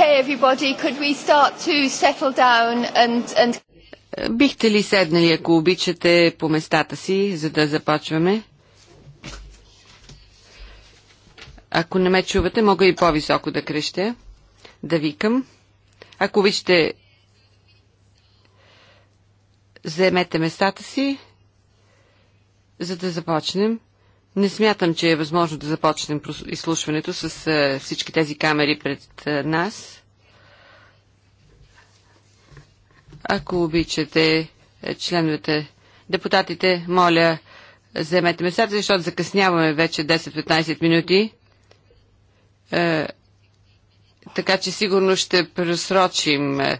okay, everybody, could we start to settle down and, and... Бихте ли седнали, ако обичате, по местата си, за да започваме? Ако не ме чувате, мога и по-високо да крещя, да викам. Ако обичате, заемете местата си, за да започнем. Не смятам, че е възможно да започнем изслушването с е, всички тези камери пред е, нас. Ако обичате, е, членовете, депутатите, моля, вземете местата, защото закъсняваме вече 10-15 минути така че сигурно ще пресрочим е, е,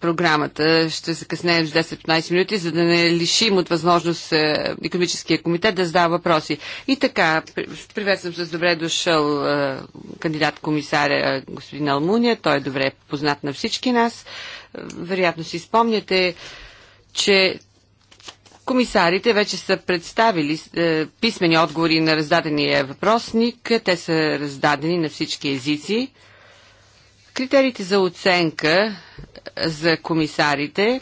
програмата. Ще закъснеем с 10-15 минути, за да не лишим от възможност е, економическия комитет да задава въпроси. И така, приветствам с добре дошъл е, кандидат комисаря е, господин Алмуния. Той е добре познат на всички нас. Вероятно си спомняте, че Комисарите вече са представили е, писмени отговори на раздадения въпросник. Те са раздадени на всички езици. Критериите за оценка е, за комисарите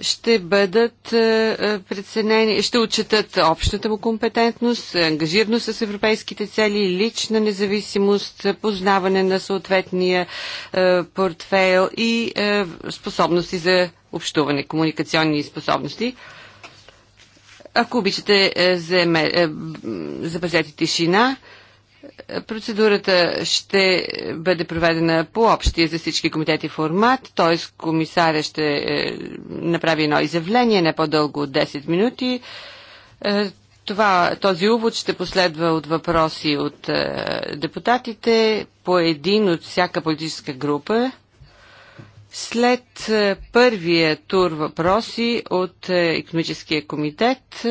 ще бъдат е, преценени, ще отчитат общата му компетентност, ангажираност с европейските цели, лична независимост, познаване на съответния е, портфейл и способности за общуване, комуникационни способности. Ако обичате, е, запазете е, тишина. Е, процедурата ще бъде проведена по общия за всички комитети формат, т.е. комисаря ще направи едно изявление, не по-дълго от 10 минути. Това, този увод ще последва от въпроси от депутатите по един от всяка политическа група. След е, първия тур въпроси от е, економическия комитет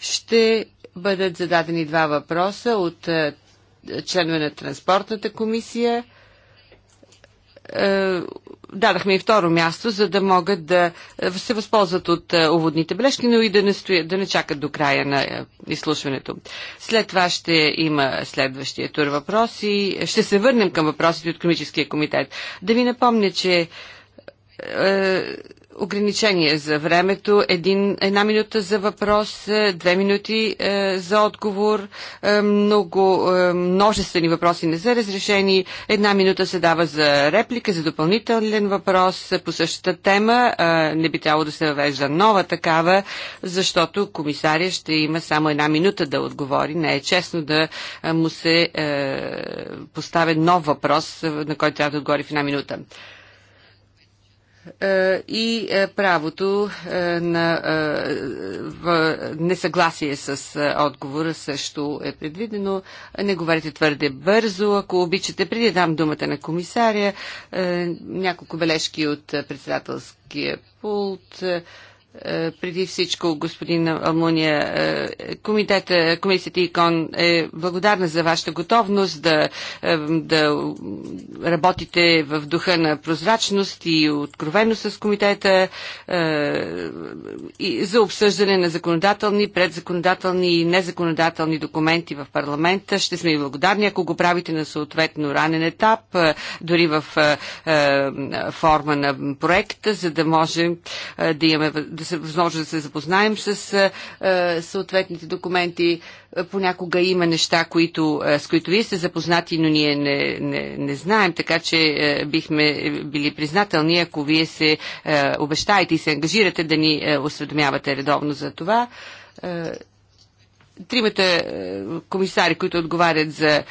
ще бъдат зададени два въпроса от е, членове на транспортната комисия е, дадахме и второ място, за да могат да се възползват от е, уводните бележки, но и да не, стоят, да не чакат до края на е, изслушването. След това ще има следващия тур въпроси. Ще се върнем към въпросите от Комическия комитет. Да ви напомня, че ограничение за времето. Един, една минута за въпрос, е, две минути е, за отговор. Е, много е, множествени въпроси не са разрешени. Една минута се дава за реплика, за допълнителен въпрос по същата тема. Е, не би трябвало да се въвежда нова такава, защото комисария ще има само една минута да отговори. Не е честно да е, му се е, поставя нов въпрос, на който трябва да отговори в една минута. Е, и е, правото е, на несъгласие с отговора също е предвидено. Не говорите твърде бързо, ако обичате. Преди да дам думата на комисаря, няколко бележки от председателския пулт. Е, преди всичко, господин Алмуния, е, комитета, комисията ИКОН е благодарна за вашата готовност да, е, да работите в духа на прозрачност и откровено с комитета и за обсъждане на законодателни, предзаконодателни и незаконодателни документи в парламента. Ще сме и благодарни, ако го правите на съответно ранен етап, дори в форма на проект, за да можем да имаме да се възможност да се запознаем с съответните документи. Понякога има неща, които, с които вие сте запознати, но ние не, не, не знаем, така че бихме били признателни, ако вие се обещаете и се ангажирате да ни осведомявате редовно за това тримата комисари, които отговарят за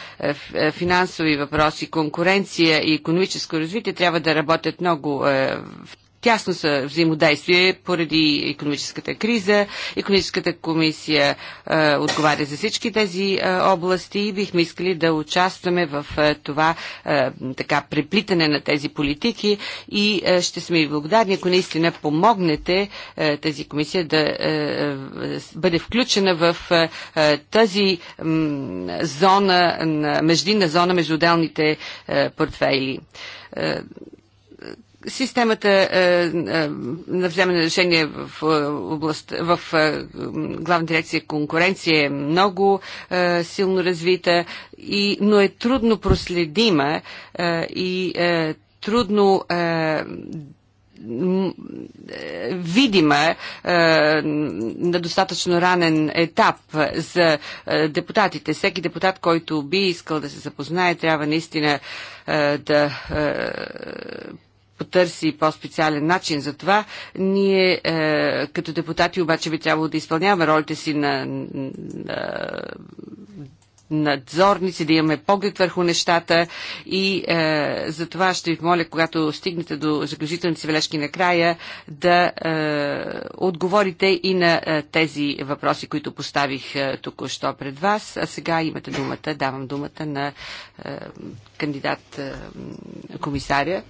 финансови въпроси, конкуренция и економическо развитие, трябва да работят много в тясно са взаимодействие поради економическата криза. Економическата комисия е, отговаря за всички тези е, области и бихме искали да участваме в е, това е, така преплитане на тези политики и е, ще сме ви благодарни, ако наистина помогнете е, тази комисия да е, е, бъде включена в е, тази е, зона, на, междинна зона между отделните е, портфейли. Е, Системата е, е, на вземане на решение в, област, в е, главна дирекция конкуренция е много силно развита, и, но е трудно проследима и трудно видима на достатъчно ранен етап за депутатите. Всеки депутат, който би искал да се запознае, трябва наистина да потърси по-специален начин за това. Ние е, като депутати обаче би трябвало да изпълняваме ролите си на, на надзорници, да имаме поглед върху нещата и е, за това ще ви моля, когато стигнете до заключителните си на накрая, да е, отговорите и на е, тези въпроси, които поставих е, току-що пред вас. А сега имате думата, давам думата на е, кандидат е, комисаря.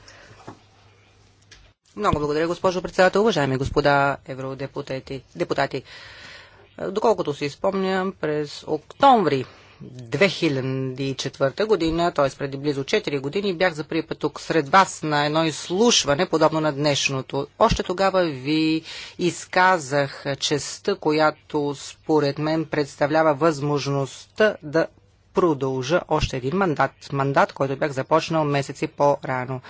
Много благодаря, госпожо председател. Уважаеми господа евродепутати, депутати, доколкото си спомням, през октомври 2004 година, т.е. преди близо 4 години, бях за първи път тук сред вас на едно изслушване, подобно на днешното. Още тогава ви изказах честа, която според мен представлява възможността да продължа още един мандат. Мандат, който бях започнал месеци по-рано.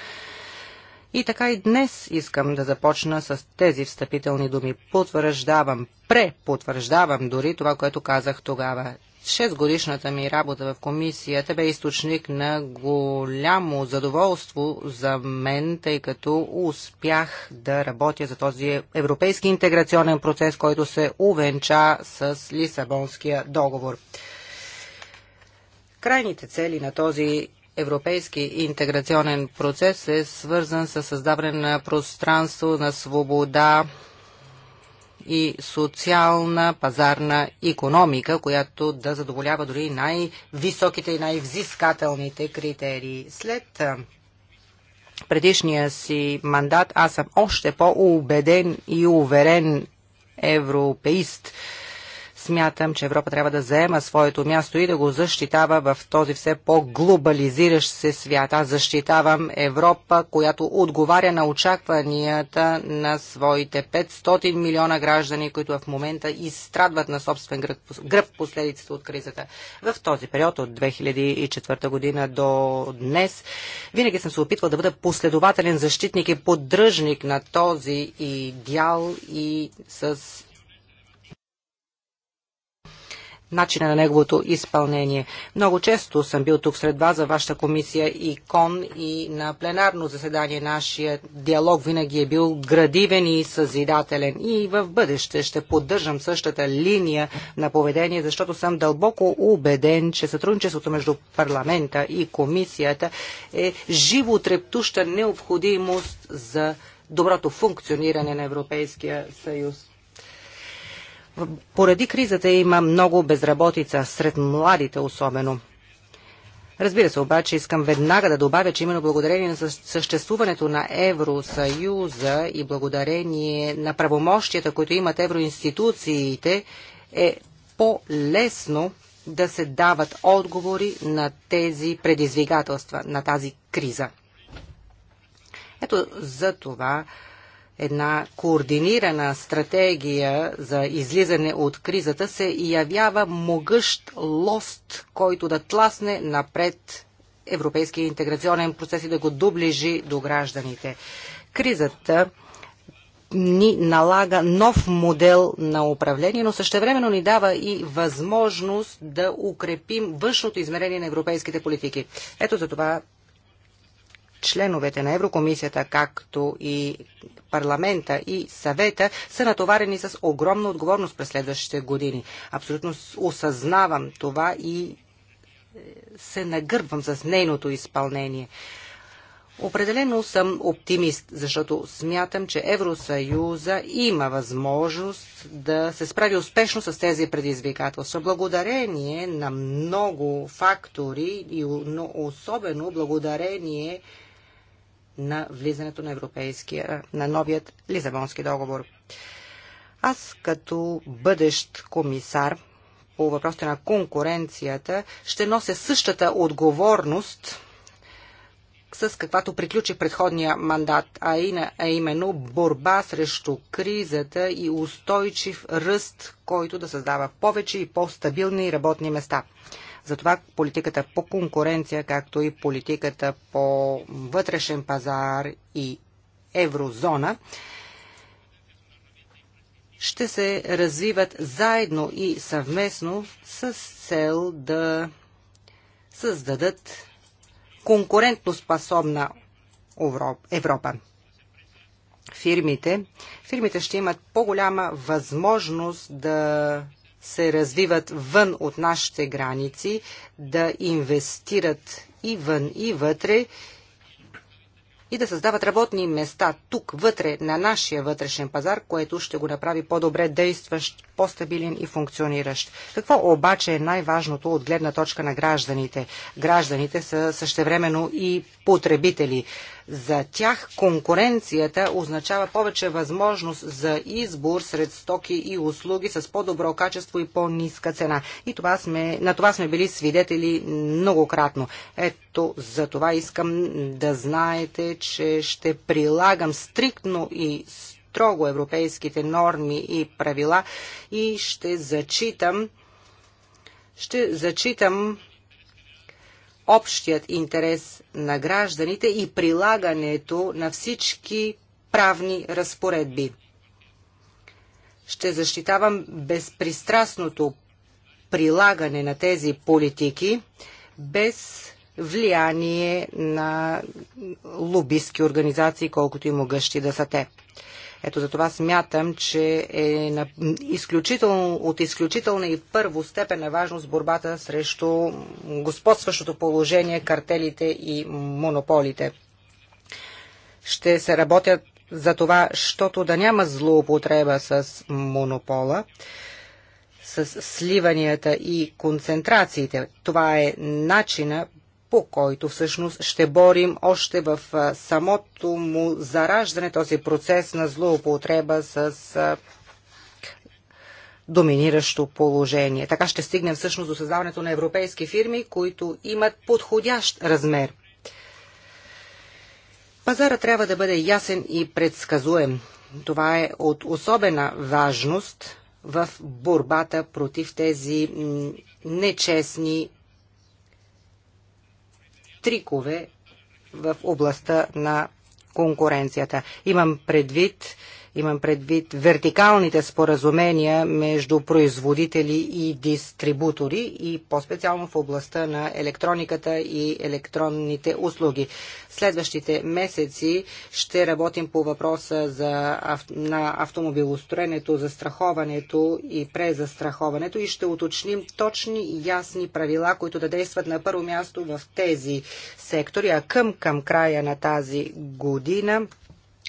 И така и днес искам да започна с тези встъпителни думи. Потвърждавам, препотвърждавам дори това, което казах тогава. Шестгодишната ми работа в комисията бе източник на голямо задоволство за мен, тъй като успях да работя за този европейски интеграционен процес, който се увенча с Лисабонския договор. Крайните цели на този европейски интеграционен процес е свързан с създаване на пространство на свобода и социална пазарна економика, която да задоволява дори най-високите и най-взискателните критерии. След предишния си мандат аз съм още по-убеден и уверен европеист – Смятам, че Европа трябва да заема своето място и да го защитава в този все по-глобализиращ се свят. Аз защитавам Европа, която отговаря на очакванията на своите 500 милиона граждани, които в момента изстрадват на собствен гръб последиците от кризата. В този период от 2004 година до днес винаги съм се опитвал да бъда последователен защитник и поддръжник на този идеал и с начина на неговото изпълнение. Много често съм бил тук сред вас за вашата комисия и кон и на пленарно заседание нашия диалог винаги е бил градивен и съзидателен. И в бъдеще ще поддържам същата линия на поведение, защото съм дълбоко убеден, че сътрудничеството между парламента и комисията е животрептуща необходимост за доброто функциониране на Европейския съюз поради кризата има много безработица, сред младите особено. Разбира се, обаче искам веднага да добавя, че именно благодарение на съществуването на Евросъюза и благодарение на правомощията, които имат евроинституциите, е по-лесно да се дават отговори на тези предизвикателства, на тази криза. Ето за това една координирана стратегия за излизане от кризата се явява могъщ лост, който да тласне напред европейския интеграционен процес и да го доближи до гражданите. Кризата ни налага нов модел на управление, но същевременно ни дава и възможност да укрепим външното измерение на европейските политики. Ето за това членовете на Еврокомисията, както и парламента и съвета, са натоварени с огромна отговорност през следващите години. Абсолютно осъзнавам това и е, се нагърбвам с нейното изпълнение. Определено съм оптимист, защото смятам, че Евросъюза има възможност да се справи успешно с тези предизвикателства. Благодарение на много фактори, и особено благодарение на влизането на, европейския, на новият Лизабонски договор. Аз като бъдещ комисар по въпросите на конкуренцията ще нося същата отговорност с каквато приключи предходния мандат, а, а именно борба срещу кризата и устойчив ръст, който да създава повече и по-стабилни работни места. Затова политиката по конкуренция, както и политиката по вътрешен пазар и еврозона, ще се развиват заедно и съвместно с цел да създадат конкурентно способна Европа. Фирмите, фирмите ще имат по-голяма възможност да се развиват вън от нашите граници, да инвестират и вън, и вътре и да създават работни места тук, вътре, на нашия вътрешен пазар, което ще го направи по-добре действащ, по-стабилен и функциониращ. Какво обаче е най-важното от гледна точка на гражданите? Гражданите са същевременно и потребители. За тях конкуренцията означава повече възможност за избор сред стоки и услуги с по-добро качество и по-ниска цена. И това сме, на това сме били свидетели многократно. Ето за това искам да знаете, че ще прилагам стриктно и строго европейските норми и правила и ще зачитам ще зачитам общият интерес на гражданите и прилагането на всички правни разпоредби. Ще защитавам безпристрастното прилагане на тези политики без влияние на лобистки организации, колкото и могъщи да са те. Ето за това смятам, че е на изключително, от изключителна и първо първостепенна е важност борбата срещу господстващото положение, картелите и монополите. Ще се работят за това, защото да няма злоупотреба с монопола, с сливанията и концентрациите. Това е начина по който всъщност ще борим още в самото му зараждане този процес на злоупотреба с доминиращо положение. Така ще стигнем всъщност до създаването на европейски фирми, които имат подходящ размер. Пазара трябва да бъде ясен и предсказуем. Това е от особена важност в борбата против тези нечестни трикове в областта на конкуренцията. Имам предвид Имам предвид вертикалните споразумения между производители и дистрибутори и по-специално в областта на електрониката и електронните услуги. Следващите месеци ще работим по въпроса за, на автомобилостроенето, застраховането и презастраховането и ще уточним точни и ясни правила, които да действат на първо място в тези сектори, а към, към края на тази година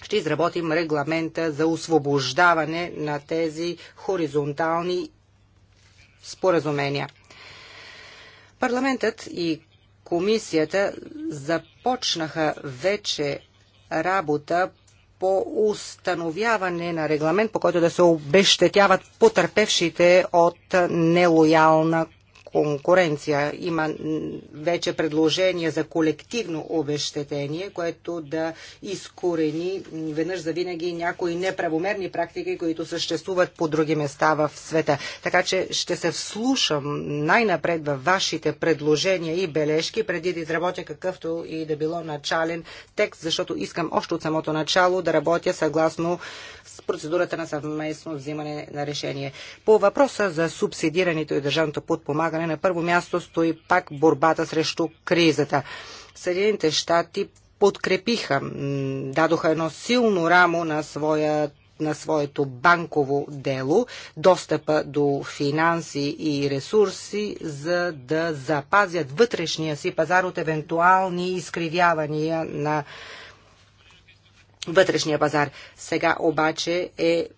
ще изработим регламента за освобождаване на тези хоризонтални споразумения. Парламентът и комисията започнаха вече работа по установяване на регламент, по който да се обещетяват потърпевшите от нелоялна конкуренция. Има вече предложение за колективно обещетение, което да изкорени веднъж за винаги някои неправомерни практики, които съществуват по други места в света. Така че ще се вслушам най-напред във вашите предложения и бележки, преди да изработя какъвто и да било начален текст, защото искам още от самото начало да работя съгласно с процедурата на съвместно взимане на решение. По въпроса за субсидирането и държавното подпомагане, поставя на първо място стои пак борбата срещу кризата. Съединените щати подкрепиха, дадоха едно силно рамо на своя на своето банково дело, достъпа до финанси и ресурси, за да запазят вътрешния си пазар от евентуални изкривявания на вътрешния пазар. Сега обаче е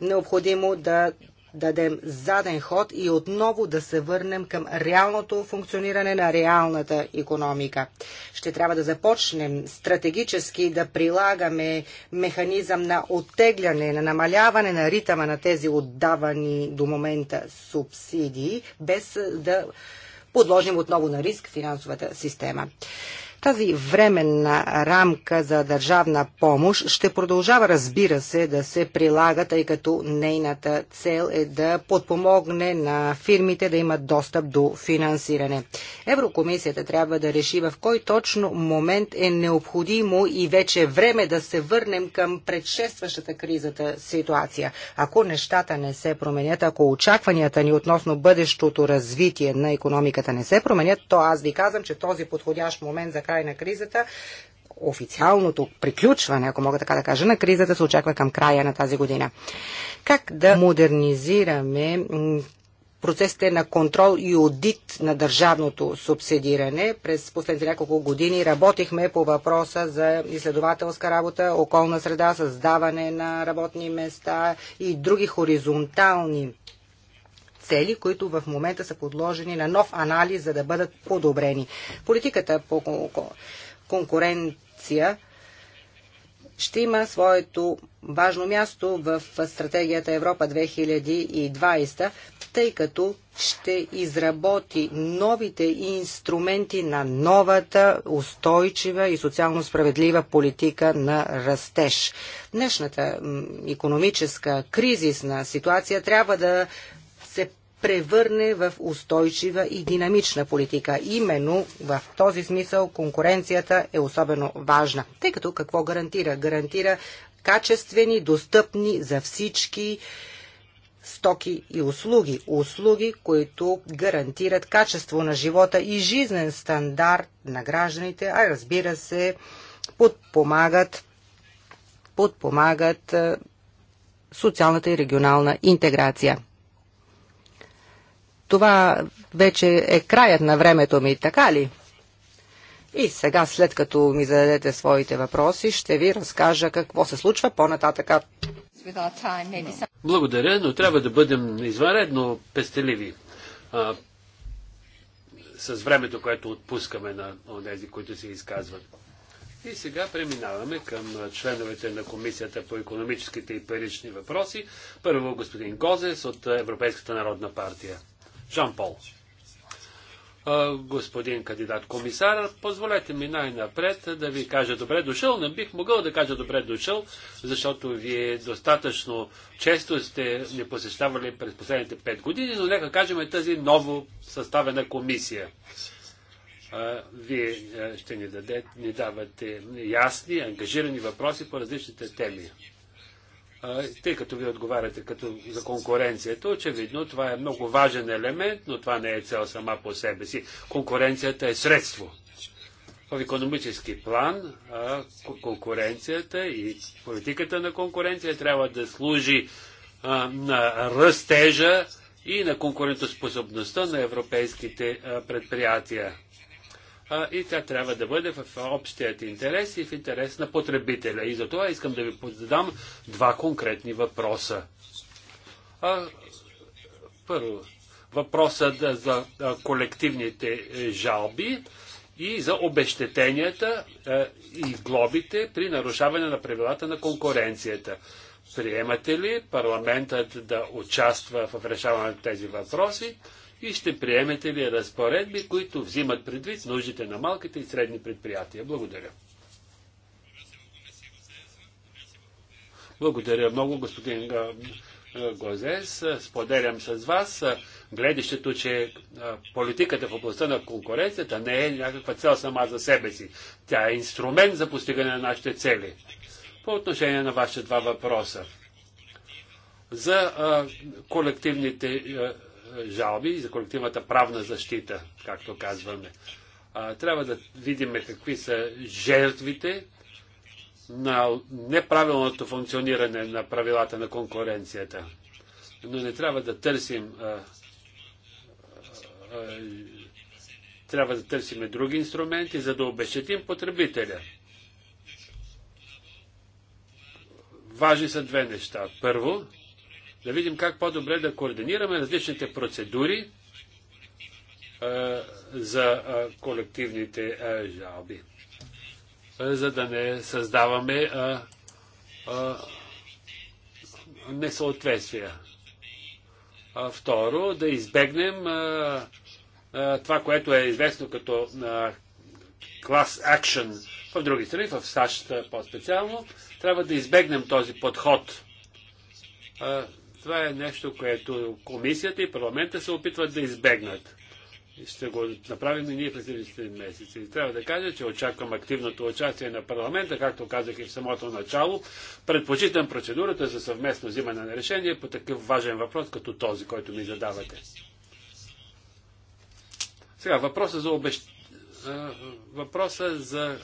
необходимо да дадем заден ход и отново да се върнем към реалното функциониране на реалната економика. Ще трябва да започнем стратегически да прилагаме механизъм на оттегляне, на намаляване на ритъма на тези отдавани до момента субсидии, без да подложим отново на риск финансовата система. Тази временна рамка за държавна помощ ще продължава, разбира се, да се прилага, тъй като нейната цел е да подпомогне на фирмите да имат достъп до финансиране. Еврокомисията трябва да реши в кой точно момент е необходимо и вече е време да се върнем към предшестващата кризата ситуация. Ако нещата не се променят, ако очакванията ни относно бъдещото развитие на економиката не се променят, то аз ви казвам, че този подходящ момент за край край на кризата официалното приключване, ако мога така да кажа, на кризата се очаква към края на тази година. Как да модернизираме процесите на контрол и одит на държавното субсидиране. През последните няколко години работихме по въпроса за изследователска работа, околна среда, създаване на работни места и други хоризонтални цели, които в момента са подложени на нов анализ, за да бъдат подобрени. Политиката по конкуренция ще има своето важно място в стратегията Европа 2020, тъй като ще изработи новите инструменти на новата устойчива и социално справедлива политика на растеж. Днешната економическа кризисна ситуация трябва да превърне в устойчива и динамична политика. Именно в този смисъл конкуренцията е особено важна, тъй като какво гарантира? Гарантира качествени, достъпни за всички стоки и услуги. Услуги, които гарантират качество на живота и жизнен стандарт на гражданите, а разбира се, подпомагат, подпомагат е, социалната и регионална интеграция това вече е краят на времето ми, така ли? И сега, след като ми зададете своите въпроси, ще ви разкажа какво се случва по нататък Благодаря, но трябва да бъдем извънредно пестеливи а, с времето, което отпускаме на тези, които се изказват. И сега преминаваме към членовете на Комисията по економическите и парични въпроси. Първо господин Козес от Европейската народна партия. Жан Пол. Господин кандидат комисар, позволете ми най-напред да ви кажа добре дошъл. Не бих могъл да кажа добре дошъл, защото вие достатъчно често сте не посещавали през последните пет години, но нека кажем тази ново съставена комисия вие ще ни, дадете, ни давате ясни, ангажирани въпроси по различните теми тъй като ви отговаряте като за конкуренцията, очевидно това е много важен елемент, но това не е цел сама по себе си. Конкуренцията е средство. В економически план а, конкуренцията и политиката на конкуренция трябва да служи а, на растежа и на конкурентоспособността на европейските а, предприятия а, и тя трябва да бъде в общият интерес и в интерес на потребителя. И за това искам да ви задам два конкретни въпроса. А, първо, въпросът за колективните е, жалби и за обещетенията е, и глобите при нарушаване на правилата на конкуренцията. Приемате ли парламентът да участва в решаването на тези въпроси? и ще приемете ли разпоредби, които взимат предвид нуждите на малките и средни предприятия? Благодаря. Благодаря много, господин Гозес. Споделям с вас гледащето, че политиката в областта на конкуренцията не е някаква цел сама за себе си. Тя е инструмент за постигане на нашите цели. По отношение на вашите два въпроса. За колективните жалби и за колективната правна защита, както казваме. А, трябва да видим какви са жертвите на неправилното функциониране на правилата на конкуренцията. Но не трябва да търсим а, а, трябва да търсим други инструменти, за да обещатим потребителя. Важни са две неща. Първо, да видим как по-добре да координираме различните процедури а, за а, колективните а, жалби, а, за да не създаваме а, а, несъответствия. А, второ, да избегнем а, а, това, което е известно като а, class action в други страни, в САЩ по-специално. Трябва да избегнем този подход. Това е нещо, което комисията и парламента се опитват да избегнат. Ще го направим и ние през следващите месеци. И трябва да кажа, че очаквам активното участие на парламента, както казах и в самото начало. Предпочитам процедурата за съвместно взимане на решение по такъв важен въпрос, като този, който ми задавате. Сега, въпроса за, обещ... въпроса за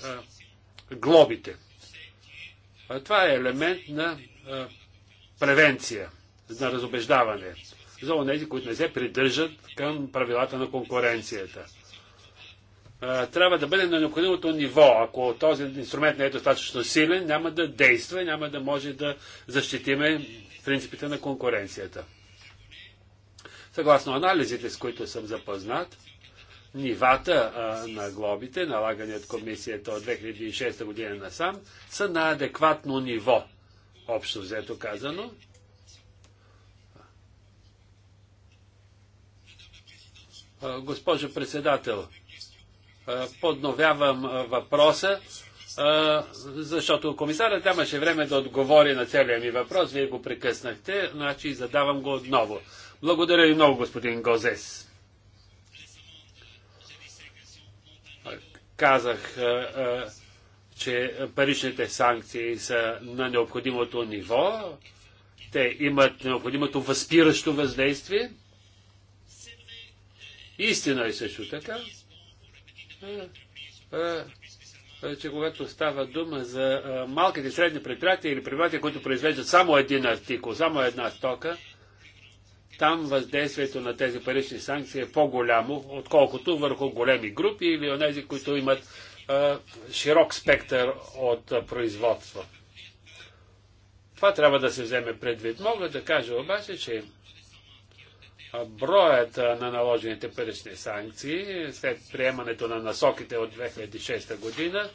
глобите. Това е елемент на превенция – за разобеждаване за онези, които не се придържат към правилата на конкуренцията. Трябва да бъде на необходимото ниво. Ако този инструмент не е достатъчно силен, няма да действа и няма да може да защитиме принципите на конкуренцията. Съгласно анализите, с които съм запознат, нивата а, на глобите, налагани от комисията от 2006 година насам, са на адекватно ниво, общо взето казано, Госпожо председател, подновявам въпроса, защото комисарът нямаше време да отговори на целия ми въпрос. Вие го прекъснахте, значи задавам го отново. Благодаря ви много, господин Гозес. Казах, че паричните санкции са на необходимото ниво. Те имат необходимото възпиращо въздействие. Истина е също така, че когато става дума за малките и средни предприятия или предприятия, които произвеждат само един артикул, само една стока, там въздействието на тези парични санкции е по-голямо, отколкото върху големи групи или онези, които имат а, широк спектър от а, производство. Това трябва да се вземе предвид. Мога да кажа обаче, че броят на наложените парични санкции след приемането на насоките от 2006 година.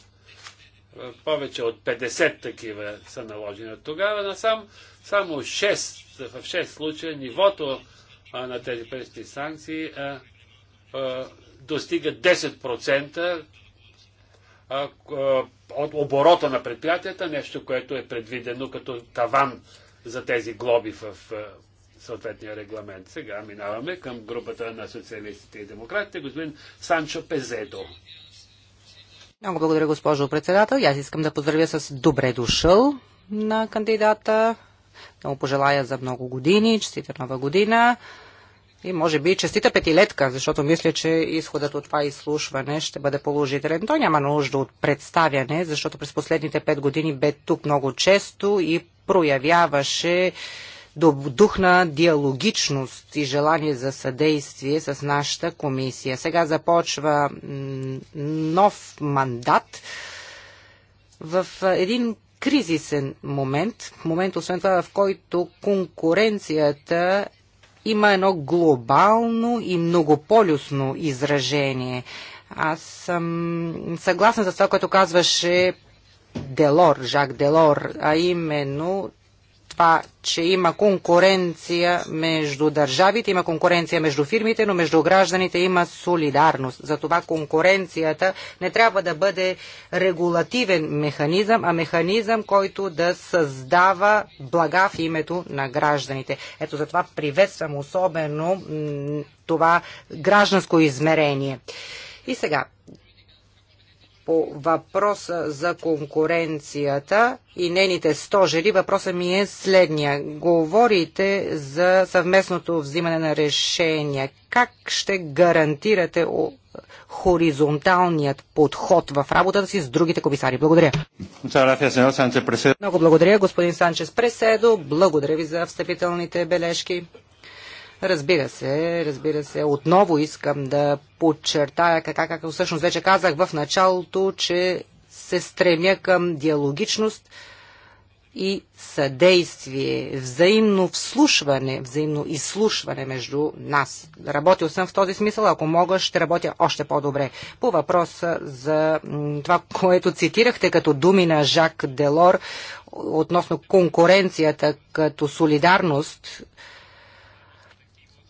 Повече от 50 такива са наложени от тогава. Насам, само 6, в 6 случая нивото на тези парични санкции достига 10% от оборота на предприятията, нещо, което е предвидено като таван за тези глоби в съответния регламент. Сега минаваме към групата на социалистите и демократите, господин Санчо Пезедо. Много благодаря, госпожо председател. Аз искам да поздравя с добре дошъл на кандидата. Много му пожелая за много години, честита нова година и може би честита петилетка, защото мисля, че изходът от това изслушване ще бъде положителен. Той няма нужда от представяне, защото през последните пет години бе тук много често и проявяваше дух на диалогичност и желание за съдействие с нашата комисия. Сега започва нов мандат в един кризисен момент, момент освен това, в който конкуренцията има едно глобално и многополюсно изражение. Аз съм съгласна с това, което казваше Делор, Жак Делор, а именно, това, че има конкуренция между държавите, има конкуренция между фирмите, но между гражданите има солидарност. Затова конкуренцията не трябва да бъде регулативен механизъм, а механизъм, който да създава блага в името на гражданите. Ето затова приветствам особено това гражданско измерение. И сега, по въпроса за конкуренцията и нейните стожери, въпросът ми е следния. Говорите за съвместното взимане на решения. Как ще гарантирате хоризонталният подход в работата си с другите комисари? Благодаря. Много благодаря, господин Санчес Преседо. Благодаря ви за встъпителните бележки. Разбира се, разбира се, отново искам да подчертая, така както всъщност вече казах в началото, че се стремя към диалогичност и съдействие, взаимно вслушване, взаимно изслушване между нас. Работил съм в този смисъл, ако мога, ще работя още по-добре. По въпроса за това, което цитирахте като думи на Жак Делор относно конкуренцията като солидарност,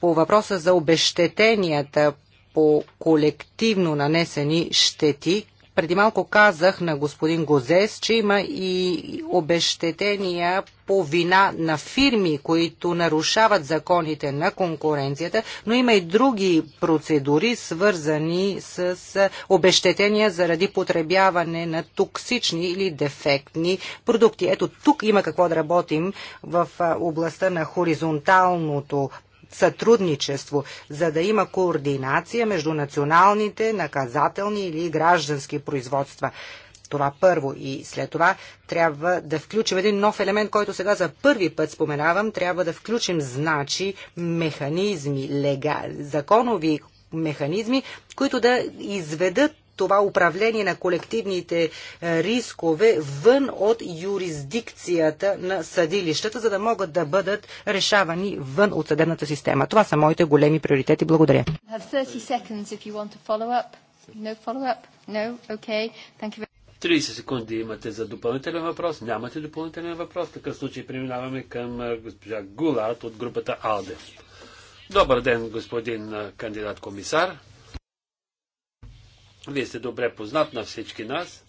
по въпроса за обещетенията по колективно нанесени щети, преди малко казах на господин Гозес, че има и обещетения по вина на фирми, които нарушават законите на конкуренцията, но има и други процедури, свързани с обещетения заради потребяване на токсични или дефектни продукти. Ето тук има какво да работим в областта на хоризонталното сътрудничество, за да има координация между националните, наказателни или граждански производства. Това първо и след това трябва да включим един нов елемент, който сега за първи път споменавам. Трябва да включим, значи, механизми, легали, законови механизми, които да изведат това управление на колективните е, рискове вън от юрисдикцията на съдилищата, за да могат да бъдат решавани вън от съдебната система. Това са моите големи приоритети. Благодаря. Тридесет секунди имате за допълнителен въпрос. Нямате допълнителен въпрос. В такъв случай преминаваме към госпожа Гулат от групата АЛДЕ. Добър ден, господин кандидат комисар. Вие сте добре познат на всички нас.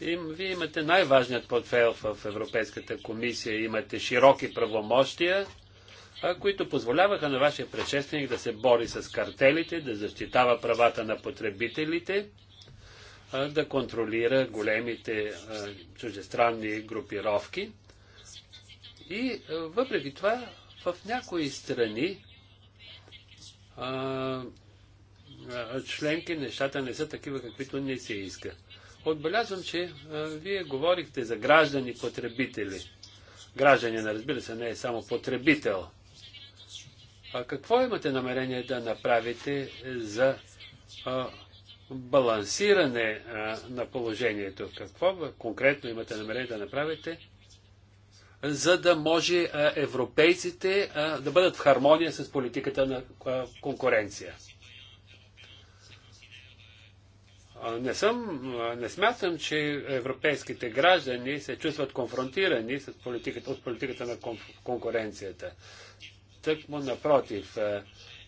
И вие имате най-важният портфел в Европейската комисия. Имате широки правомощия, които позволяваха на вашия предшественик да се бори с картелите, да защитава правата на потребителите, да контролира големите чужестранни групировки. И въпреки това, в някои страни членки нещата не са такива, каквито не се иска. Отбелязвам, че вие говорихте за граждани потребители. Гражданин, разбира се, не е само потребител. А какво имате намерение да направите за балансиране на положението? Какво конкретно имате намерение да направите, за да може европейците да бъдат в хармония с политиката на конкуренция? Не, съм, не смятам, че европейските граждани се чувстват конфронтирани с политиката, от политиката на конкуренцията. Тъкмо напротив,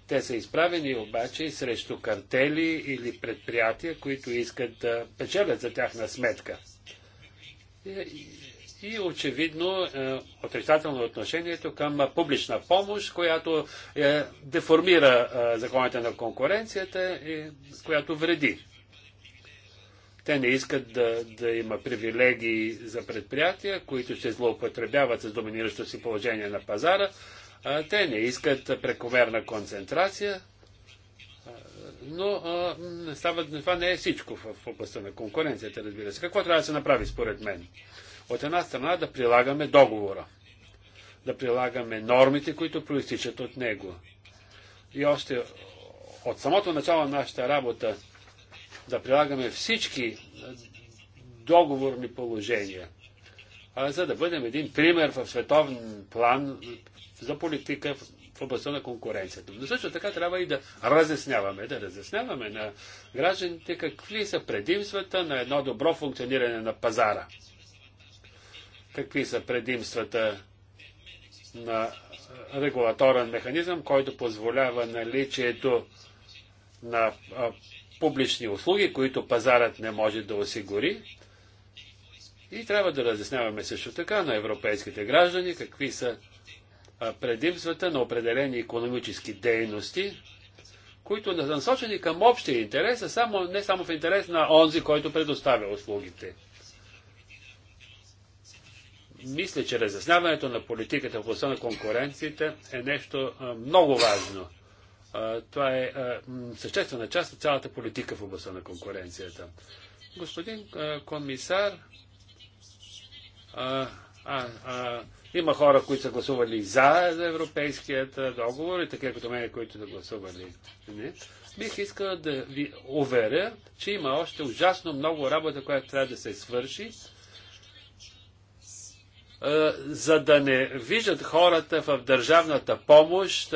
те са изправени обаче срещу картели или предприятия, които искат да печелят за тяхна сметка. И, и очевидно отрицателно е отношението към публична помощ, която е, деформира е, законите на конкуренцията и която вреди. Те не искат да, да има привилегии за предприятия, които ще злоупотребяват с доминиращо си положение на пазара. те не искат прекомерна концентрация. но а, става, това не е всичко в, в областта на конкуренцията, разбира се. Какво трябва да се направи според мен? От една страна да прилагаме договора, да прилагаме нормите, които проистичат от него. И още от самото начало на нашата работа да прилагаме всички е, договорни положения, а за да бъдем един пример в световен план е, за политика в областта на конкуренцията. Но също така трябва и да разясняваме, да разясняваме на гражданите какви са предимствата на едно добро функциониране на пазара. Какви са предимствата на е, регулаторен механизъм, който позволява наличието на публични услуги, които пазарът не може да осигури. И трябва да разясняваме също така на европейските граждани какви са предимствата на определени економически дейности, които не са насочени към общия интерес, а само, не само в интерес на онзи, който предоставя услугите. Мисля, че разясняването на политиката в областта на конкуренцията е нещо много важно – това е съществена част от цялата политика в областта на конкуренцията. Господин комисар, а, а, има хора, които са гласували за, за европейският договор и такива като мен, които са гласували. Не. Бих искал да ви уверя, че има още ужасно много работа, която трябва да се свърши, за да не виждат хората в държавната помощ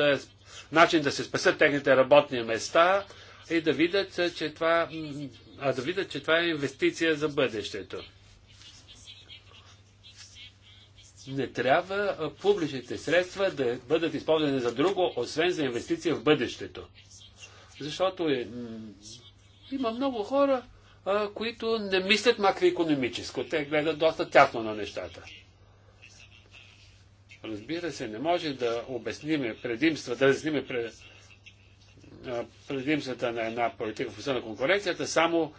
начин да се спасят техните работни места и да видят, че това, а да видят, че това е инвестиция за бъдещето. Не трябва публичните средства да бъдат използвани за друго, освен за инвестиция в бъдещето. Защото е, има много хора, които не мислят макроекономическо. Те гледат доста тясно на нещата. Разбира се, не може да обясниме предимства, да разясниме пред, предимствата на една политика в на конкуренцията, само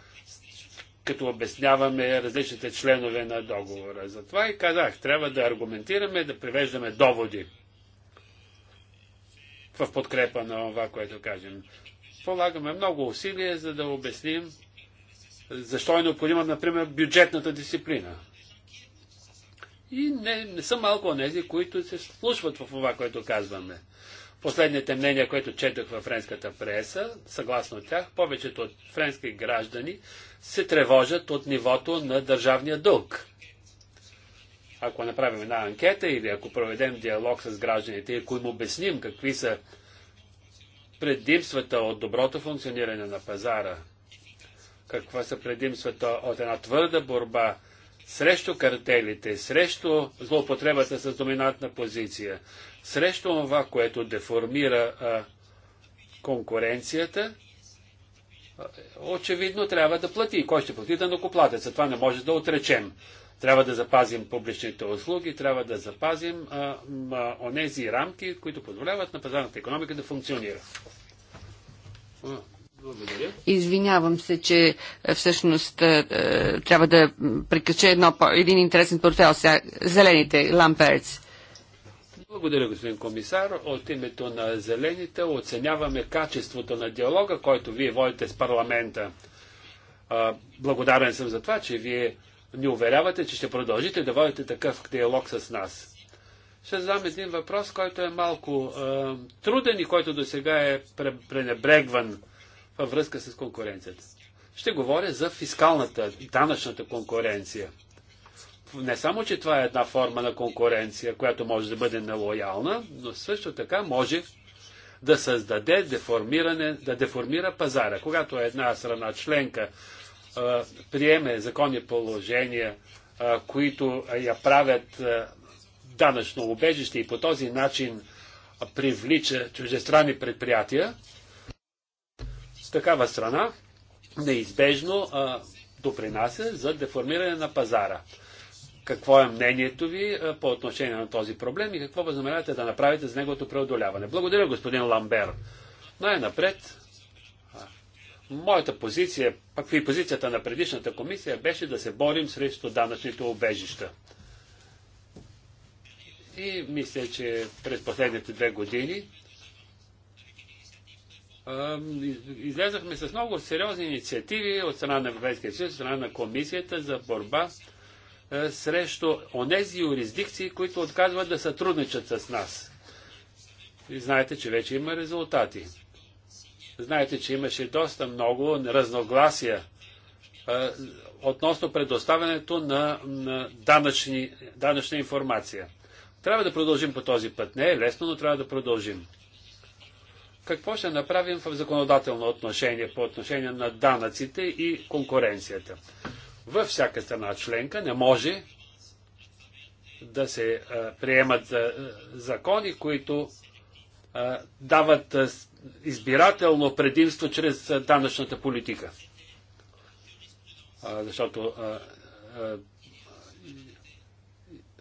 като обясняваме различните членове на договора. Затова и казах, трябва да аргументираме, да привеждаме доводи в подкрепа на това, което кажем. Полагаме много усилия, за да обясним защо е необходима, например, бюджетната дисциплина. И не, не са малко онези, които се слушват в това, което казваме. Последните мнения, които четох във френската преса, съгласно тях, повечето от френски граждани се тревожат от нивото на държавния дълг. Ако направим една анкета или ако проведем диалог с гражданите ако им обясним какви са предимствата от доброто функциониране на пазара, каква са предимствата от една твърда борба срещу картелите, срещу злоупотребата с доминантна позиция, срещу това, което деформира а, конкуренцията, очевидно трябва да плати. Кой ще плати? Да За Това не може да отречем. Трябва да запазим публичните услуги, трябва да запазим а, а, онези рамки, които позволяват на пазарната економика да функционира. Извинявам се, че е, всъщност е, е, трябва да прекача едно, един интересен портфел сега. Зелените, Ламперц. Благодаря, господин комисар. От името на Зелените оценяваме качеството на диалога, който вие водите с парламента. Благодарен съм за това, че вие ни уверявате, че ще продължите да водите такъв диалог с нас. Ще задам един въпрос, който е малко труден и който до сега е пренебрегван във връзка с конкуренцията. Ще говоря за фискалната, данъчната конкуренция. Не само, че това е една форма на конкуренция, която може да бъде нелоялна, но също така може да създаде деформиране, да деформира пазара. Когато една страна членка а, приеме законни положения, а, които я правят а, данъчно убежище и по този начин привлича чужестранни предприятия, такава страна неизбежно а, допринася за деформиране на пазара. Какво е мнението ви а, по отношение на този проблем и какво възнамерявате да направите за неговото преодоляване? Благодаря, господин Ламбер. Най-напред, моята позиция, пък и позицията на предишната комисия, беше да се борим срещу данъчните обежища. И мисля, че през последните две години излезахме с много сериозни инициативи от страна на Европейския съюз, от страна на Комисията за борба е, срещу онези юрисдикции, които отказват да сътрудничат с нас. И знаете, че вече има резултати. Знаете, че имаше доста много разногласия е, относно предоставянето на, на данъчни, данъчна информация. Трябва да продължим по този път. Не е лесно, но трябва да продължим какво ще направим в законодателно отношение по отношение на данъците и конкуренцията. Във всяка страна членка не може да се а, е, приемат а, е, закони, които а, е, дават а, избирателно предимство чрез а, данъчната политика. А, защото а, а,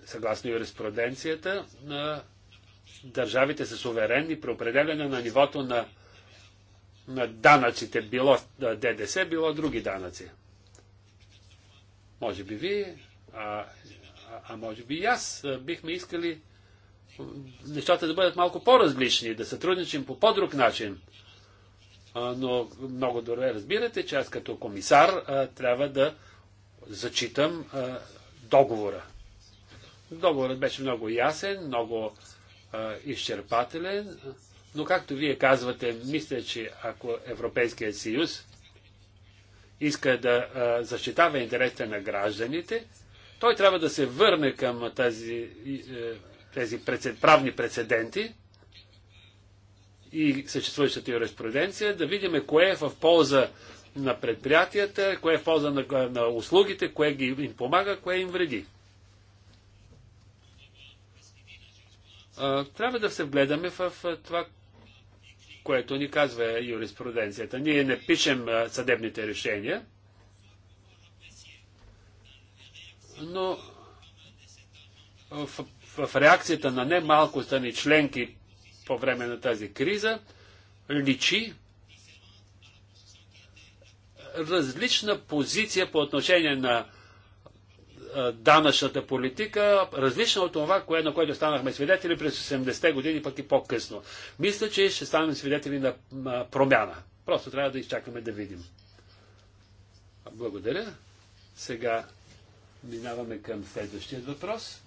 съгласно юриспруденцията, а, държавите са суверенни при определяне на нивото на, на данъците, било ДДС, било други данъци. Може би вие, а, а може би и аз бихме искали нещата да бъдат малко по-различни, да сътрудничим по по-друг начин. Но много добре разбирате, че аз като комисар трябва да зачитам договора. Договорът беше много ясен, много изчерпателен, но както вие казвате, мисля, че ако Европейският съюз иска да защитава интересите на гражданите, той трябва да се върне към тази, е, тези правни прецеденти и съществуващата юриспруденция, да видим кое е в полза на предприятията, кое е в полза на, на услугите, кое ги им помага, кое им вреди. трябва да се вгледаме в това, което ни казва юриспруденцията. Ние не пишем съдебните решения, но в, в реакцията на немалко страни членки по време на тази криза личи различна позиция по отношение на данъчната политика, различна от това, кое, на което станахме свидетели през 80-те години, пък и по-късно. Мисля, че ще станем свидетели на промяна. Просто трябва да изчакаме да видим. Благодаря. Сега минаваме към следващия въпрос.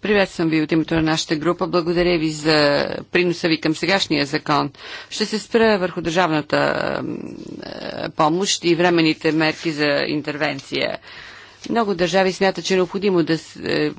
Приветствам ви от името на нашата група. Благодаря ви за приноса ви към сегашния закон. Ще се спра върху държавната е, помощ и времените мерки за интервенция. Много държави смятат, че е необходимо да е,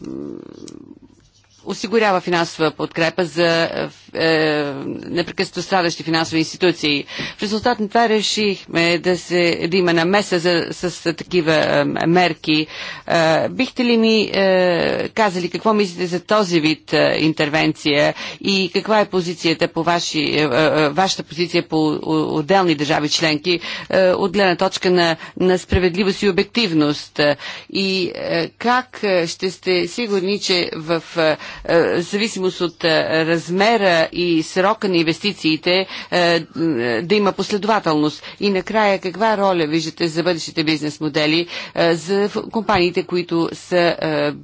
осигурява финансова подкрепа за е, непрекъснато страдащи финансови институции. В резултат на това решихме да, се, да има намеса за, с, с такива е, мерки. Е, бихте ли ми е, казали какво мислите за този вид е, интервенция и каква е позицията по ваши, е, е, е вашата позиция по отделни държави членки е, от гледна точка на, на справедливост и обективност? Е, и е, как е, ще сте сигурни, че в е, е, в зависимост от е, размера и срока на инвестициите е, да има последователност? И накрая, каква роля виждате за бъдещите бизнес модели за компаниите, които са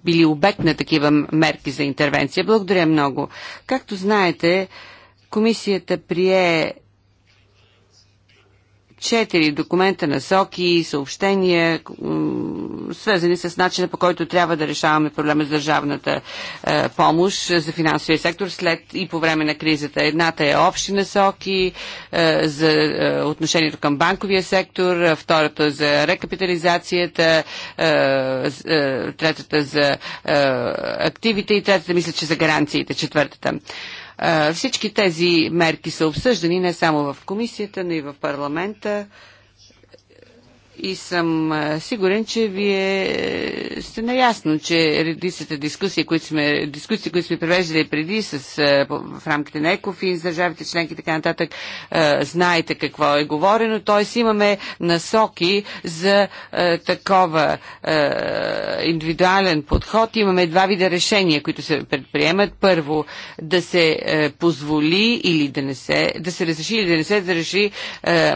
били обект на такива мерки за интервенция? Благодаря много. Както знаете, комисията прие четири документа, насоки, съобщения, свързани с начина по който трябва да решаваме проблема с държавната е, помощ за финансовия сектор след и по време на кризата. Едната е общи насоки е, за е, отношението към банковия сектор, е, втората за рекапитализацията, е, е, третата за активите и третата мисля, че за гаранциите, четвъртата. Е, всички тези мерки са обсъждани не само в комисията, но и в парламента и съм е, сигурен, че вие е, сте наясно, че редицата дискусии, които сме, дискусии, които сме превеждали преди с, в рамките на ЕКОФИН с държавите членки и така нататък, знаете какво е говорено, т.е. имаме насоки за такова индивидуален подход. Имаме два вида решения, които се предприемат. Първо, да се е, позволи или да не се, да се разреши или да не се разреши е,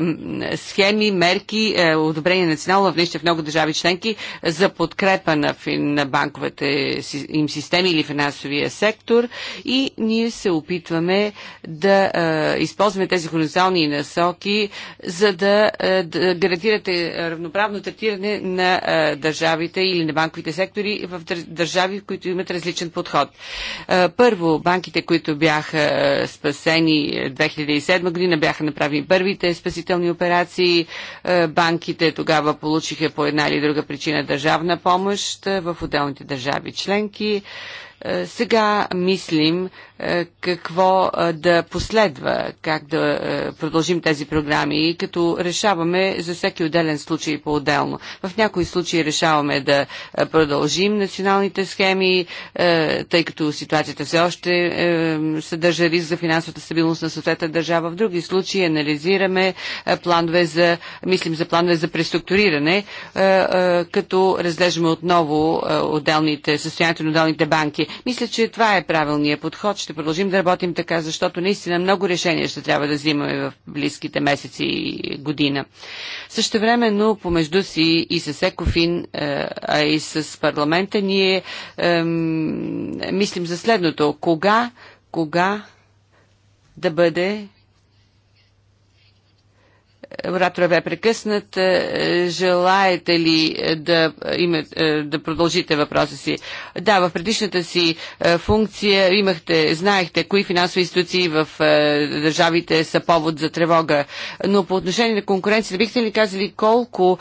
схеми, мерки, е, одобрение национално нещо в много държави членки за подкрепа на, на банковите им системи или финансовия сектор и ние се опитваме да е, използваме тези хоризонтални насоки, за да, е, да гарантирате равноправно третиране на е, държавите или на банковите сектори в държави, в които имат различен подход. Е, първо, банките, които бяха е, спасени 2007 е, година, бяха направени първите спасителни операции. Банките тогава получиха по една или друга причина държавна помощ в отделните държави членки. Сега мислим е, какво е, да последва, как да е, продължим тези програми, като решаваме за всеки отделен случай по-отделно. В някои случаи решаваме да продължим националните схеми, тъй като ситуацията все още съдържа риск за финансовата стабилност на съответната държава. В други случаи анализираме планове за, мислим за планове за преструктуриране, като разглеждаме отново отделните, състоянието на отделните банки. Мисля, че това е правилният подход ще продължим да работим така, защото наистина много решения ще трябва да взимаме в близките месеци и година. Също време, но помежду си и с Екофин, е, а и с парламента, ние мислим за следното. Кога, кога да бъде Оратора бе прекъснат. Е, желаете ли е, да, има, е, да продължите въпроса си? Да, в предишната си функция имахте, знаехте кои финансови институции в държавите са повод за тревога. Но по отношение на конкуренцията, бихте ли казали колко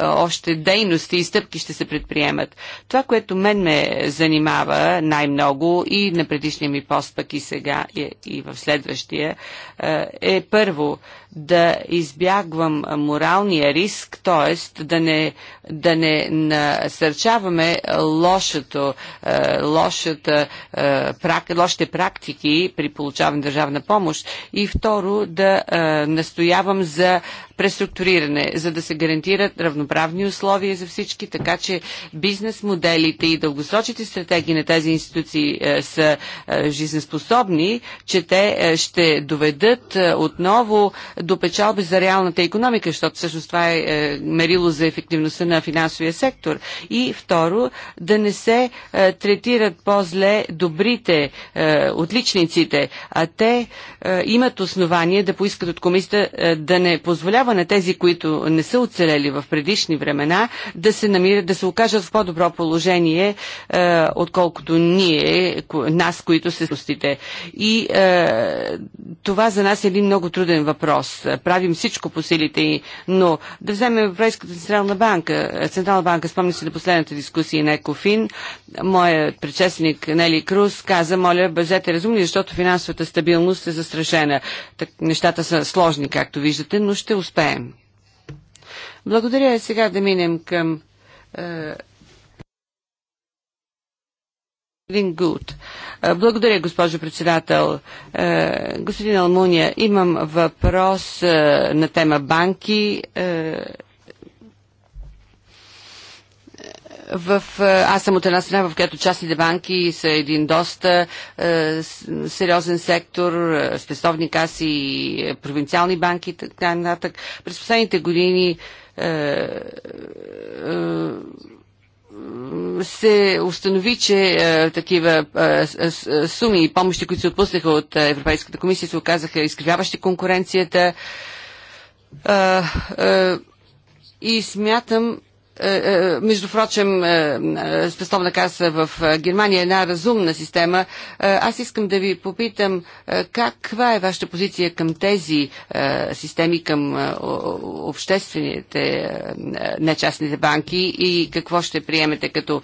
още дейности и стъпки ще се предприемат? Това, което мен ме занимава най-много и на предишния ми пост, пък и сега, и в следващия, е първо да избягвам моралния риск, т.е. да не, да не насърчаваме лошото, е, лошата, е, лошите практики при получаване държавна помощ и второ да е, настоявам за преструктуриране, за да се гарантират равноправни условия за всички, така че бизнес моделите и дългосрочните стратегии на тези институции е, са е, жизнеспособни, че те е, ще доведат отново до печалби за реалната економика, защото всъщност това е мерило за ефективността на финансовия сектор. И второ, да не се третират по-зле добрите отличниците, а те имат основания да поискат от комисията да не позволява позволява на тези, които не са оцелели в предишни времена, да се намират, да се окажат в по-добро положение, е, отколкото ние, нас, които се спустите. И е, това за нас е един много труден въпрос. Правим всичко по силите и, но да вземем Европейската централна банка. Централна банка, спомня се на последната дискусия на Екофин, моят предшественик Нели Круз каза, моля, бъдете разумни, защото финансовата стабилност е застрашена. Так, нещата са сложни, както виждате, но ще успеем успеем. Благодаря. Сега да минем към е, е благодаря, госпожо председател. Е, господин Алмуния, имам въпрос е, на тема банки. В, е, аз съм от една страна, в която частните банки са един доста е, сериозен сектор, е, спестовни каси, е, провинциални банки и така нататък. През последните години е, е, се установи, че е, такива е, е, е суми и помощи, които се отпуснаха от Европейската комисия, се оказаха изкривяващи конкуренцията. Е, е, и смятам, е, е, между прочим, е, спестовна каса в Германия е една разумна система. Аз искам да ви попитам каква е вашата позиция към тези системи, към обществените нечастните банки и какво ще приемете като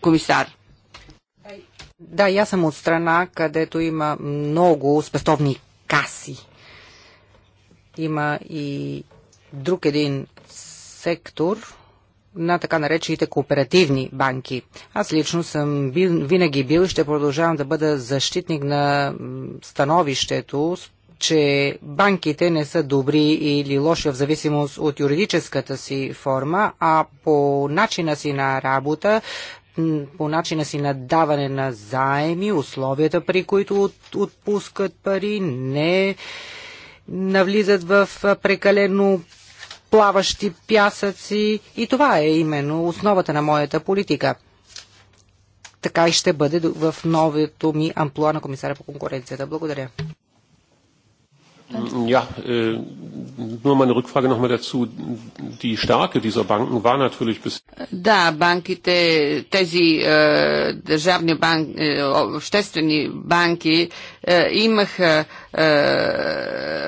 комисар? Да, я съм от страна, където има много спестовни каси. Има и друг един сектор, на така наречените кооперативни банки. Аз лично съм бил, винаги бил и ще продължавам да бъда защитник на становището, че банките не са добри или лоши в зависимост от юридическата си форма, а по начина си на работа по начина си на даване на заеми, условията при които от, отпускат пари, не навлизат в прекалено плаващи пясъци и това е именно основата на моята политика. Така и ще бъде в новото ми амплуа на комисаря по конкуренцията. Благодаря. Ja, э, nur meine Rückfrage nochmal dazu. Die Stärke dieser Banken war natürlich bis. Да, банките, тези е, държавни банки, е, э, обществени банки е, имаха, е,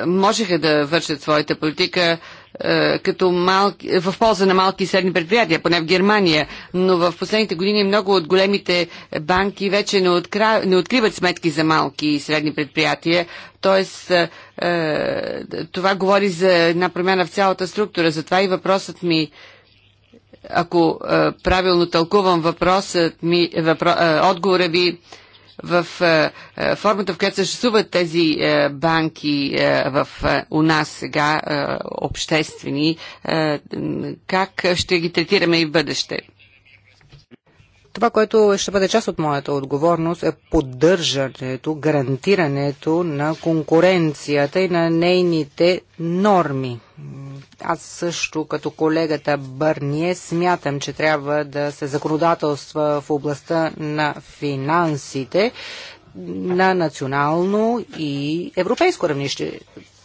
можеха да вършат своята политика е, като малки, в полза на малки и средни предприятия, поне в Германия, но в последните години много от големите банки вече не, откра... не откриват сметки за малки и средни предприятия, Тоест, е, е, това говори за една промяна в цялата структура. Затова и въпросът ми, ако правилно тълкувам въпросът ми, въпро, отговора ви, в е, е, формата, в която съществуват тези е, банки в, у нас сега, обществени, как ще ги третираме и в бъдеще? Това, което ще бъде част от моята отговорност е поддържането, гарантирането на конкуренцията и на нейните норми. Аз също, като колегата Бърние, смятам, че трябва да се законодателства в областта на финансите на национално и европейско равнище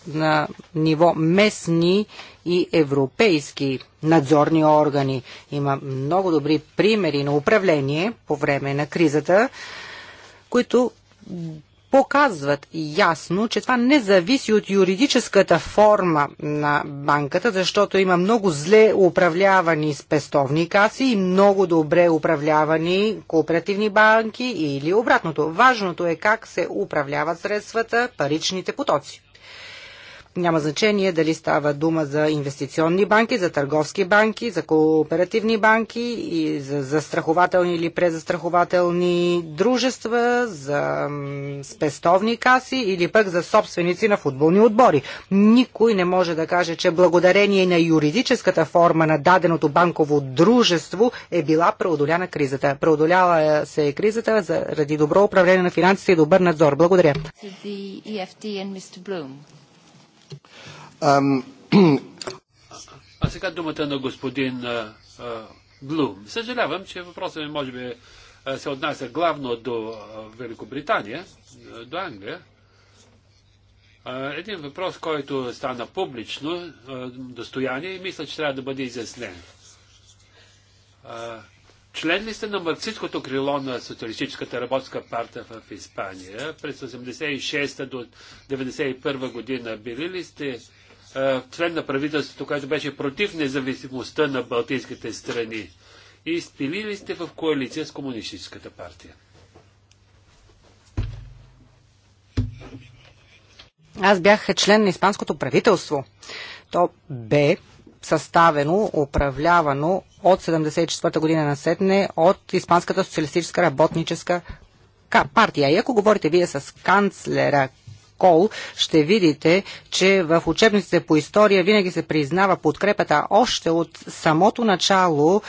на ниво местни и европейски надзорни органи. Има много добри примери на управление по време на кризата, които показват ясно, че това не зависи от юридическата форма на банката, защото има много зле управлявани спестовни каси и много добре управлявани кооперативни банки или обратното. Важното е как се управляват средствата, паричните потоци няма значение дали става дума за инвестиционни банки, за търговски банки, за кооперативни банки и за застрахователни или презастрахователни дружества, за спестовни каси или пък за собственици на футболни отбори. Никой не може да каже, че благодарение на юридическата форма на даденото банково дружество е била преодоляна кризата. Преодоляла се е кризата заради добро управление на финансите и добър надзор. Благодаря. А сега думата на господин Блум. Съжалявам, че въпросът ми може би се отнася главно до Великобритания, до Англия. Един въпрос, който стана публично достояние и мисля, че трябва да бъде изяснен. Член ли сте на марксистското крило на Социалистическата работска партия в Испания? През 86 до 91 година били ли сте е, член на правителството, което беше против независимостта на балтийските страни. И били ли сте в коалиция с Комунистическата партия? Аз бях член на Испанското правителство. То бе съставено, управлявано от 1974 година на сетне от Испанската социалистическа работническа партия. И ако говорите вие с канцлера Кол, ще видите, че в учебниците по история винаги се признава подкрепата още от самото начало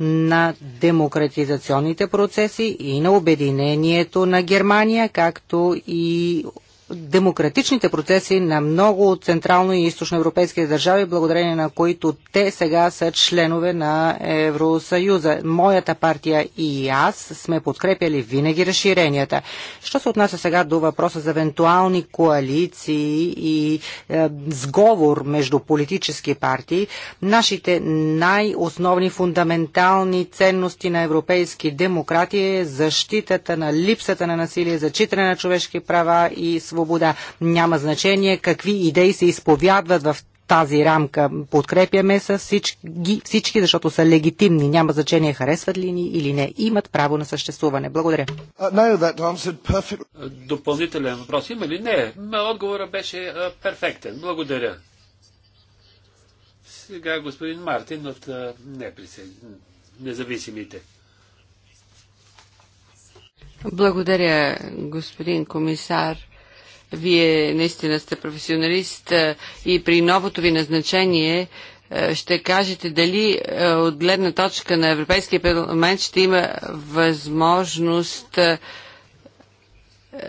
на демократизационните процеси и на обединението на Германия, както и демократичните процеси на много от централно и източноевропейски държави, благодарение на които те сега са членове на Евросъюза. Моята партия и аз сме подкрепяли винаги разширенията. Що се отнася сега до въпроса за евентуални коалиции и е, сговор между политически партии, нашите най-основни фундаментални ценности на европейски демократи е защитата на липсата на насилие, зачитане на човешки права и свобода свобода. Няма значение какви идеи се изповядват в тази рамка. Подкрепяме с всички, всички, защото са легитимни. Няма значение харесват ли ни или не. Имат право на съществуване. Благодаря. Uh, Допълнителен въпрос има ли? Не. Отговора беше перфектен. Благодаря. Сега господин Мартин от независимите. Благодаря, господин комисар. Вие наистина сте професионалист и при новото ви назначение ще кажете дали от гледна точка на Европейския парламент ще има възможност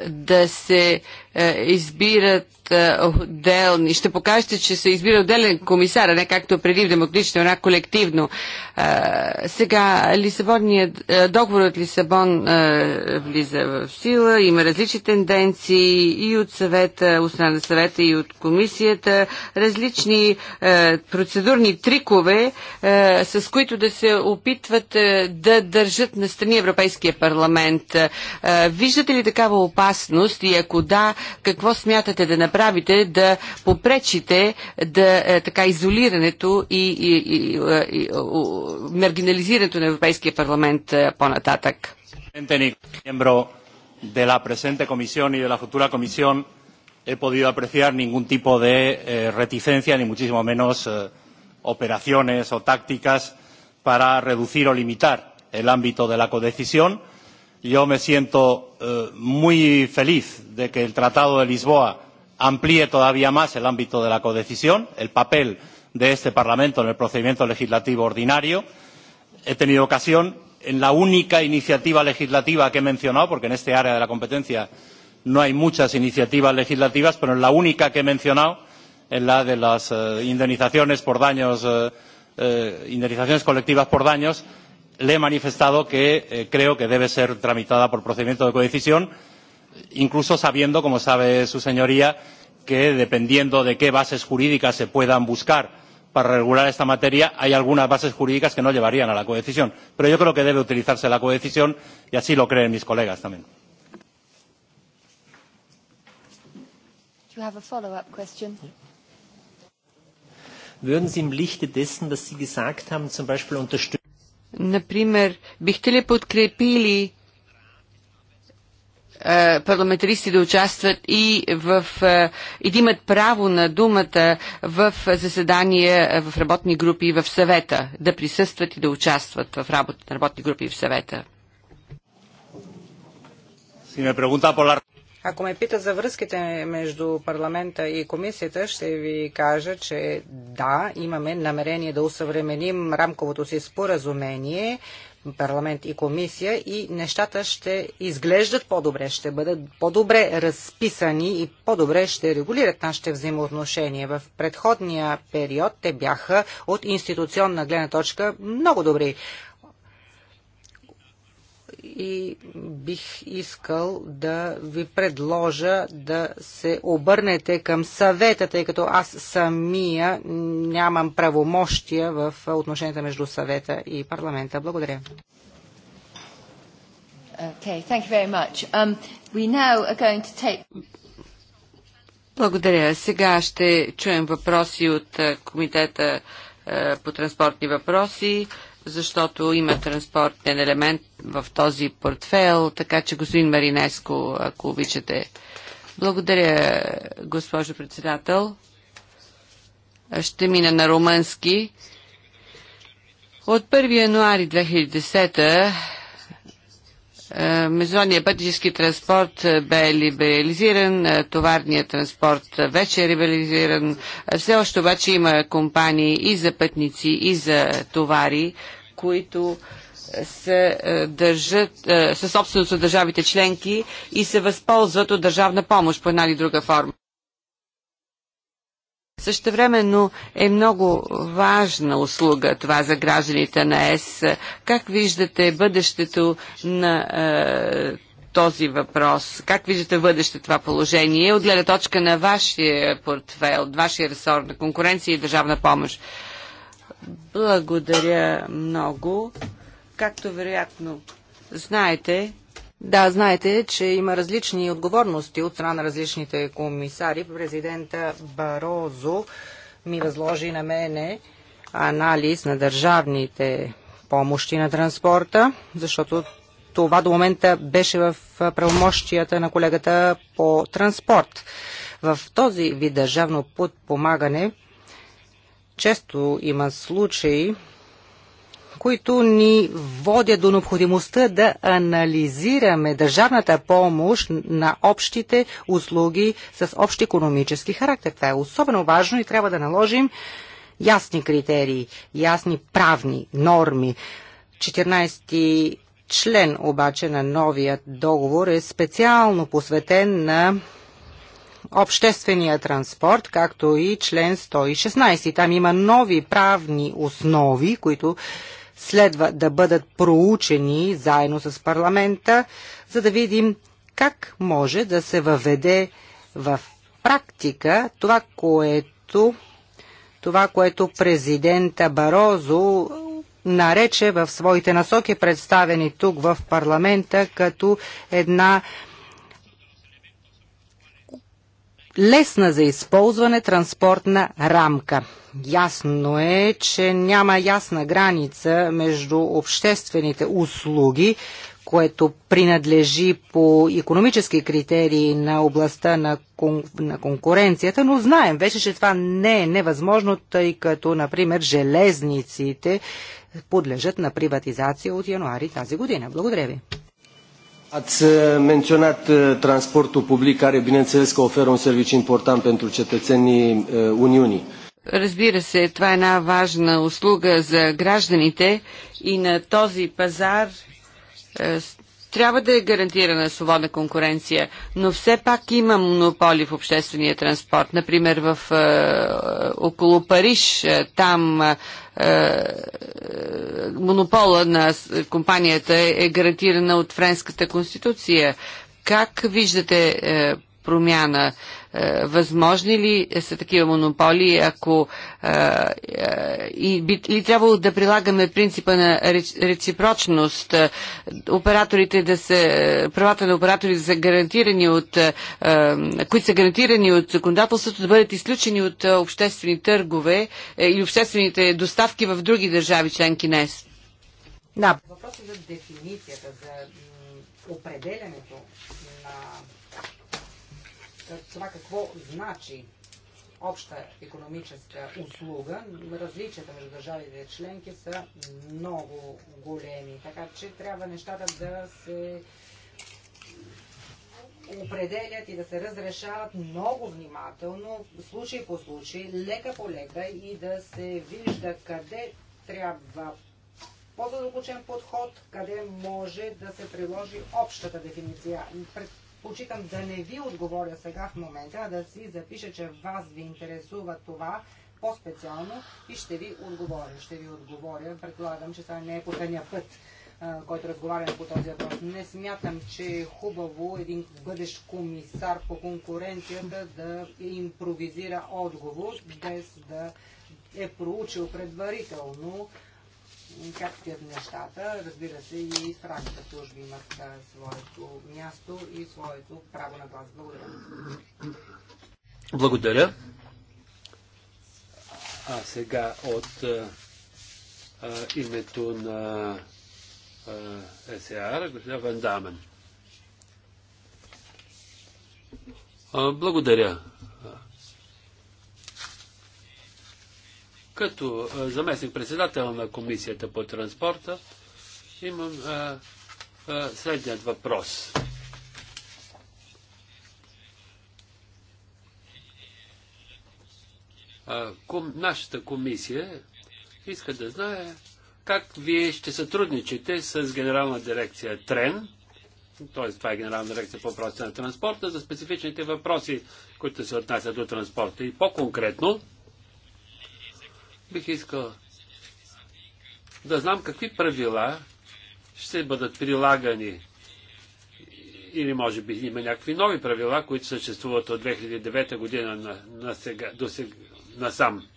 да се е, избират е, отделни, ще покажете, че се избира отделен комисар, а не както преди в демократична война колективно. Е, сега Лисабонният договор от Лисабон влиза в сила, има различни тенденции и от съвета, от страна на съвета и от комисията, различни процедурни трикове, с които да се опитват да държат на страни Европейския парламент. Виждате ли такава опасност и ако да, какво смятате да направите да попречите да, така изолирането и, и, и, и и маргинализирането на Европейския парламент по-нататък? de la presente comisión y de la futura comisión he podido apreciar ningún tipo de eh, reticencia, ni muchísimo menos eh, operaciones o tácticas para reducir o limitar el ámbito de la codecisión yo me siento muy feliz de que el Tratado de Lisboa amplíe todavía más el ámbito de la codecisión, el papel de este Parlamento en el procedimiento legislativo ordinario. He tenido ocasión, en la única iniciativa legislativa que he mencionado, porque en este área de la competencia no hay muchas iniciativas legislativas, pero en la única que he mencionado, en la de las indemnizaciones indemnizaciones colectivas por daños, le he manifestado que creo que debe ser tramitada por procedimiento de codecisión, incluso sabiendo, como sabe su señoría, que dependiendo de qué bases jurídicas se puedan buscar para regular esta materia, hay algunas bases jurídicas que no llevarían a la codecisión. Pero yo creo que debe utilizarse la codecisión y así lo creen mis colegas también. Würden Sie im Lichte dessen, was Sie gesagt haben, zum Beispiel unterstützen, Например, бихте ли подкрепили парламентаристи да участват и, в, и да имат право на думата в заседания, в работни групи и в съвета, да присъстват и да участват в работа на работни групи и в съвета. Ако ме питат за връзките между парламента и комисията, ще ви кажа, че да, имаме намерение да усъвременим рамковото си споразумение, парламент и комисия и нещата ще изглеждат по-добре, ще бъдат по-добре разписани и по-добре ще регулират нашите взаимоотношения. В предходния период те бяха от институционна гледна точка много добри и бих искал да ви предложа да се обърнете към съвета, тъй като аз самия нямам правомощия в отношенията между съвета и парламента. Благодаря. Okay, thank you very much. Um, we now are going to take... Благодаря. Сега ще чуем въпроси от е, Комитета е, по транспортни въпроси защото има транспортен елемент в този портфел, така че господин Маринеско, ако обичате. Благодаря, госпожо председател. Ще мина на румънски. От 1 януари 2010 е, международният пътнически транспорт е, бе либерализиран, е, товарният транспорт вече е либерализиран. Все още обаче има компании и за пътници, и за товари, които се държат, със собственост от държавите членки и се възползват от държавна помощ по една или друга форма. Същевременно е много важна услуга това за гражданите на ЕС. Как виждате бъдещето на е, този въпрос? Как виждате бъдещето това положение от гледна точка на вашия портфел, от вашия ресор на конкуренция и държавна помощ? Благодаря много. Както вероятно знаете, да, знаете, че има различни отговорности от страна на различните комисари. Президента Барозо ми възложи на мене анализ на държавните помощи на транспорта, защото това до момента беше в правомощията на колегата по транспорт. В този вид държавно подпомагане често има случаи, които ни водят до необходимостта да анализираме държавната помощ на общите услуги с общ економически характер. Това е особено важно и трябва да наложим ясни критерии, ясни правни норми. 14 член обаче на новият договор е специално посветен на обществения транспорт, както и член 116. Там има нови правни основи, които следва да бъдат проучени заедно с парламента, за да видим как може да се въведе в практика това, което, това, което президента Барозо нарече в своите насоки, представени тук в парламента, като една лесна за използване транспортна рамка. Ясно е, че няма ясна граница между обществените услуги, което принадлежи по економически критерии на областта на, кон, на конкуренцията, но знаем вече, че това не е невъзможно, тъй като, например, железниците подлежат на приватизация от януари тази година. Благодаря ви. Ați menționat transportul public care, bineînțeles, că oferă un serviciu important pentru cetățenii Uniunii. Разбира се, това е една важна услуга за гражданите и на този пазар трябва да е гарантирана свободна конкуренция, но все пак има монополи в обществения транспорт. Например, в, е, около Париж, е, там е, е монопола на компанията е, е гарантирана от Френската конституция. Как виждате е, промяна. Е, възможни ли са такива монополи, ако е, е, и би ли трябвало да прилагаме принципа на реципрочност, операторите да се, правата на операторите са гарантирани от, които са гарантирани от законодателството, да бъдат изключени от обществени търгове и обществените доставки в други държави членки днес? Да. Въпросът за дефиницията, за определянето това какво значи обща економическа услуга. Различията между държавите членки са много големи, така че трябва нещата да се определят и да се разрешават много внимателно, случай по случай, лека по лека и да се вижда къде трябва по-задълбочен подход, къде може да се приложи общата дефиниция. Почитам да не ви отговоря сега в момента, а да си запиша, че вас ви интересува това по-специално и ще ви отговоря. Ще ви отговоря. Предполагам, че това не е последния път който разговарям по този въпрос. Не смятам, че е хубаво един бъдещ комисар по конкуренцията да импровизира отговор, без да е проучил предварително как стоят нещата. Разбира се, и правните служби имат своето място и своето право на глас. Благодаря. Благодаря. А сега от а, името на СЕАР, госпожа Ван благодаря, Като заместник-председател на Комисията по транспорта имам а, а, следният въпрос. А, ком, нашата комисия иска да знае как вие ще сътрудничите с генерална дирекция Трен, т.е. това е генерална дирекция по въпросите на транспорта, за специфичните въпроси, които се отнасят до транспорта. И по-конкретно, Бих искал да знам какви правила ще бъдат прилагани или може би има някакви нови правила, които съществуват от 2009 година на, на сега, до сега, насам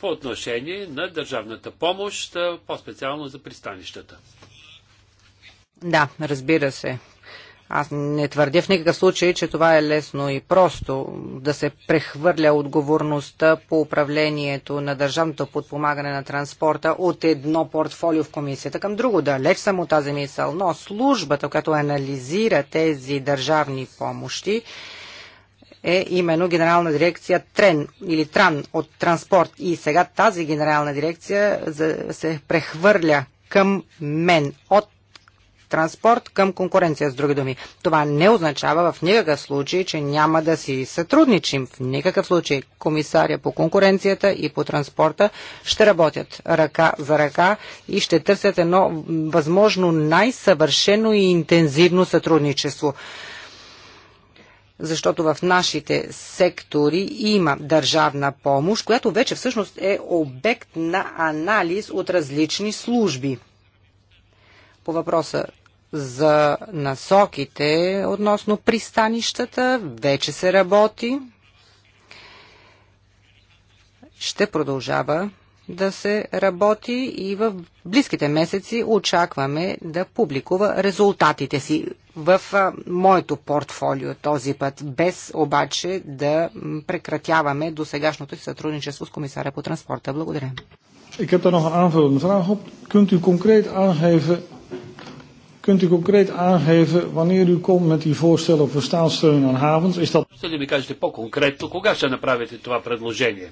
по отношение на държавната помощ, по-специално за пристанищата. Да, разбира се. Аз не твърдя в никакъв случай, че това е лесно и просто да се прехвърля отговорността по управлението на държавното подпомагане на транспорта от едно портфолио в комисията към друго. Далеч съм от тази мисъл, но службата, която анализира тези държавни помощи, е именно генерална дирекция Трен или Тран от транспорт. И сега тази генерална дирекция се прехвърля към мен от транспорт към конкуренция, с други думи. Това не означава в никакъв случай, че няма да си сътрудничим. В никакъв случай комисаря по конкуренцията и по транспорта ще работят ръка за ръка и ще търсят едно възможно най-съвършено и интензивно сътрудничество защото в нашите сектори има държавна помощ, която вече всъщност е обект на анализ от различни служби. По въпроса за насоките относно пристанищата. Вече се работи. Ще продължава да се работи и в близките месеци очакваме да публикува резултатите си в моето портфолио този път, без обаче да прекратяваме досегашното си сътрудничество с комисаря по транспорта. Благодаря. Ik heb daar nog een aanvullende vraag op. Kunt u concreet aangeven Kunt u concreet aangeven wanneer u komt met die voorstellen voor staatssteun aan havens? Is dat... Ще ли ми кажете по-конкретно кога ще направите това предложение?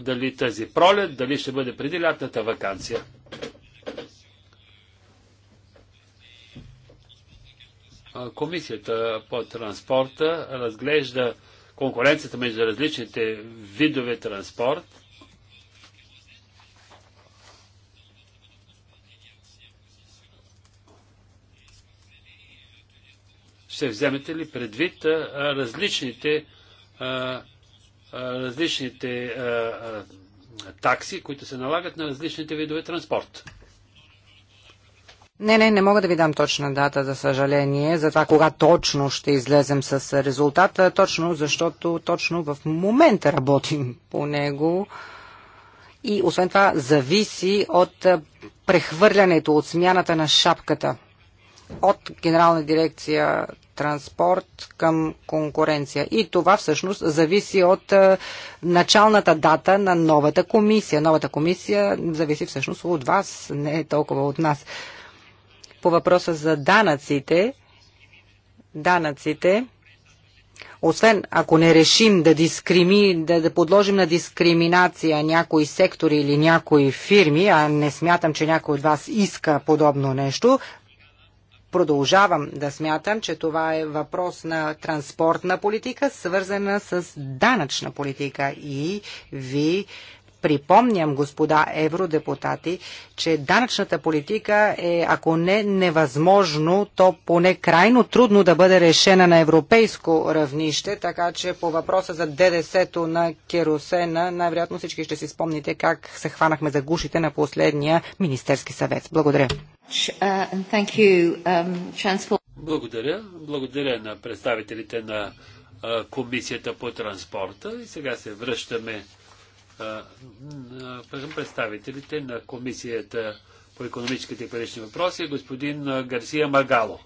Дали тази пролет, дали ще бъде преди лятната вакансия? Комисията по транспорта разглежда конкуренцията между различните видове транспорт ще вземете ли предвид различните, различните такси, които се налагат на различните видове транспорт? Не, не, не мога да ви дам точна дата, за съжаление, за това кога точно ще излезем с резултата, точно защото точно в момента работим по него. И освен това зависи от прехвърлянето, от смяната на шапката от Генерална дирекция транспорт към конкуренция. И това всъщност зависи от началната дата на новата комисия. Новата комисия зависи всъщност от вас, не е толкова от нас. По въпроса за данъците, данъците, освен ако не решим да, дискрими, да, да подложим на дискриминация някои сектори или някои фирми, а не смятам, че някой от вас иска подобно нещо, Продължавам да смятам, че това е въпрос на транспортна политика, свързана с данъчна политика. И ви припомням, господа евродепутати, че данъчната политика е, ако не невъзможно, то поне крайно трудно да бъде решена на европейско равнище, така че по въпроса за ДДС-то на керосена, най-вероятно всички ще си спомните как се хванахме за гушите на последния Министерски съвет. Благодаря. Uh, um, благодаря. Благодаря на представителите на Комисията по транспорта. И сега се връщаме към представителите на Комисията по економическите и парични въпроси, господин Гарсия Магало.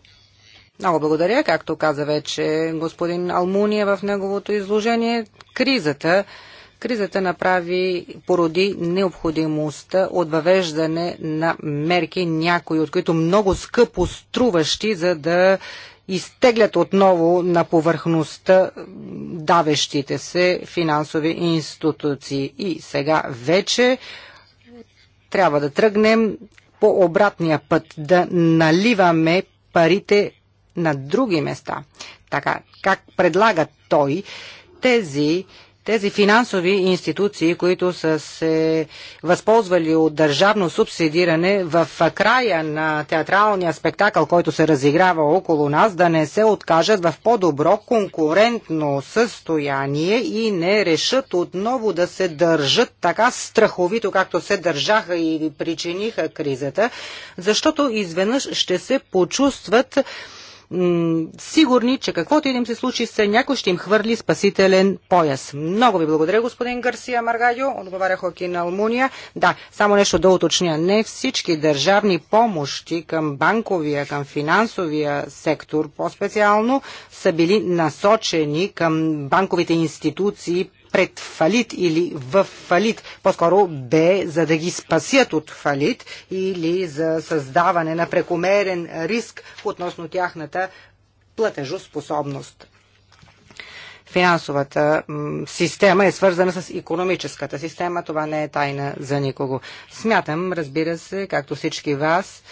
Много благодаря, както каза вече господин Алмуния в неговото изложение. Кризата Кризата направи, породи необходимостта от въвеждане на мерки, някои от които много скъпо струващи, за да изтеглят отново на повърхността давещите се финансови институции. И сега вече трябва да тръгнем по обратния път, да наливаме парите на други места. Така, как предлага той, тези тези финансови институции, които са се възползвали от държавно субсидиране в края на театралния спектакъл, който се разиграва около нас, да не се откажат в по-добро конкурентно състояние и не решат отново да се държат така страховито, както се държаха и причиниха кризата, защото изведнъж ще се почувстват сигурни, че каквото и да им се случи, се някой ще им хвърли спасителен пояс. Много ви благодаря, господин Гарсия Маргайо. Отговаря Хокин Алмуния. Да, само нещо да уточня. Не всички държавни помощи към банковия, към финансовия сектор по-специално са били насочени към банковите институции пред фалит или в фалит. По-скоро бе за да ги спасят от фалит или за създаване на прекомерен риск относно тяхната платежоспособност. Финансовата система е свързана с економическата система. Това не е тайна за никого. Смятам, разбира се, както всички вас,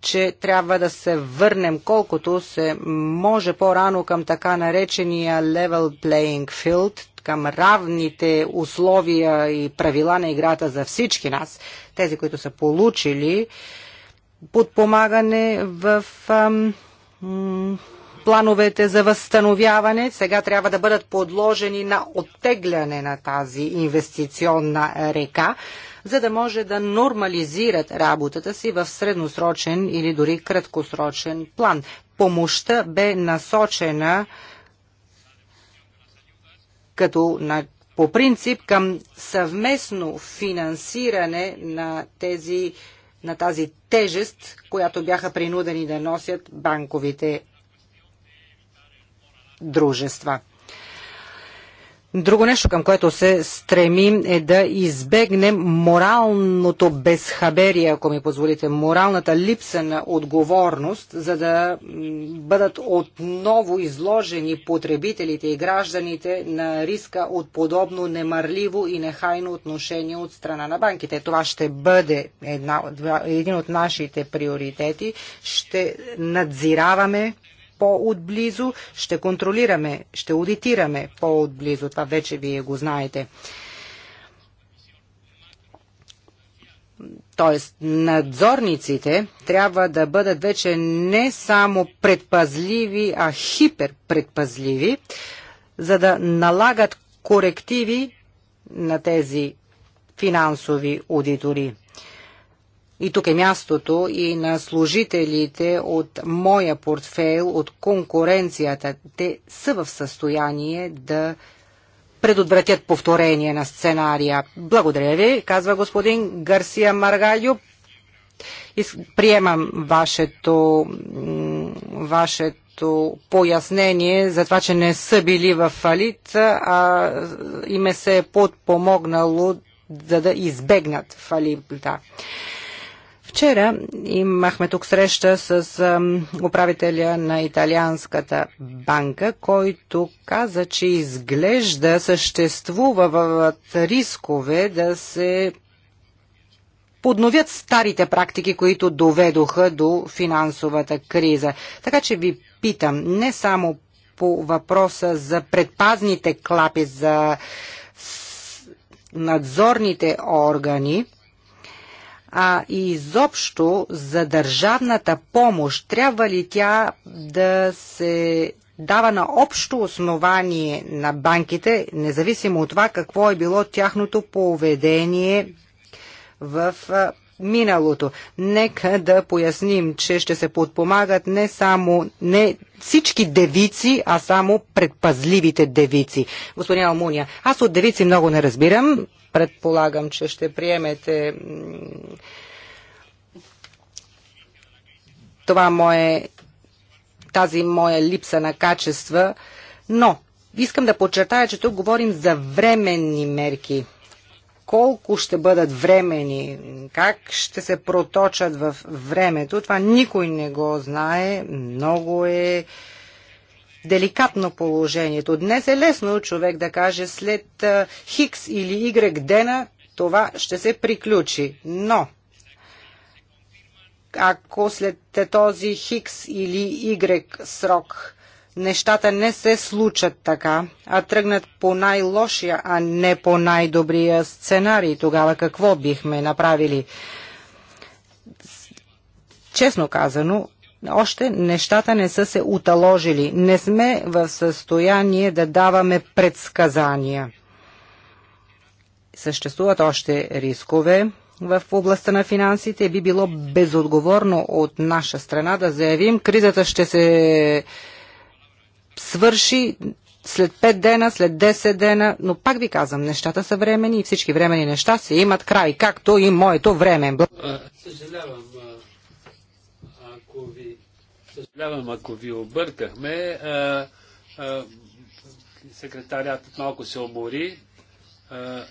че трябва да се върнем колкото се може по-рано към така наречения level playing field, към равните условия и правила на играта за всички нас, тези, които са получили подпомагане в ам, плановете за възстановяване, сега трябва да бъдат подложени на оттегляне на тази инвестиционна река, за да може да нормализират работата си в средносрочен или дори краткосрочен план. Помощта бе насочена като на, по принцип към съвместно финансиране на, тези, на тази тежест, която бяха принудени да носят банковите дружества. Друго нещо, към което се стремим е да избегнем моралното безхаберие, ако ми позволите, моралната липса на отговорност, за да бъдат отново изложени потребителите и гражданите на риска от подобно немарливо и нехайно отношение от страна на банките. Това ще бъде една, един от нашите приоритети. Ще надзираваме по-отблизо, ще контролираме, ще аудитираме по-отблизо. Това вече вие го знаете. Тоест, надзорниците трябва да бъдат вече не само предпазливи, а хиперпредпазливи, за да налагат корективи на тези финансови аудитори и тук е мястото и на служителите от моя портфейл, от конкуренцията. Те са в състояние да предотвратят повторение на сценария. Благодаря ви, казва господин Гарсия Маргайо. Приемам вашето, вашето пояснение за това, че не са били в фалит, а име се е подпомогнало да, да избегнат фалита. Вчера имахме тук среща с управителя на Италианската банка, който каза, че изглежда в рискове да се подновят старите практики, които доведоха до финансовата криза. Така че ви питам не само по въпроса за предпазните клапи, за надзорните органи, а и изобщо за държавната помощ. Трябва ли тя да се дава на общо основание на банките, независимо от това какво е било тяхното поведение в миналото. Нека да поясним, че ще се подпомагат не само не всички девици, а само предпазливите девици. Господин Алмуния, аз от девици много не разбирам, предполагам, че ще приемете това мое, тази моя липса на качества, но искам да подчертая, че тук говорим за временни мерки. Колко ще бъдат времени, как ще се проточат в времето, това никой не го знае. Много е деликатно положението. Днес е лесно човек да каже след Хикс или игрек дена това ще се приключи. Но ако след този Хикс или игрек срок нещата не се случат така, а тръгнат по най-лошия, а не по най-добрия сценарий, тогава какво бихме направили? Честно казано, още нещата не са се уталожили. Не сме в състояние да даваме предсказания. Съществуват още рискове в областта на финансите. Би било безотговорно от наша страна да заявим, кризата ще се свърши след 5 дена, след 10 дена, но пак ви казвам, нещата са времени и всички времени неща се имат край, както и моето време. Съжалявам, Съжалявам, ако ви объркахме. А, а, секретарят малко се умори а,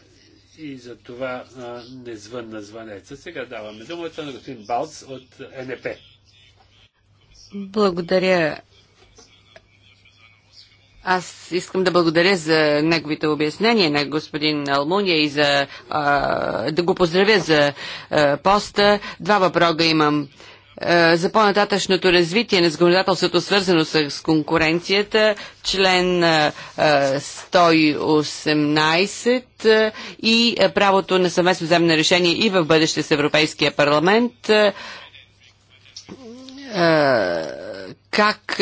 и за това а, не звънна звънеца. Сега даваме думата на господин Балц от НП. Благодаря. Аз искам да благодаря за неговите обяснения на господин Алмуния и за, а, да го поздравя за а, поста. Два въпрога имам. А, е, за по-нататъчното развитие на законодателството, свързано с конкуренцията, член 118 е, е, и правото на съвместно вземане решение и в бъдеще с Европейския парламент. Как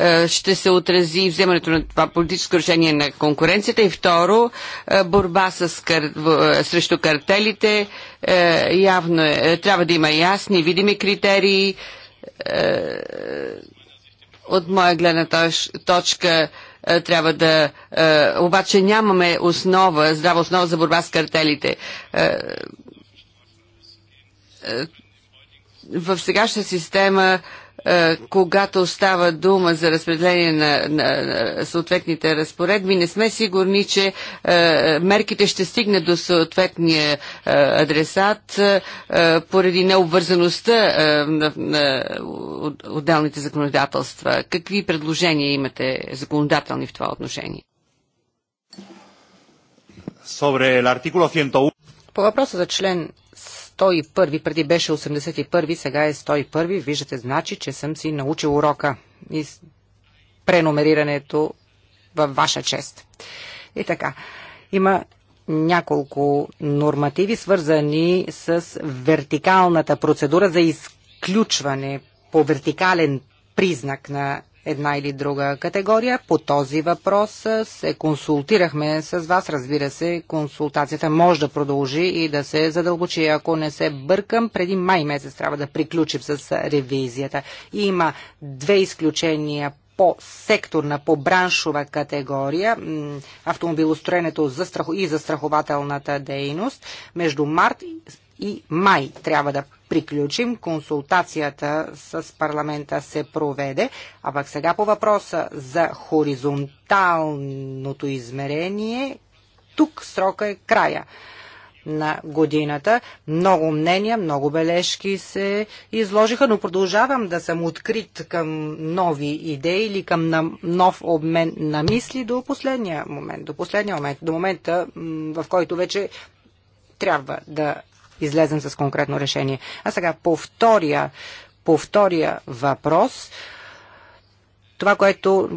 е, ще се отрази вземането на това политическо решение на конкуренцията и второ е, борба с кар... Е, срещу картелите явно е, трябва да има ясни, видими критерии от моя гледна точка трябва да... Обаче нямаме основа, здрава основа за борба с картелите в сегашна система е, когато става дума за разпределение на, на, на съответните разпоредби, не сме сигурни, че е, мерките ще стигнат до съответния е, адресат е, поради необвързаността е, на, на отделните законодателства. Какви предложения имате законодателни в това отношение? Sobre el artículo 101. По въпроса за член 101, преди беше 81, сега е 101, виждате, значи, че съм си научил урока и преномерирането във ваша чест. И така, има няколко нормативи, свързани с вертикалната процедура за изключване по вертикален признак на една или друга категория. По този въпрос се консултирахме с вас. Разбира се, консултацията може да продължи и да се задълбочи. Ако не се бъркам, преди май месец трябва да приключим с ревизията. Има две изключения по секторна, по браншова категория, автомобилостроенето за страх... и застрахователната дейност, между март и май трябва да приключим. Консултацията с парламента се проведе, а пък сега по въпроса за хоризонталното измерение, тук срока е края на годината. Много мнения, много бележки се изложиха, но продължавам да съм открит към нови идеи или към нов обмен на мисли до последния момент, до последния момент, до момента, в който вече трябва да излезем с конкретно решение. А сега по втория, по втория въпрос, това, което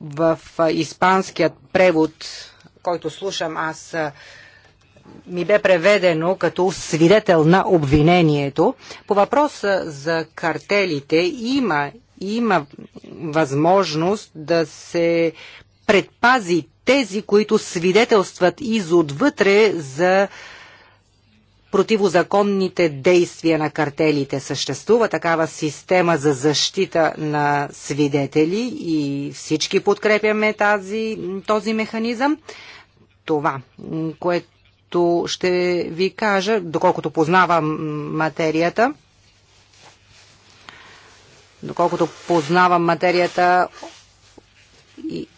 в испанският превод, който слушам аз, ми бе преведено като свидетел на обвинението. По въпроса за картелите има, има възможност да се предпази тези, които свидетелстват изотвътре за противозаконните действия на картелите. Съществува такава система за защита на свидетели и всички подкрепяме тази, този механизъм. Това, което ще ви кажа, доколкото познавам материята, доколкото познавам материята и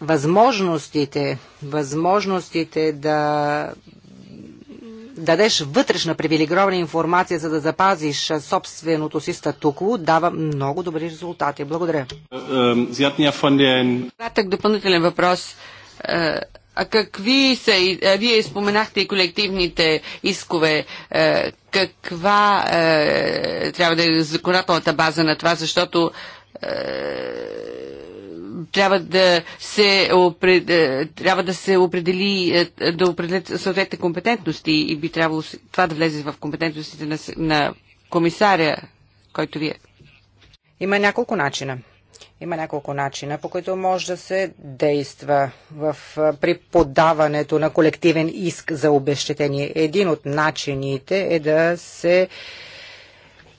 възможностите, възможностите да дадеш вътрешна привилегирована информация, за да запазиш собственото си статукво, дава много добри резултати. Благодаря. Е Кратък допълнителен въпрос. Е, а какви са, а е, вие споменахте и колективните искове, каква трябва да е законодателната база на това, защото трябва да се, опред, е, трябва да се определи, е, да определят съответните компетентности и би трябвало това да влезе в компетентностите на, на комисаря, който вие. Има няколко начина. Има няколко начина, по които може да се действа в, е, при подаването на колективен иск за обещетение. Един от начините е да се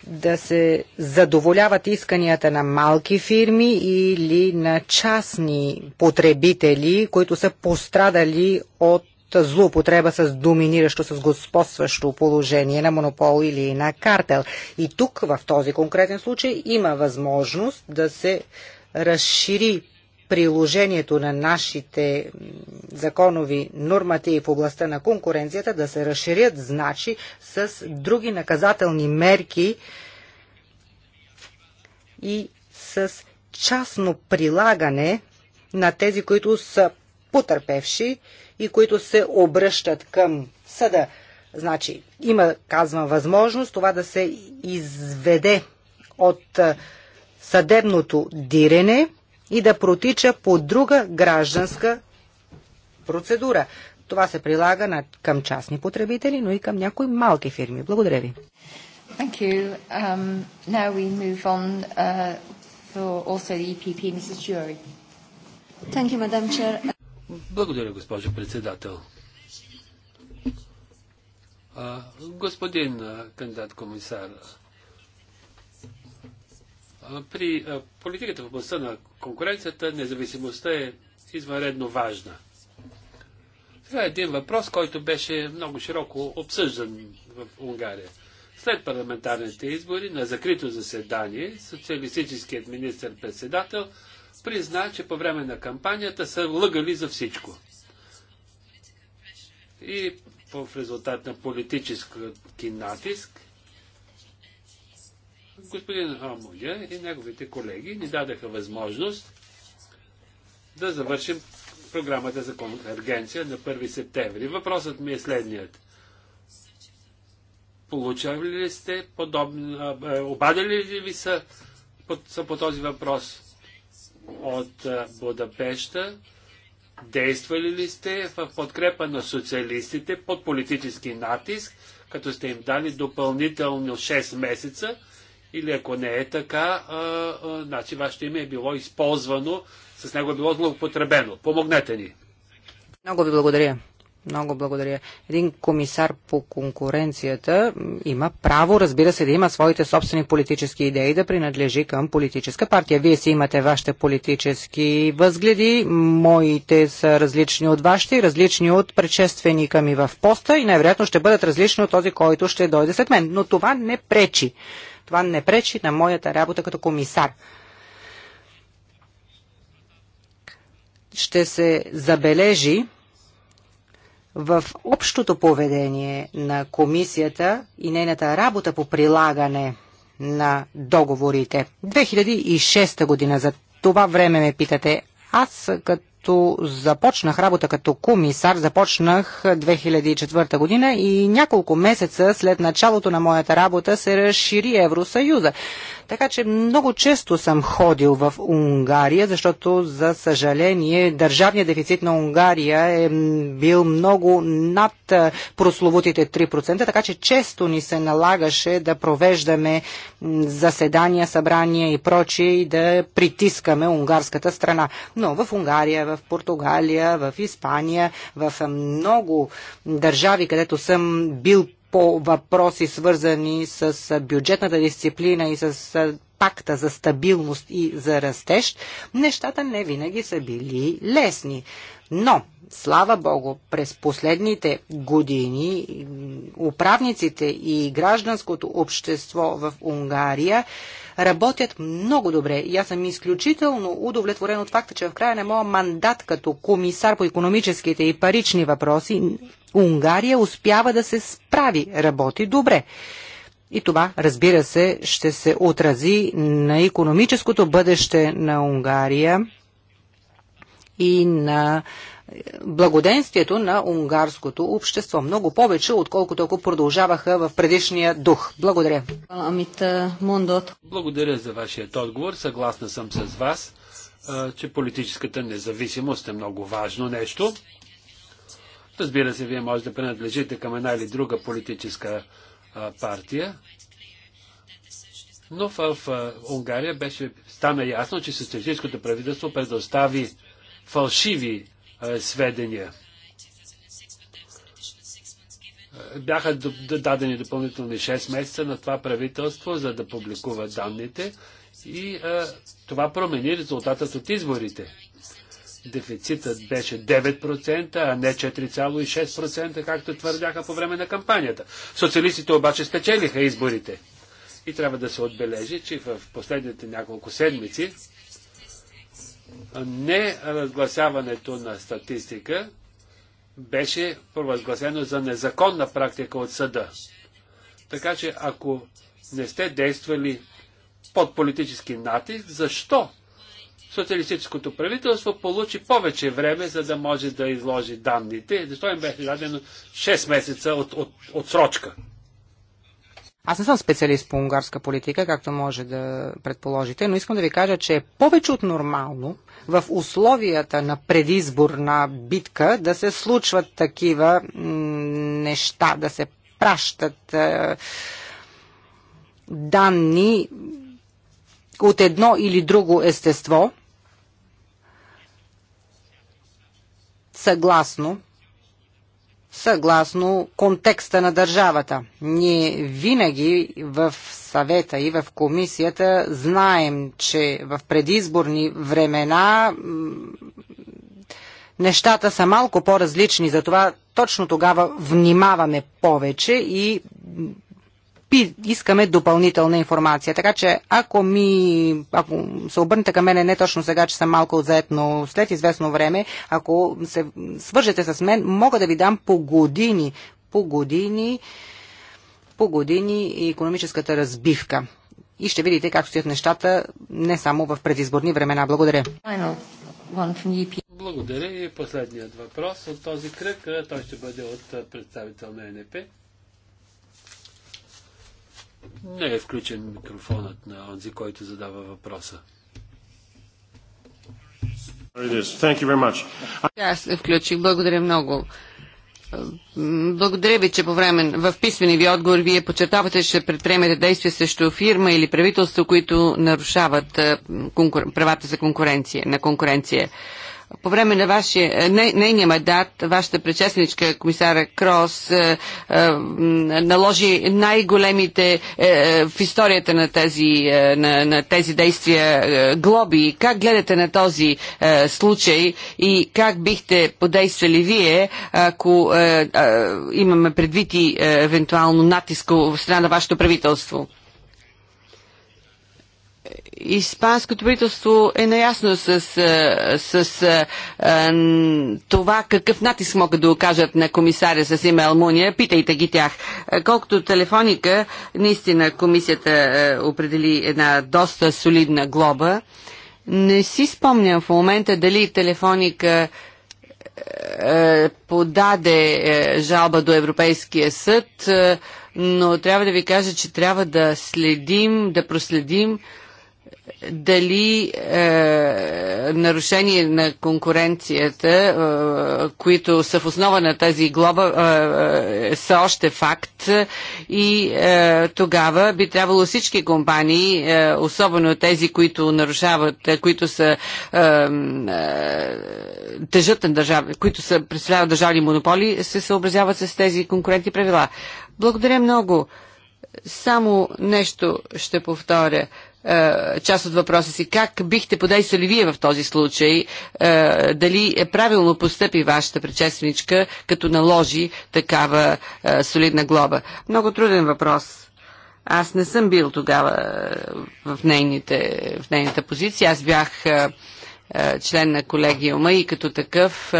да се задоволяват исканията на малки фирми или на частни потребители, които са пострадали от злоупотреба с доминиращо, с господстващо положение на монопол или на картел. И тук, в този конкретен случай, има възможност да се разшири приложението на нашите законови нормативи в областта на конкуренцията да се разширят, значи, с други наказателни мерки и с частно прилагане на тези, които са потърпевши и които се обръщат към съда. Значи, има, казвам, възможност това да се изведе от съдебното дирене и да протича по друга гражданска процедура. Това се прилага на, към частни потребители, но и към някои малки фирми. Благодаря ви. Thank you. Um, now we move on uh, for also the EPP, Mrs. Jury. Thank you, Madam Chair. Благодаря, госпожо председател. Uh, господин uh, кандидат комисар, uh, при политиката в областта на конкуренцията независимостта е извънредно важна. Това е един въпрос, който беше много широко обсъждан в Унгария. След парламентарните избори на закрито заседание социалистическият министр-председател призна, че по време на кампанията са лъгали за всичко. И в резултат на политически натиск господин Хомуджа и неговите колеги ни дадаха възможност да завършим програмата за конвергенция на 1 септември. Въпросът ми е следният. Получавали ли сте подобни, е, обадили ли ви са, са по този въпрос от Будапешта? Действали ли сте в подкрепа на социалистите под политически натиск, като сте им дали допълнително 6 месеца, или ако не е така, а, а, значи вашето име е било използвано, с него е било злоупотребено. Помогнете ни. Много ви благодаря. Много благодаря. Един комисар по конкуренцията има право, разбира се, да има своите собствени политически идеи, да принадлежи към политическа партия. Вие си имате вашите политически възгледи, моите са различни от вашите, различни от предшественика ми в поста и най-вероятно ще бъдат различни от този, който ще дойде след мен. Но това не пречи това не пречи на моята работа като комисар. Ще се забележи в общото поведение на комисията и нейната работа по прилагане на договорите. 2006 година за това време ме питате. Аз като когато започнах работа като комисар, започнах 2004 година и няколко месеца след началото на моята работа се разшири Евросъюза. Така че много често съм ходил в Унгария, защото за съжаление държавният дефицит на Унгария е бил много над прословутите 3%, така че често ни се налагаше да провеждаме заседания, събрания и прочие и да притискаме унгарската страна. Но в Унгария, в Португалия, в Испания, в много държави, където съм бил по въпроси свързани с бюджетната дисциплина и с пакта за стабилност и за растеж, нещата не винаги са били лесни. Но, слава Богу, през последните години управниците и гражданското общество в Унгария работят много добре. И аз съм изключително удовлетворен от факта, че в края на моя мандат като комисар по економическите и парични въпроси Унгария успява да се справи, работи добре. И това, разбира се, ще се отрази на економическото бъдеще на Унгария и на е, благоденствието на унгарското общество. Много повече, отколкото ако продължаваха в предишния дух. Благодаря. Е, Благодаря за вашият отговор. Съгласна съм с вас, е, че политическата независимост е много важно нещо. Разбира се, вие може да принадлежите към една или друга политическа а, партия, но в в Унгария беше, стана ясно, че социалистическото правителство предостави фалшиви а, сведения. Бяха дадени допълнителни 6 месеца на това правителство, за да публикува данните и а, това промени резултатът от изборите дефицитът беше 9%, а не 4,6%, както твърдяха по време на кампанията. Социалистите обаче спечелиха изборите. И трябва да се отбележи, че в последните няколко седмици не разгласяването на статистика беше провъзгласено за незаконна практика от съда. Така че ако не сте действали под политически натиск, защо социалистическото правителство получи повече време, за да може да изложи данните. Защо им беше дадено 6 месеца от, от, отсрочка? Аз не съм специалист по унгарска политика, както може да предположите, но искам да ви кажа, че е повече от нормално в условията на предизборна битка да се случват такива неща, да се пращат е, данни от едно или друго естество съгласно съгласно контекста на държавата. Ние винаги в съвета и в комисията знаем, че в предизборни времена нещата са малко по-различни, затова точно тогава внимаваме повече и искаме допълнителна информация. Така че, ако ми, ако се обърнете към мене не точно сега, че съм малко отзет, но след известно време, ако се свържете с мен, мога да ви дам по години, по години, по години економическата разбивка. И ще видите как стоят нещата не само в предизборни времена. Благодаря. Благодаря и последният въпрос от този кръг. Той ще бъде от представител на НП. Не е включен микрофонът на онзи, който задава въпроса. Аз се включих. Благодаря много. Благодаря ви, че по време в писмени ви отговор вие подчертавате, че предприемете действия срещу фирма или правителство, които нарушават е, конкур... правата за конкуренция, на конкуренция. По време на вашия, не, нейния мандат, вашата предшественичка комисара Крос е, е, наложи най-големите е, е, в историята на тези, е, на, на тези действия е, глоби. Как гледате на този е, случай и как бихте подействали вие, ако е, е, имаме предвид и е, евентуално натиск от страна на вашето правителство? Испанското правителство е наясно с, е, с, с е, с е, това какъв натиск могат да окажат на комисаря с име Алмуния. Питайте ги тях. Колкото телефоника, наистина комисията определи една доста солидна глоба. Не си спомням в момента дали телефоника подаде жалба до Европейския съд, но трябва да ви кажа, че трябва да следим, да проследим дали е, нарушение на конкуренцията, е, които са в основа на тази глоба, е, е, са още факт и е, тогава би трябвало всички компании, е, особено тези, които нарушават, е, които са е, е, тежат на държави, които са представляват държавни монополи, се съобразяват с тези конкурентни правила. Благодаря много. Само нещо ще повторя е, част от въпроса си. Как бихте подействали вие в този случай? Е, дали е правилно постъпи вашата предшественичка, като наложи такава е, солидна глоба? Много труден въпрос. Аз не съм бил тогава в, нейните, в нейната позиция. Аз бях член на колегиума и като такъв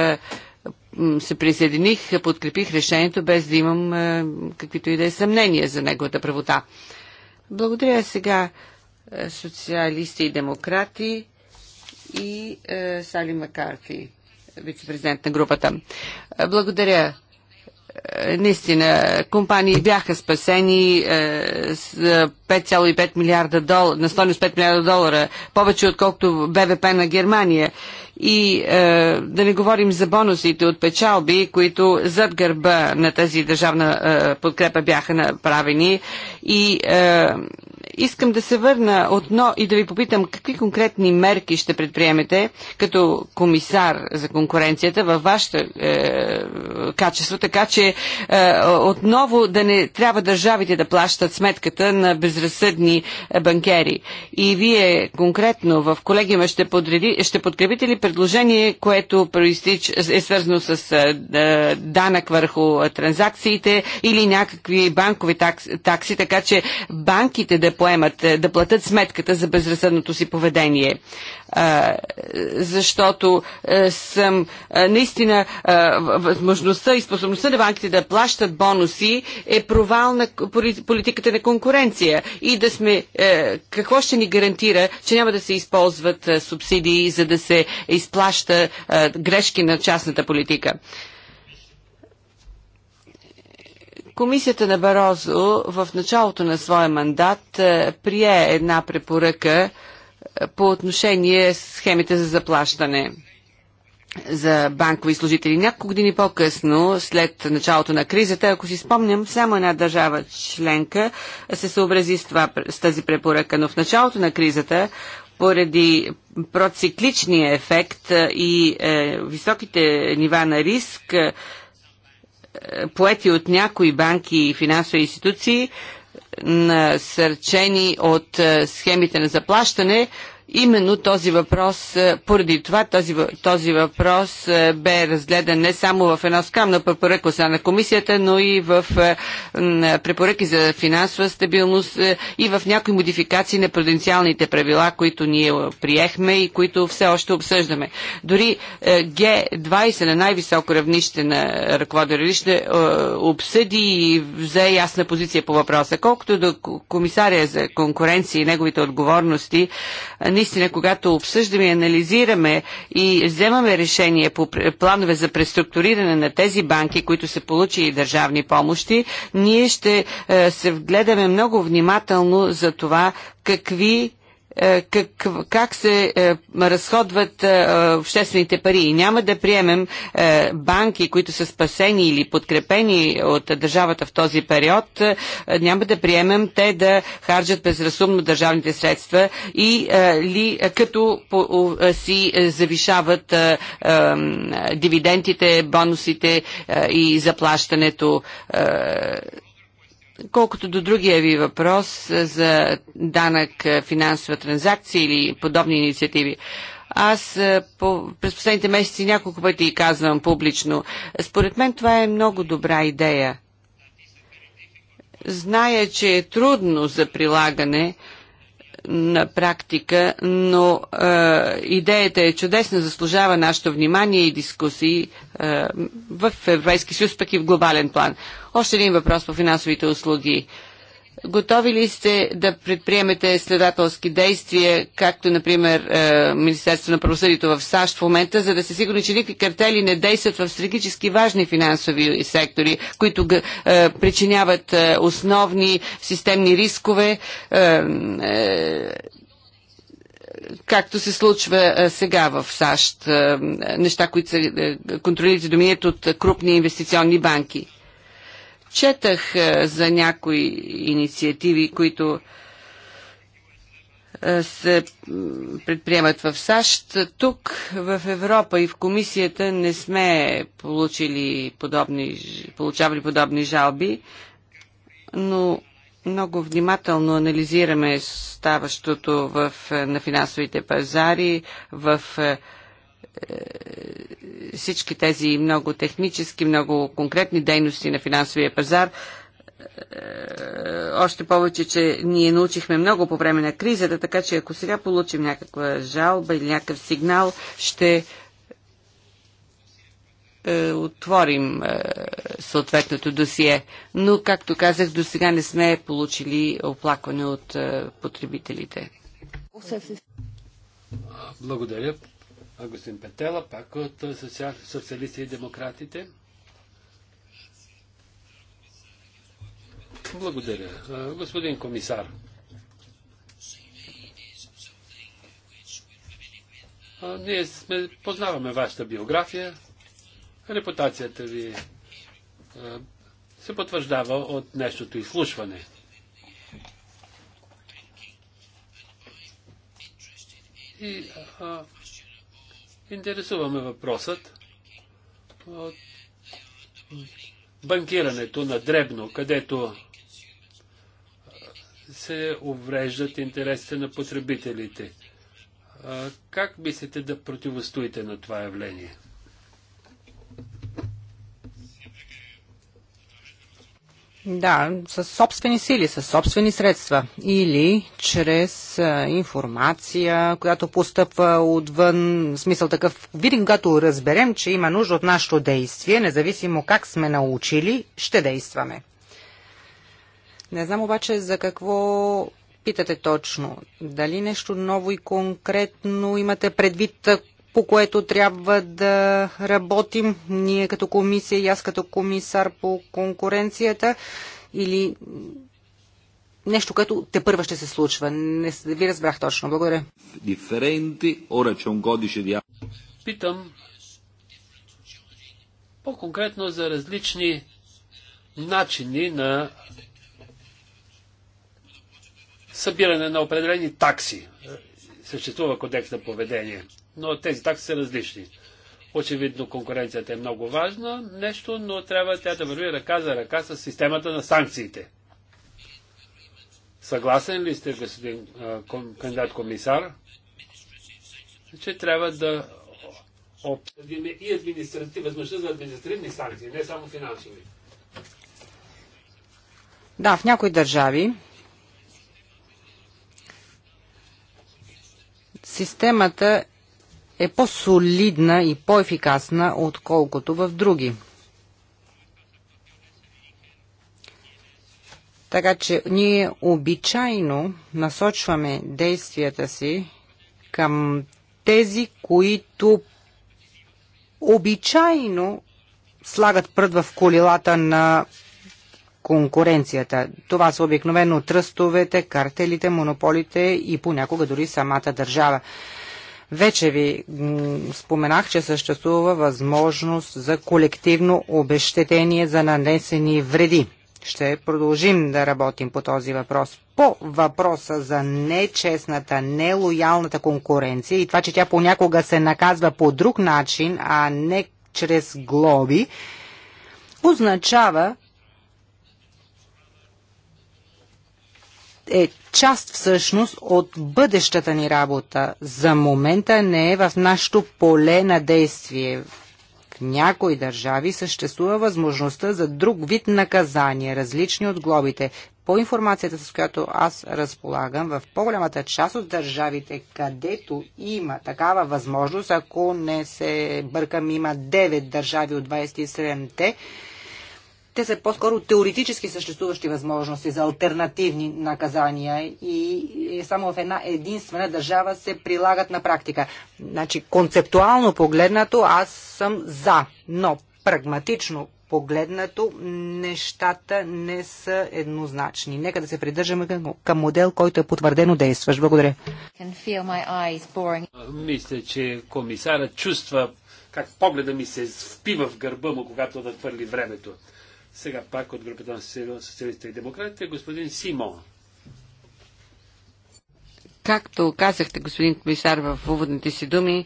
се присъединих, подкрепих решението, без да имам каквито и да е съмнения за неговата правота. Благодаря сега е, социалисти и демократи и е, Сали Макарти, вице-президент на групата. Благодаря. Е, наистина, компании бяха спасени е, с 5,5 милиарда долара, на стойност 5 милиарда долара, повече отколкото БВП на Германия. И е, да не говорим за бонусите от печалби, които зад гърба на тази държавна е, подкрепа бяха направени. И е, Искам да се върна отно и да ви попитам какви конкретни мерки ще предприемете като комисар за конкуренцията във вашето е, качество, така че е, отново да не трябва държавите да плащат сметката на безразсъдни банкери. И вие конкретно в колегиума ще, подреди, ще подкрепите ли предложение, което е свързано с е, е, данък върху транзакциите или някакви банкови такси, такси така че банките да поемат поемат, е, да платят сметката за безразсъдното си поведение. Защото е, съм е, наистина възможността и способността на банките да плащат бонуси е провал на политиката на конкуренция и да сме, какво ще ни гарантира, че няма да се използват субсидии, за да се изплаща грешки на частната политика. Комисията на Барозо в началото на своя мандат е, прие една препоръка е, по отношение схемите за заплащане за банкови служители. Няколко години по-късно, след началото на кризата, ако си спомням, само една държава членка се съобрази с, това, с тази препоръка. Но в началото на кризата, поради процикличния ефект е, и е, високите нива на риск, е, поети от някои банки и финансови институции, насърчени от е, схемите на заплащане, Именно този въпрос, е, поради това този, този въпрос е, бе разгледан не само в една скамна препоръка на комисията, но и в е, препоръки за финансова стабилност и в някои модификации на пруденциалните правила, които ние приехме и които все още обсъждаме. Дори Г20 на най-високо равнище на ръководно обсъди и взе ясна позиция по въпроса. Колкото до комисария за конкуренция и неговите отговорности, наистина, когато обсъждаме, анализираме и вземаме решение по планове за преструктуриране на тези банки, които са получили държавни помощи, ние ще е, се вгледаме много внимателно за това какви е, как, как се е, разходват е, обществените пари. И няма да приемем е, банки, които са спасени или подкрепени от държавата в този период, е, няма да приемем те да харжат безразумно държавните средства и е, ли, като по, си завишават дивидендите, бонусите и заплащането Колкото до другия ви въпрос е, за данък е, финансова транзакция или подобни инициативи, аз е, по, през последните месеци няколко пъти казвам публично, според мен това е много добра идея. Зная, че е трудно за прилагане, на практика, но е, идеята е чудесна, заслужава нашето внимание и дискусии е, в Европейски съюз, пък и в глобален план. Още един въпрос по финансовите услуги. Е, Готови ли сте да предприемете следателски действия, както, например, е, Министерство на правосъдието в САЩ в момента, за да се сигурни, че никакви картели не действат в стратегически важни финансови сектори, които е, причиняват е, основни системни рискове, както се случва сега в САЩ, неща, които се контролират и доминират от крупни инвестиционни банки? Четах е, за някои инициативи, които е, се предприемат в САЩ. Тук в Европа и в комисията не сме получили подобни, получавали подобни жалби, но много внимателно анализираме ставащото в, е, на финансовите пазари, в е, всички тези много технически, много конкретни дейности на финансовия пазар. Е, още повече, че ние научихме много по време на кризата, така че ако сега получим някаква жалба или някакъв сигнал, ще е, отворим съответното досие. Но, както казах, до сега не сме получили оплакване от потребителите. Благодаря господин Петела, пак от социалисти и демократите. Благодаря. Господин комисар, ние сме, познаваме вашата биография, репутацията ви се потвърждава от нещото изслушване. И а, интересуваме въпросът от банкирането на дребно, където се увреждат интересите на потребителите. Как мислите да противостоите на това явление? Да, със собствени сили, със собствени средства или чрез а, информация, която постъпва отвън, в смисъл такъв, видим, когато разберем, че има нужда от нашето действие, независимо как сме научили, ще действаме. Не знам обаче за какво питате точно. Дали нещо ново и конкретно имате предвид по което трябва да работим ние като комисия и аз като комисар по конкуренцията или нещо, което те първа ще се случва. Не ви разбрах точно. Благодаря. Диференти, ора, c'è годише Питам по-конкретно за различни начини на събиране на определени такси. Съществува кодекс на поведение но тези такси са различни. Очевидно конкуренцията е много важна нещо, но трябва тя да върви ръка за ръка с системата на санкциите. Съгласен ли сте, господин кандидат комисар, че трябва да обсъдим и административни, възможност за административни санкции, не само финансови? Да, в някои държави системата е по-солидна и по-ефикасна, отколкото в други. Така че ние обичайно насочваме действията си към тези, които обичайно слагат прът в колилата на конкуренцията. Това са обикновено тръстовете, картелите, монополите и понякога дори самата държава. Вече ви споменах, че съществува възможност за колективно обещетение за нанесени вреди. Ще продължим да работим по този въпрос. По въпроса за нечестната, нелоялната конкуренция и това, че тя понякога се наказва по друг начин, а не чрез глоби, означава, е част всъщност от бъдещата ни работа. За момента не е в нашото поле на действие. В някои държави съществува възможността за друг вид наказания, различни от глобите. По информацията, с която аз разполагам, в по-голямата част от държавите, където има такава възможност, ако не се бъркам, има 9 държави от 27-те, те са по-скоро теоретически съществуващи възможности за альтернативни наказания и само в една единствена държава се прилагат на практика. Значи, концептуално погледнато аз съм за, но прагматично погледнато нещата не са еднозначни. Нека да се придържаме към, модел, който е потвърдено действащ. Благодаря. Мисля, че комисарът чувства как погледа ми се впива в гърба му, когато да твърли времето. Сега пак от групата на социалистите и демократите, господин Симо. Както казахте, господин комисар, в уводните си думи,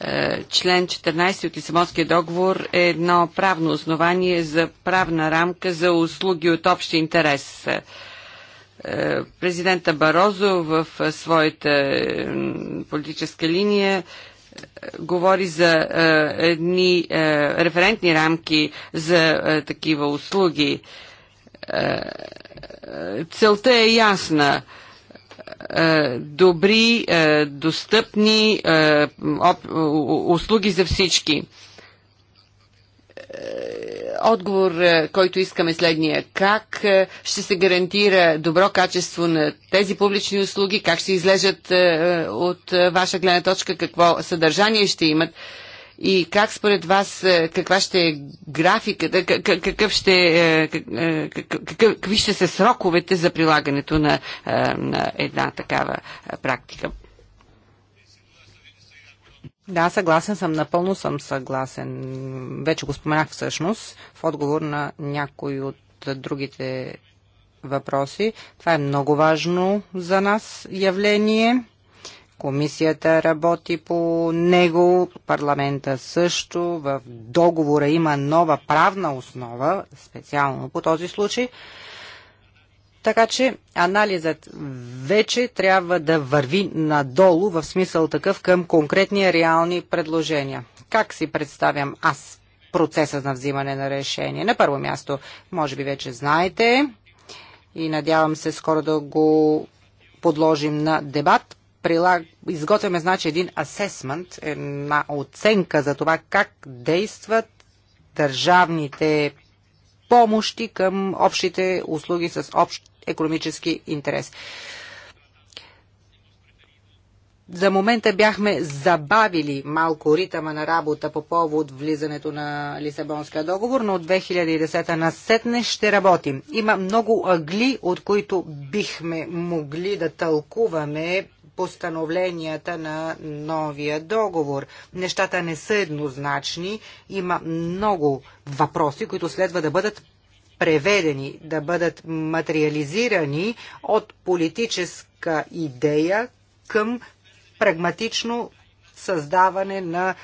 е, член 14 от Лисабонския договор е едно правно основание за правна рамка за услуги от общи интерес. Е, президента Барозо в своята политическа линия говори за е, едни е, референтни рамки за е, такива услуги. Е, е целта е ясна. Е, добри, е, достъпни е, об, услуги за всички. Е, отговор, е, който искаме следния. Как е, ще се гарантира добро качество на тези публични услуги? Как ще излежат е, от ваша гледна точка? Какво съдържание ще имат? И как според вас, каква ще е графиката, какъв ще, какъв, какви ще са сроковете за прилагането на, на една такава практика? Да, съгласен съм, напълно съм съгласен. Вече го споменах всъщност в отговор на някой от другите въпроси. Това е много важно за нас явление. Комисията работи по него, парламента също. В договора има нова правна основа, специално по този случай. Така че анализът вече трябва да върви надолу, в смисъл такъв към конкретни реални предложения. Как си представям аз процеса на взимане на решение? На първо място, може би вече знаете и надявам се скоро да го подложим на дебат. Прилаг... Изготвяме, значи, един асесмент, една оценка за това как действат държавните помощи към общите услуги с общ економически интерес. За момента бяхме забавили малко ритъма на работа по повод влизането на Лисабонския договор, но от 2010 на сетне ще работим. Има много агли, от които бихме могли да тълкуваме постановленията на новия договор. Нещата не са еднозначни. Има много въпроси, които следва да бъдат преведени, да бъдат материализирани от политическа идея към прагматично създаване на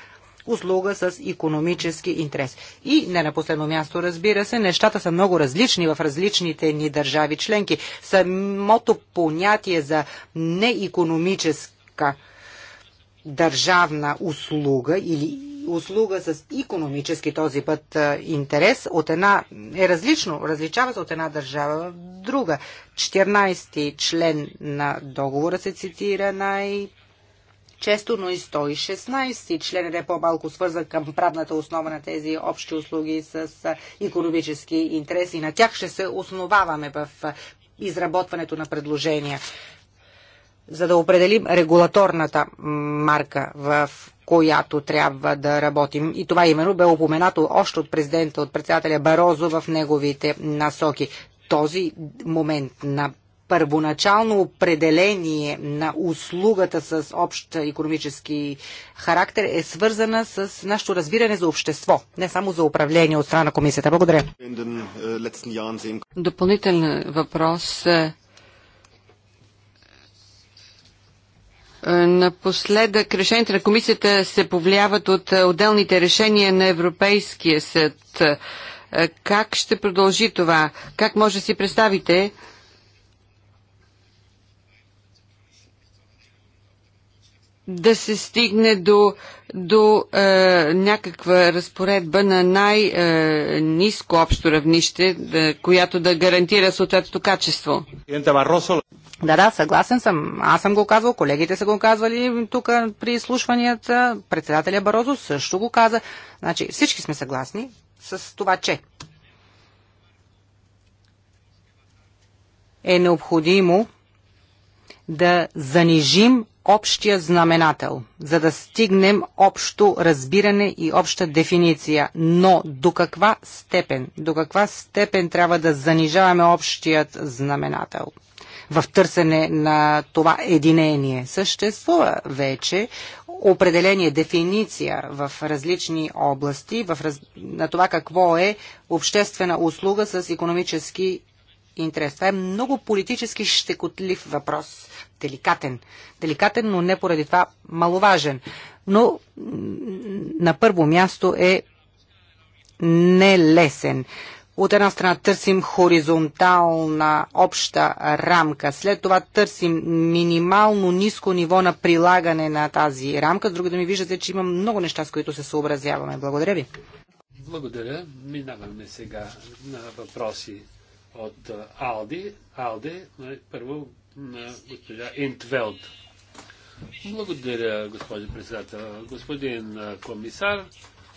услуга с економически интерес. И не на последно място, разбира се, нещата са много различни в различните ни държави членки. Самото понятие за неекономическа държавна услуга или услуга с економически този път интерес от една е различно, различава се от една държава в друга. 14 член на договора се цитира най- често, но и 116 член е по-малко свързан към правната основа на тези общи услуги с економически интереси. На тях ще се основаваме в изработването на предложения за да определим регулаторната марка, в която трябва да работим. И това именно бе упоменато още от президента, от председателя Барозо в неговите насоки. Този момент на първоначално определение на услугата с общ економически характер е свързана с нашето разбиране за общество, не само за управление от страна на комисията. Благодаря. Eh, Допълнителен въпрос Напоследък решенията на комисията се повлияват от отделните решения на Европейския съд. Как ще продължи това? Как може да си представите? да се стигне до, до е, някаква разпоредба на най-низко общо равнище, да, която да гарантира съответното качество. Да, да, съгласен съм. Аз съм го казвал, колегите са го казвали тук при изслушванията. Председателя Барозо също го каза. Значи всички сме съгласни с това, че е необходимо да занижим общия знаменател, за да стигнем общо разбиране и обща дефиниция. Но до каква степен? До каква степен трябва да занижаваме общият знаменател? в търсене на това единение. Съществува вече определение, дефиниция в различни области в раз... на това какво е обществена услуга с економически интерес. Това е много политически щекотлив въпрос. Деликатен. Деликатен, но не поради това маловажен. Но на първо място е нелесен. От една страна търсим хоризонтална обща рамка, след това търсим минимално ниско ниво на прилагане на тази рамка. С друга да ми виждате, че има много неща, с които се съобразяваме. Благодаря ви. Благодаря. Минаваме сега на въпроси от Алди. Алди, нали, първо на госпожа Интвелд. Благодаря, госпожо председател. Господин комисар,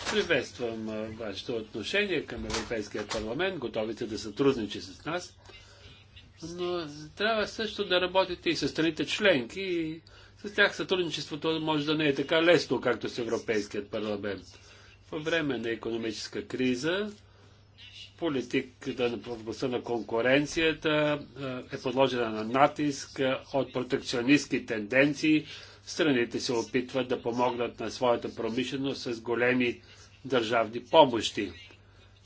Приветствам вашето отношение към Европейския парламент. Готови сте да сътрудничи с нас. Но трябва също да работите и с страните членки. И с тях сътрудничеството може да не е така лесно, както с Европейският парламент. По време на економическа криза, политиката на областта на конкуренцията е подложена на натиск от протекционистски тенденции, Страните се опитват да помогнат на своята промишленост с големи държавни помощи.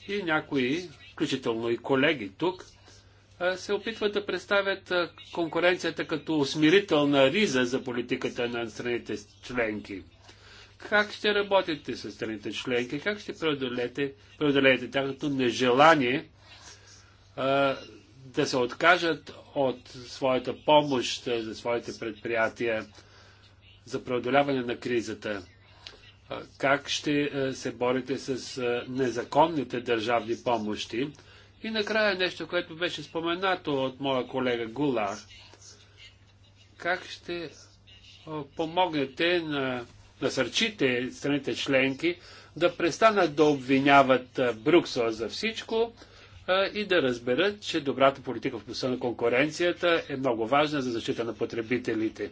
И някои, включително и колеги тук, се опитват да представят конкуренцията като усмирителна риза за политиката на страните членки. Как ще работите с страните членки? Как ще преодолеете, преодолеете тяхното нежелание а, да се откажат от своята помощ за своите предприятия? за преодоляване на кризата? Как ще се борите с незаконните държавни помощи? И накрая нещо, което беше споменато от моя колега Гулар. Как ще помогнете на насърчите страните членки да престанат да обвиняват Брюксел за всичко и да разберат, че добрата политика в посъл на конкуренцията е много важна за защита на потребителите.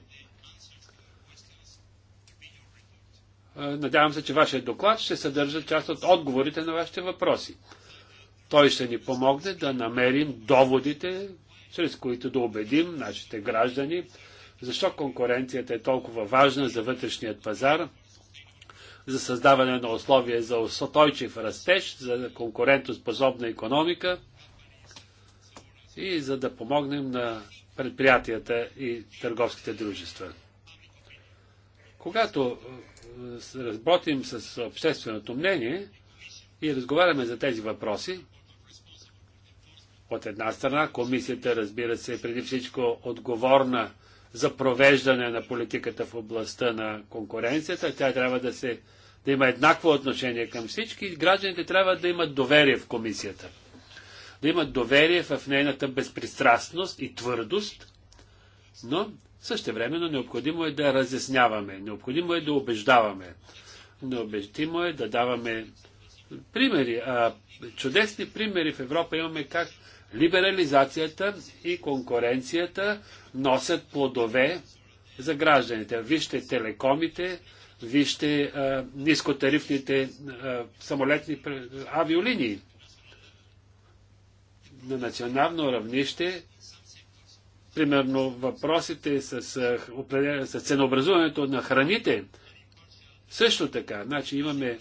Е, надявам се, че вашия доклад ще съдържа част от отговорите на вашите въпроси. Той ще ни помогне да намерим доводите, чрез които да убедим нашите граждани, защо конкуренцията е толкова важна за вътрешният пазар, за създаване на условия за устойчив растеж, за конкурентоспособна економика и за да помогнем на предприятията и търговските дружества. Когато разботим с общественото мнение и разговаряме за тези въпроси. От една страна, комисията, разбира се, преди всичко отговорна за провеждане на политиката в областта на конкуренцията. Тя трябва да, се, да има еднакво отношение към всички гражданите трябва да имат доверие в комисията. Да имат доверие в нейната безпристрастност и твърдост, но също времено необходимо е да разясняваме, необходимо е да убеждаваме, необходимо е да даваме примери, а чудесни примери в Европа имаме как либерализацията и конкуренцията носят плодове за гражданите. Вижте телекомите, вижте а, нискотарифните а, самолетни авиолинии. На национално равнище Примерно въпросите с, с ценообразуването на храните. Също така, значи имаме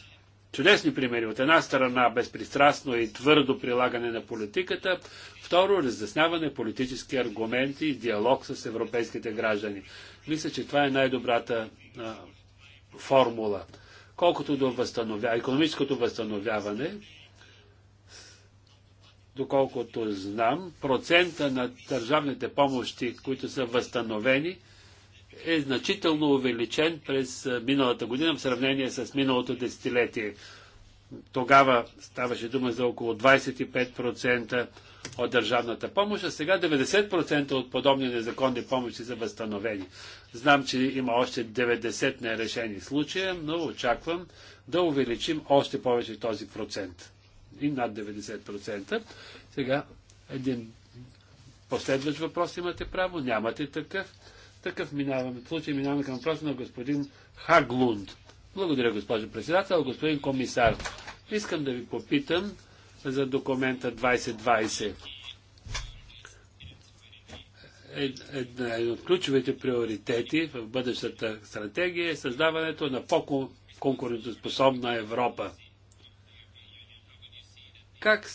чудесни примери. От една страна безпристрастно и твърдо прилагане на политиката, второ разясняване политически аргументи и диалог с европейските граждани. Мисля, че това е най-добрата формула. Колкото до възстановя... економическото възстановяване, Доколкото знам, процента на държавните помощи, които са възстановени, е значително увеличен през миналата година в сравнение с миналото десетилетие. Тогава ставаше дума за около 25% от държавната помощ, а сега 90% от подобни незаконни помощи са възстановени. Знам, че има още 90 нерешени случая, но очаквам да увеличим още повече този процент и над 90%. Сега един последващ въпрос имате право, нямате такъв. Такъв минаваме, в случай минаваме към въпроса на господин Хаглунд. Благодаря, госпожо председател, господин комисар. Искам да ви попитам за документа 2020. Една е, от ключовите приоритети в бъдещата стратегия е създаването на по-конкурентоспособна Европа. Как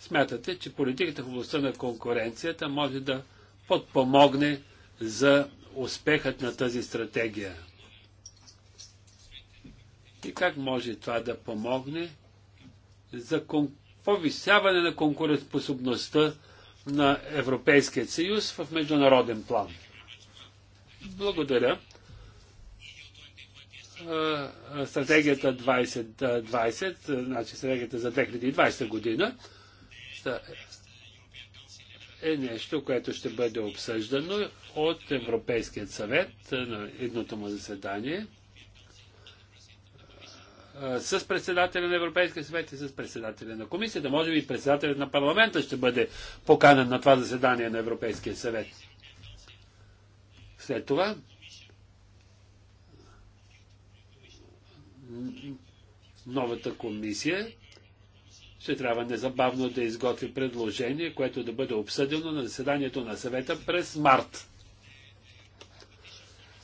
смятате, че политиката в областта на конкуренцията може да подпомогне за успехът на тази стратегия? И как може това да помогне за кон... повисяване на конкурентоспособността на Европейския съюз в международен план? Благодаря стратегията 2020, значи стратегията за 2020 година, е нещо, което ще бъде обсъждано от Европейският съвет на едното му заседание с председателя на Европейския съвет и с председателя на комисията. Може би и председателят на парламента ще бъде поканен на това заседание на Европейския съвет. След това новата комисия ще трябва незабавно да изготви предложение, което да бъде обсъдено на заседанието на съвета през март.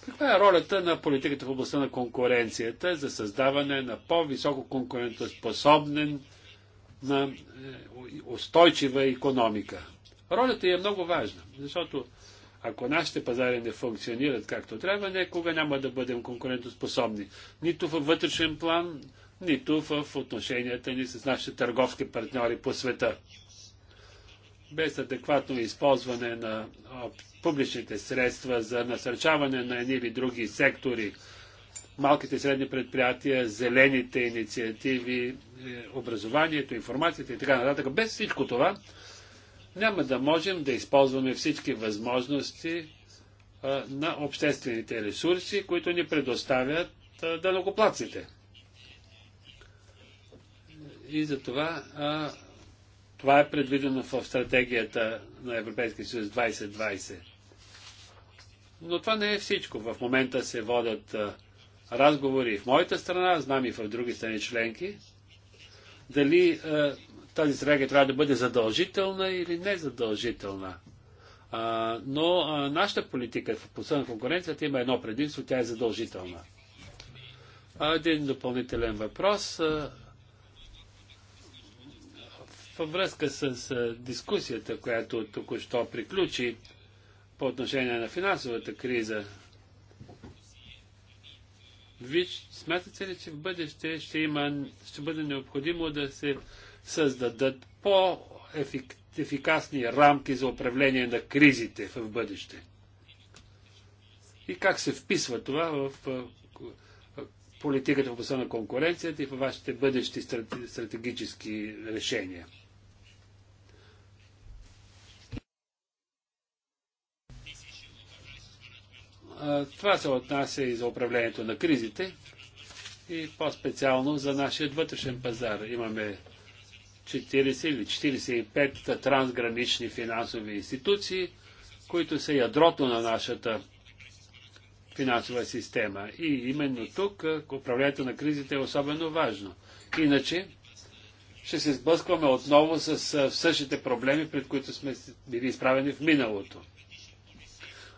Каква е ролята на политиката в областта на конкуренцията за създаване на по-високо конкурентоспособен на е, устойчива економика? Ролята е много важна, защото ако нашите пазари не функционират както трябва, никога няма да бъдем конкурентоспособни. Нито във вътрешен план, нито в отношенията ни с нашите търговски партньори по света. Без адекватно използване на публичните средства за насърчаване на едни или други сектори, малките и средни предприятия, зелените инициативи, е, образованието, информацията и така нататък. Без всичко това, няма да можем да използваме всички възможности на обществените ресурси, които ни предоставят данокоплаците. И за а, това е предвидено в стратегията на Европейския съюз 2020. Но това не е всичко. В момента се водят а, разговори и в моята страна, знам и в други страни членки, дали а, тази стратегия трябва да бъде задължителна или незадължителна. А, но а, нашата политика в посъдна конкуренцията има едно предимство, тя е задължителна. А, един допълнителен въпрос. А, във връзка с а, дискусията, която току-що приключи по отношение на финансовата криза, вие смятате ли, че в бъдеще ще, има, ще бъде необходимо да се създадат по-ефикасни рамки за управление на кризите в бъдеще. И как се вписва това в политиката в областта на конкуренцията и в вашите бъдещи стратегически решения. Това се отнася и за управлението на кризите и по-специално за нашия вътрешен пазар. Имаме 40 или 45 трансгранични финансови институции, които са ядрото на нашата финансова система. И именно тук управлението на кризите е особено важно. Иначе ще се сблъскваме отново с същите проблеми, пред които сме били изправени в миналото.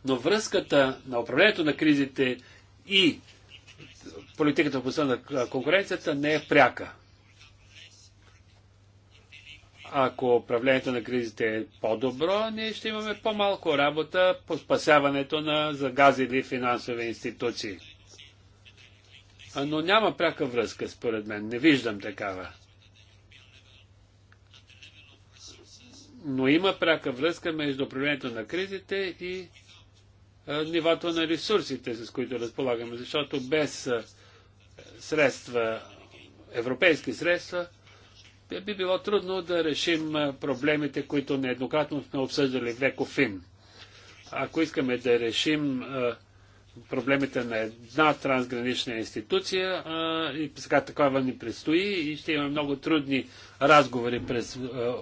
Но връзката на управлението на кризите и политиката в на конкуренцията не е пряка. Ако управлението на кризите е по-добро, ние ще имаме по-малко работа по спасяването на загазили финансови институции. Но няма пряка връзка, според мен. Не виждам такава. Но има пряка връзка между управлението на кризите и нивото на ресурсите, с които разполагаме. Защото без средства, европейски средства, би било трудно да решим проблемите, които нееднократно сме обсъждали в Екофин. Ако искаме да решим проблемите на една трансгранична институция и сега такава ни предстои и ще имаме много трудни разговори през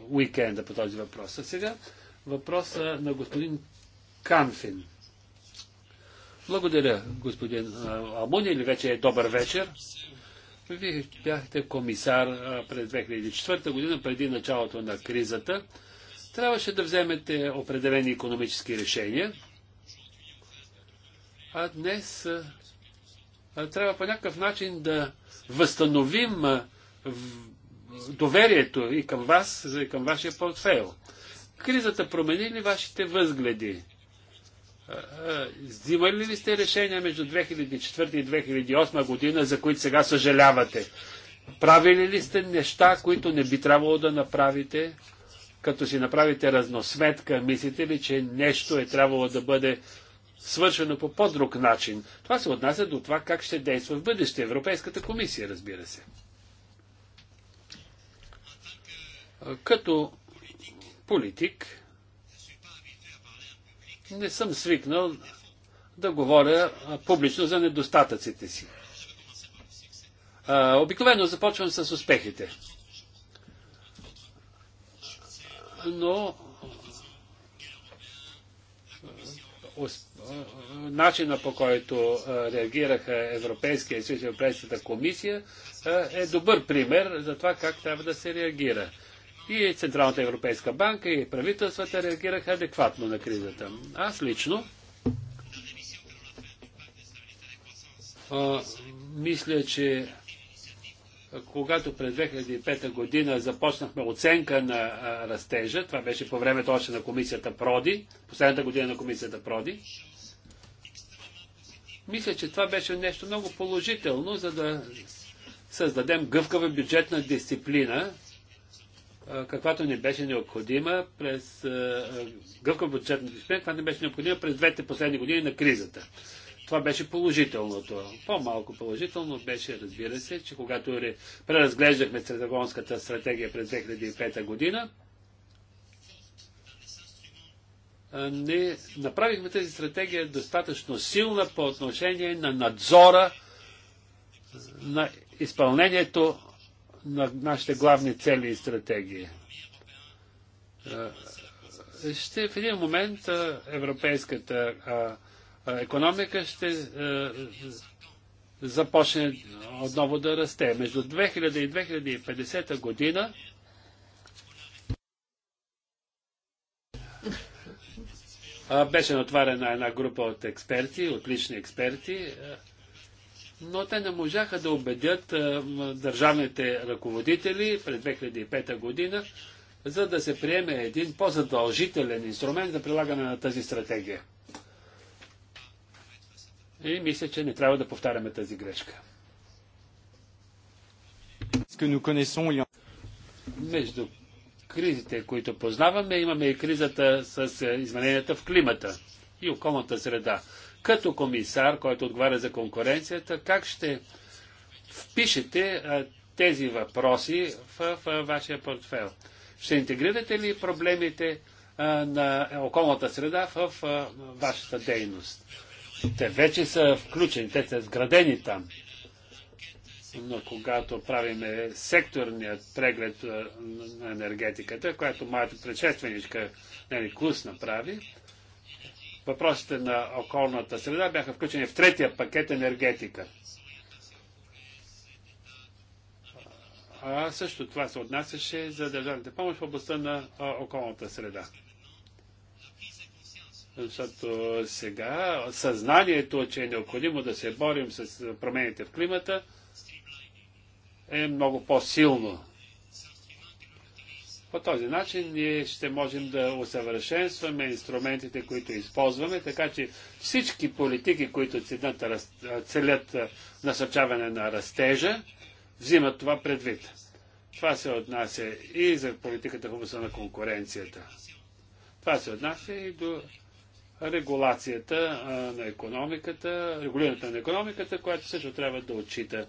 уикенда по този въпрос. А сега въпрос на господин Канфин. Благодаря, господин Алмуни, или вече е добър вечер. Вие бяхте комисар през 2004 година, преди началото на кризата. Трябваше да вземете определени економически решения, а днес трябва по някакъв начин да възстановим доверието и към вас, и към вашия портфейл. Кризата промени ли вашите възгледи? Взимали ли сте решения между 2004 и 2008 година, за които сега съжалявате? Правили ли сте неща, които не би трябвало да направите? Като си направите разносметка, мислите ли, че нещо е трябвало да бъде свършено по по-друг начин? Това се отнася до това как ще действа в бъдеще Европейската комисия, разбира се. Като политик, не съм свикнал да говоря публично за недостатъците си. Обикновено започвам с успехите. Но начина по който реагираха Европейския съюз и Европейската комисия е добър пример за това как трябва да се реагира. И Централната европейска банка и правителствата реагираха адекватно на кризата. Аз лично а, мисля, че когато през 2005 година започнахме оценка на а, растежа, това беше по времето още на комисията Проди, последната година на комисията Проди, мисля, че това беше нещо много положително, за да създадем гъвкава бюджетна дисциплина, каквато не беше необходима през гъвкав бюджетно дисциплина, каквато не беше необходима през двете последни години на кризата. Това беше положителното. По-малко положително беше, разбира се, че когато преразглеждахме стратегонската стратегия през 2005 година, не направихме тази стратегия достатъчно силна по отношение на надзора на изпълнението на нашите главни цели и стратегии. Е, ще в един момент е, европейската економика ще е, започне отново да расте. Между 2000 и 2050 година беше натварена една група от експерти, отлични експерти, но те не можаха да убедят държавните ръководители през 2005 година, за да се приеме един по-задължителен инструмент за прилагане на тази стратегия. И мисля, че не трябва да повтаряме тази грешка. Между кризите, които познаваме, имаме и кризата с измененията в климата и околната среда като комисар, който отговаря за конкуренцията, как ще впишете а, тези въпроси в, в, в вашия портфел? Ще интегрирате ли проблемите а, на околната среда в, вашата дейност? Те вече са включени, те са сградени там. Но когато правиме секторният преглед на енергетиката, която моята предшественичка Нели Клус направи, въпросите на околната среда бяха включени в третия пакет енергетика. А също това се отнасяше за държавните помощ в областта на околната среда. Защото сега съзнанието, че е необходимо да се борим с промените в климата, е много по-силно. По този начин ние ще можем да усъвършенстваме инструментите, които използваме, така че всички политики, които целят, насърчаване на растежа, взимат това предвид. Това се отнася и за политиката в областта на конкуренцията. Това се отнася и до регулацията на економиката, регулирането на економиката, която също трябва да отчита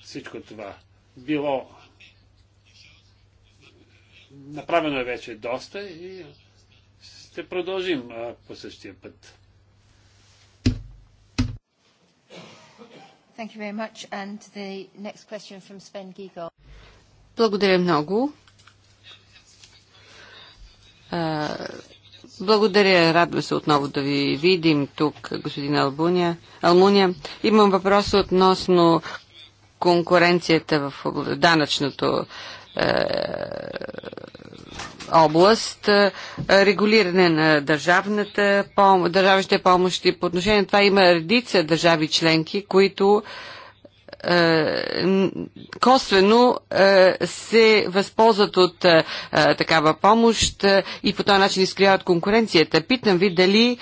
всичко това. Било Направено е вече доста и ще продължим а, по същия път. Thank you very much. And the next question from Sven Giegel. Благодаря много. благодаря, радва се отново да ви видим тук, господин Албуния. Албуния, Имам въпрос относно конкуренцията в данъчното е, област, е, регулиране на държавната пом... държавните помощи. По отношение на това има редица държави членки, които е, косвено се възползват от такава помощ и по този начин изкривяват конкуренцията. Питам ви дали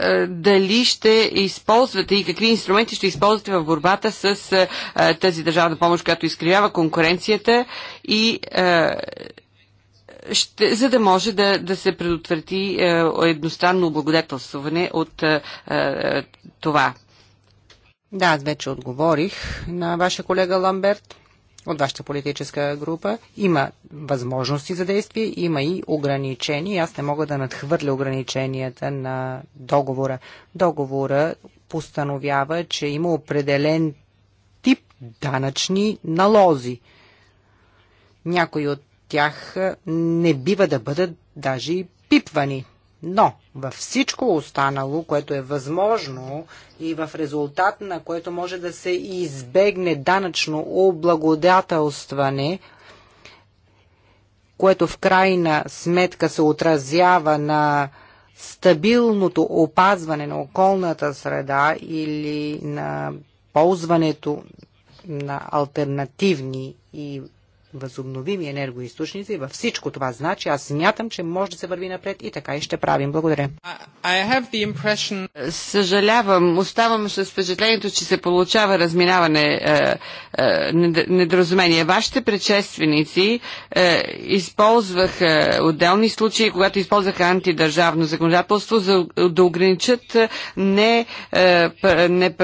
е, дали ще използвате и какви инструменти ще използвате в борбата с е, тази държавна помощ, която изкривява конкуренцията и е, ще, за да може да, да се предотврати едностранно облагодетелстване от това. Да, аз вече отговорих на вашия колега Ламберт от вашата политическа група. Има възможности за действие, има и ограничения. Аз не мога да надхвърля ограниченията на договора. Договора постановява, че има определен тип данъчни налози. Някои от тях не бива да бъдат даже пипвани. Но във всичко останало, което е възможно и в резултат на което може да се избегне данъчно облагодателстване, което в крайна сметка се отразява на стабилното опазване на околната среда или на ползването на альтернативни и възобновими енергоисточници. Във всичко това значи, аз смятам, че може да се върви напред и така и ще правим. Благодаря. Impression... Съжалявам, оставам с впечатлението, че се получава разминаване, е, е, недоразумение. Вашите предшественици е, използваха отделни случаи, когато използваха антидържавно законодателство, за да ограничат е, не, е, не,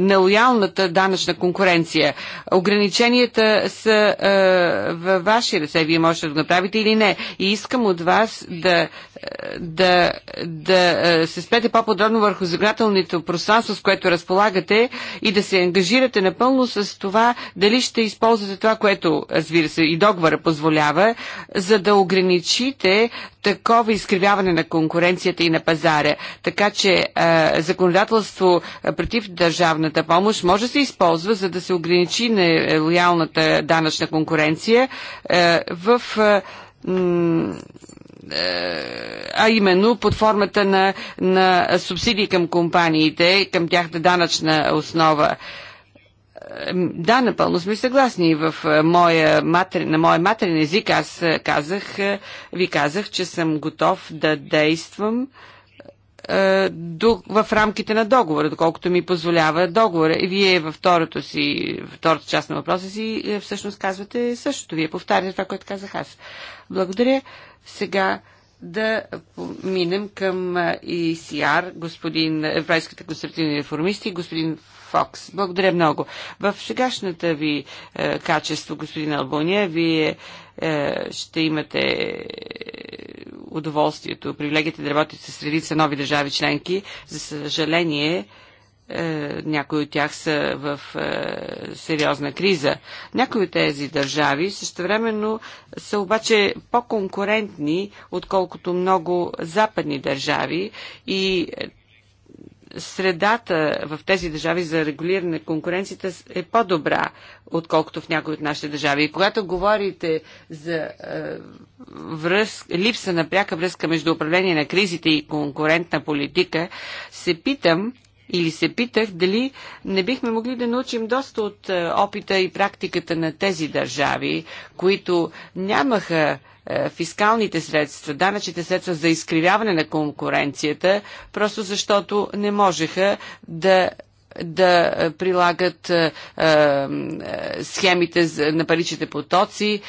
нелоялната данъчна конкуренция. Ограниченията са е, във ваши ръце. Вие можете да го направите или не. И искам от вас да да, да е, се спете по-подробно върху заградателното пространство, с което разполагате и да се ангажирате напълно с това дали ще използвате това, което, разбира се, и договора позволява, за да ограничите такова изкривяване на конкуренцията и на пазара. Така че а, е, законодателство е, против държавната помощ може да се използва, за да се ограничи нелоялната данъчна конкуренция а, в е, а именно под формата на, на субсидии към компаниите, към тяхната данъчна основа. Да, напълно сме съгласни. В е, моя матер... на моя матерен език аз е, казах, е, ви казах, че съм готов да действам. Е, в рамките на договора, доколкото ми позволява договора. И вие във второто си, втората част на въпроса си, е, всъщност казвате същото. Вие повтаряте това, което казах аз. Благодаря. Сега да минем към ECR, е, господин Еврейската консервативни реформисти, господин Фокс. Благодаря много. В сегашната ви е, качество, господин Албония, вие е, ще имате е, удоволствието, привилегията да работите с редица нови държави членки. За съжаление, е, някои от тях са в е, сериозна криза. Някои от тези държави същевременно са обаче по-конкурентни, отколкото много западни държави и средата в тези държави за регулиране на конкуренцията е по-добра, отколкото в някои от нашите държави. И когато говорите за е, връз, липса на пряка връзка между управление на кризите и конкурентна политика, се питам или се питах дали не бихме могли да научим доста от е, опита и практиката на тези държави, които нямаха е, фискалните средства, данъчните средства за изкривяване на конкуренцията, просто защото не можеха да да прилагат е, е, схемите на паричните потоци.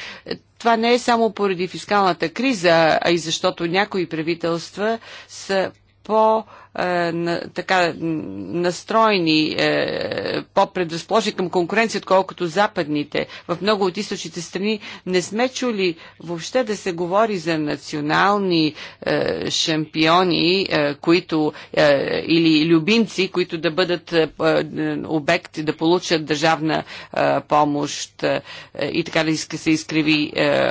Това не е само поради фискалната криза, а и защото някои правителства са по- е, на, така настроени, е, по-предразположени към конкуренция, отколкото западните. В много от източните страни не сме чули въобще да се говори за национални е, шампиони, е, които е, или любимци, които да бъдат е, е обекти, да получат държавна е, помощ е, и така да иска, се изкриви е,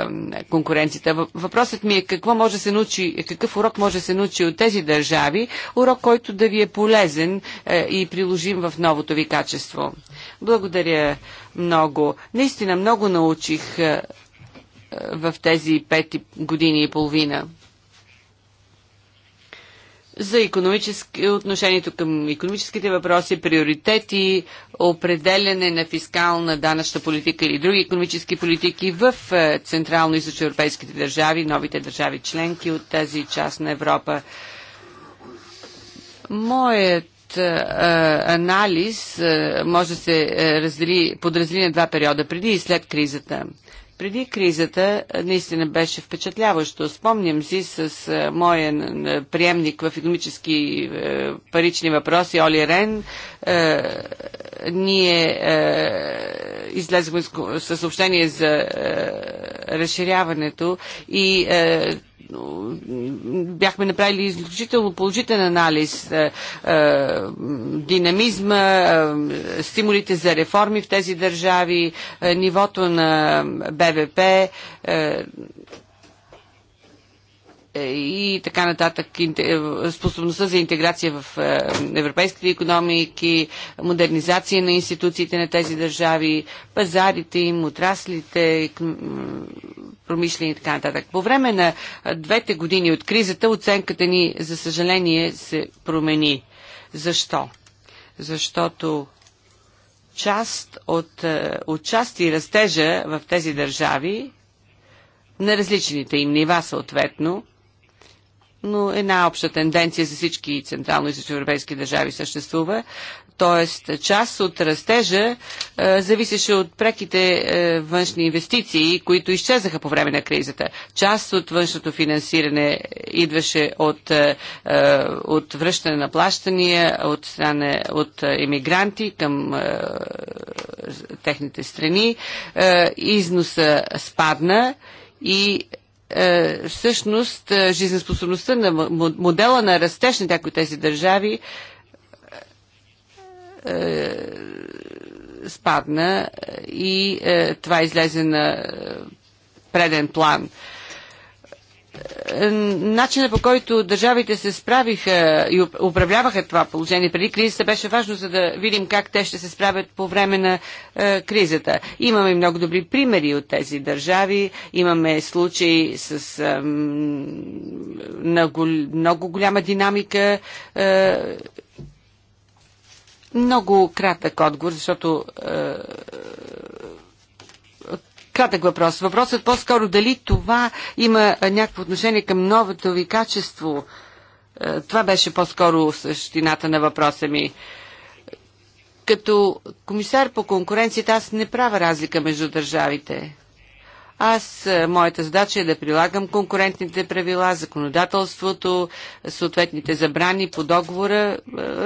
конкуренцията. Въпросът ми е какво може да се научи, какъв урок може да се научи от тези държави, урок урок, който да ви е полезен е, и приложим в новото ви качество. Благодаря много. Наистина много научих е, е, в тези пет години и половина за отношението към економическите въпроси, приоритети, определяне на фискална данъчна политика или други економически политики в централно и европейските държави, новите държави членки от тази част на Европа. Моят анализ може да се раздели, подраздели на два периода, преди и след кризата. Преди кризата наистина беше впечатляващо. Спомням си с моя приемник в економически парични въпроси, Оли Рен, ние излезахме с съобщение за разширяването и бяхме направили изключително положителен анализ е, е, динамизма, е, стимулите за реформи в тези държави, нивото на БВП. и така нататък, способността за интеграция в европейските економики, модернизация на институциите на тези държави, пазарите им, отраслите, промишлени и така нататък. По време на двете години от кризата оценката ни, за съжаление, се промени. Защо? Защото част от отчасти растежа в тези държави, на различните им нива съответно, но една обща тенденция за всички централно и европейски държави съществува т.е. част от растежа е, зависеше от преките е, външни инвестиции, които изчезаха по време на кризата. Част от външното финансиране идваше от, е, е от връщане на плащания от, стране, от емигранти към е, техните страни. Е, износа спадна и е, всъщност е, жизнеспособността на модела на растеж на някои тези държави е, спадна и е, това излезе на е, преден план. Е, Начинът по който държавите се справиха и управляваха това положение преди кризата беше важно, за да видим как те ще се справят по време на е, кризата. Имаме много добри примери от тези държави. Имаме случаи с е, много, много голяма динамика. Е, много кратък отговор, защото е, кратък въпрос. Въпросът по-скоро дали това има някакво отношение към новото ви качество. Е, това беше по-скоро същината на въпроса ми. Като комисар по конкуренцията аз не правя разлика между държавите. Аз, е, моята задача е да прилагам конкурентните правила, законодателството, съответните забрани по договора е,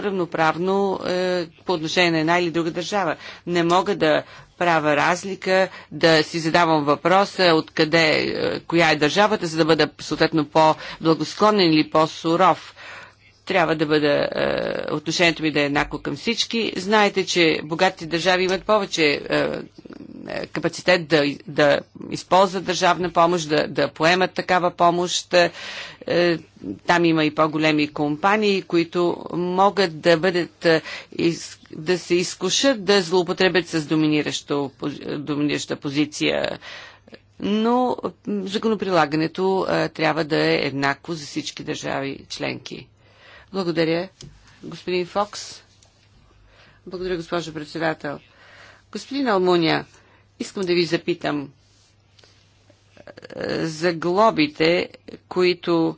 равноправно е, по отношение на една или друга държава. Не мога да правя разлика, да си задавам въпроса откъде, коя е държавата, за да бъда съответно по-благосклонен или по-суров трябва да бъда, е, отношението ми да е еднакво към всички. Знаете, че богатите държави имат повече е, е, капацитет да, да използват държавна помощ, да, да поемат такава помощ. Там има и по-големи компании, които могат да бъдат из, да се изкушат да злоупотребят с доминираща позиция но законоприлагането трябва да е еднакво за всички държави членки. Благодаря, господин Фокс. Благодаря, госпожо председател. Господин Алмуня, искам да ви запитам е, за глобите, които,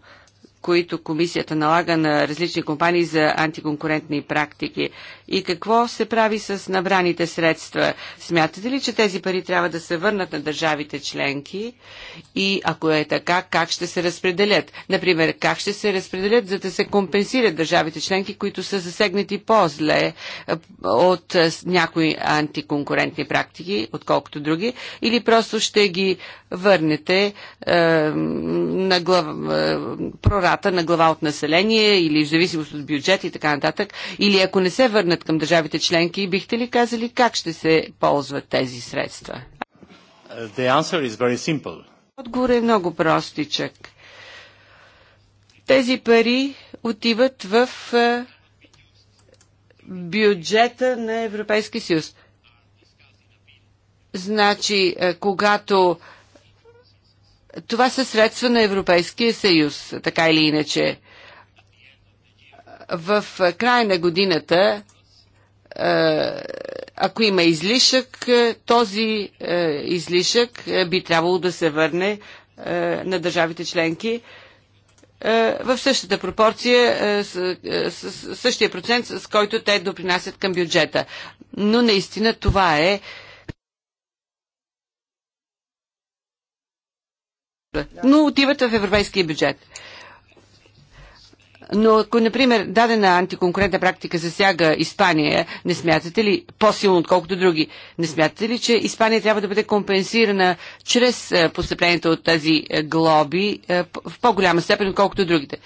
които комисията налага на различни компании за антиконкурентни практики и какво се прави с набраните средства? Смятате ли, че тези пари трябва да се върнат на държавите членки? И ако е така, как ще се разпределят? Например, как ще се разпределят, за да се компенсират държавите членки, които са засегнати по-зле е, от е, някои антиконкурентни практики, отколкото други? Или просто ще ги върнете е, на глава, е, прората на глава от население или в зависимост от бюджет и така нататък? Или ако не се върнат обърнат към държавите членки и бихте ли казали как ще се ползват тези средства? Отговор е много простичък. Тези пари отиват в е, бюджета на Европейския съюз. Значи, е, когато това са средства на Европейския съюз, така или иначе. В е, края на годината е, ако има излишък, е, този е, излишък би трябвало да се върне на държавите членки в същата пропорция, с, същия процент, с който те допринасят към бюджета. Но наистина това е. Но отиват в европейския бюджет. Но ако, например, дадена антиконкурентна практика засяга Испания, не смятате ли, по-силно отколкото други, не смятате ли, че Испания трябва да бъде компенсирана чрез е, постъпленията от тази е, глоби е, в по-голяма степен, отколкото другите?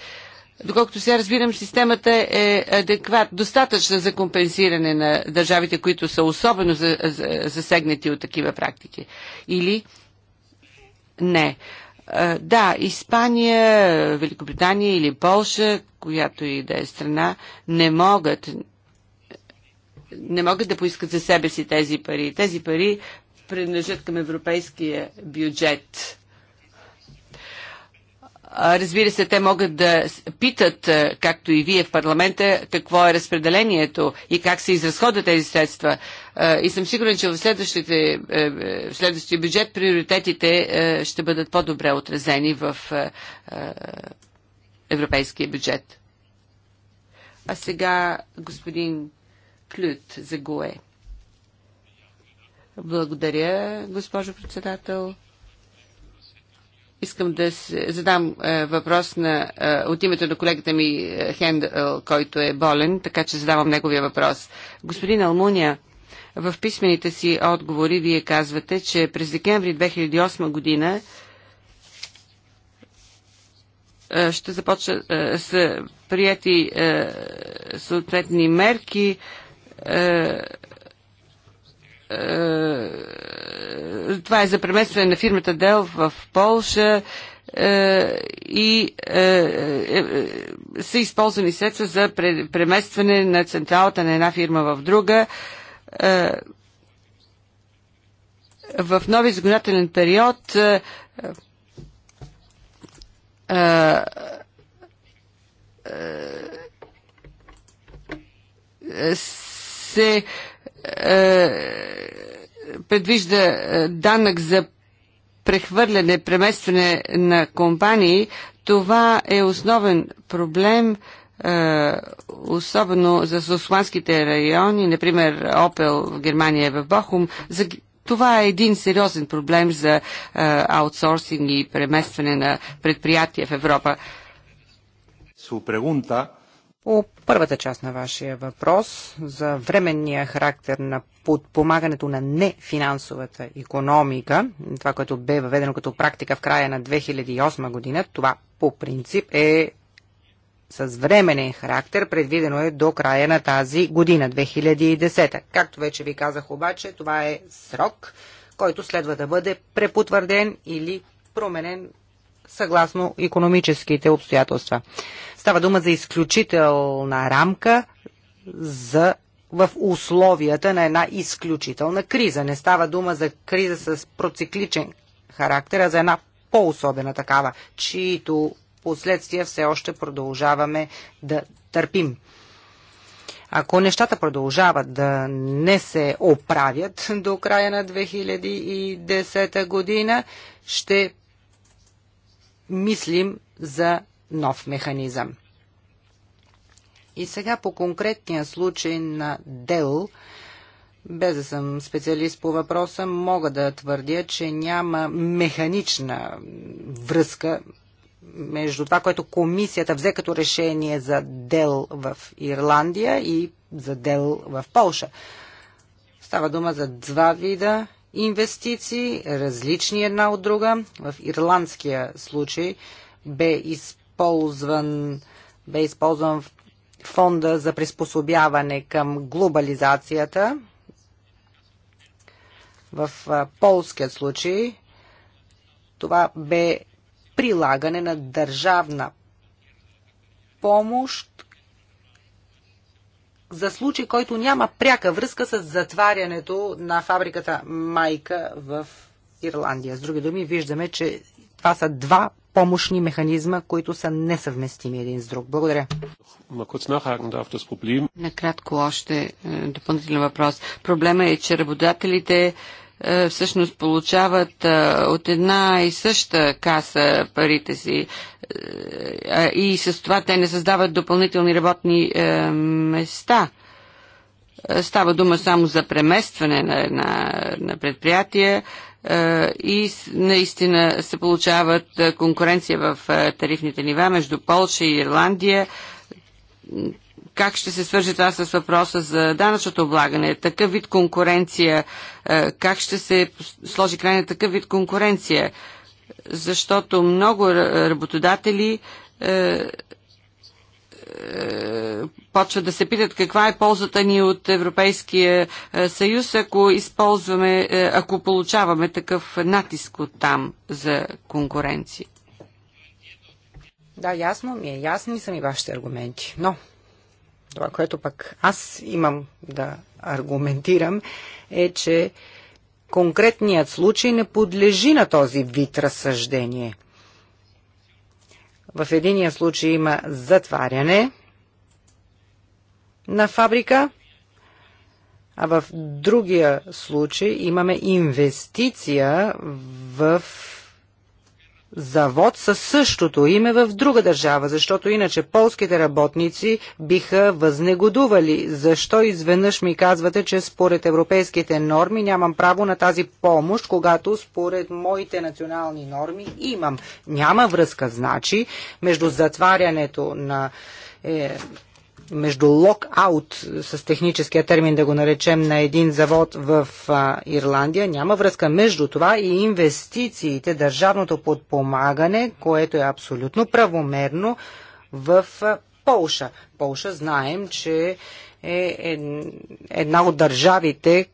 Доколкото сега разбирам, системата е адекват, достатъчна за компенсиране на държавите, които са особено засегнати от такива практики. Или не. Да, Испания, Великобритания или Полша, която и да е страна, не могат не могат да поискат за себе си тези пари. Тези пари принадлежат към европейския бюджет. Разбира се, те могат да питат, както и вие в парламента, какво е разпределението и как се изразходят тези средства. И съм сигурен, че в, следващите, е, е, в следващия бюджет приоритетите е, ще бъдат по-добре отразени в европейския бюджет. А сега господин Клют за ГОЕ. Благодаря, госпожо председател. Искам да задам е, въпрос на, е, от името на колегата ми е, Хендъл, който е болен, така че задавам неговия въпрос. Господин Алмуния, в писмените си отговори вие казвате, че през декември 2008 година ще започна са прияти съответни мерки е, това е за преместване на фирмата Дел в Полша е, и е, са използвани средства за преместване на централата на една фирма в друга. В нови законодателен период се е, предвижда е, данък за прехвърляне, преместване на компании, това е основен проблем, е, особено за сусманските райони, например Опел в Германия в Бохум. За... Това е един сериозен проблем за аутсорсинг и преместване на предприятия в Европа. Су прегунта по първата част на вашия въпрос за временния характер на подпомагането на нефинансовата економика, това, което бе въведено като практика в края на 2008 година, това по принцип е с временен характер, предвидено е до края на тази година, 2010. Както вече ви казах обаче, това е срок, който следва да бъде препотвърден или променен съгласно економическите обстоятелства. Става дума за изключителна рамка за в условията на една изключителна криза. Не става дума за криза с процикличен характер, а за една по-особена такава, чието последствия все още продължаваме да търпим. Ако нещата продължават да не се оправят до края на 2010 година, ще мислим за нов механизъм. И сега по конкретния случай на Дел, без да съм специалист по въпроса, мога да твърдя, че няма механична връзка между това, което комисията взе като решение за дел в Ирландия и за дел в Полша. Става дума за два вида инвестиции, различни една от друга. В ирландския случай бе използван, бе използван фонда за приспособяване към глобализацията. В полския случай това бе прилагане на държавна помощ за случай, който няма пряка връзка с затварянето на фабриката Майка в Ирландия. С други думи, виждаме, че това са два помощни механизма, които са несъвместими един с друг. Благодаря. Накратко още е, допълнителен въпрос. Проблема е, че работодателите е, всъщност получават е, от една и съща каса парите си е, и с това те не създават допълнителни работни места. Става дума само за преместване на, на, на предприятия и наистина се получават конкуренция в тарифните нива между Полша и Ирландия как ще се свържи това с въпроса за данъчното облагане? Такъв вид конкуренция, е, как ще се сложи край на такъв вид конкуренция? Защото много работодатели е, е, почват да се питат каква е ползата ни от Европейския съюз, ако използваме, ако получаваме такъв натиск от там за конкуренция. Да, ясно ми е, ясни са ми вашите аргументи, но това, което пък аз имам да аргументирам, е, че конкретният случай не подлежи на този вид разсъждение. В единия случай има затваряне на фабрика, а в другия случай имаме инвестиция в завод със същото име в друга държава, защото иначе полските работници биха възнегодували. Защо изведнъж ми казвате, че според европейските норми нямам право на тази помощ, когато според моите национални норми имам? Няма връзка, значи, между затварянето на е, между лок-аут е, с техническия термин да го наречем на един завод в а, Ирландия. Няма връзка между това и инвестициите, държавното подпомагане, което е абсолютно правомерно в а, Полша. Полша знаем, че е една от държавите,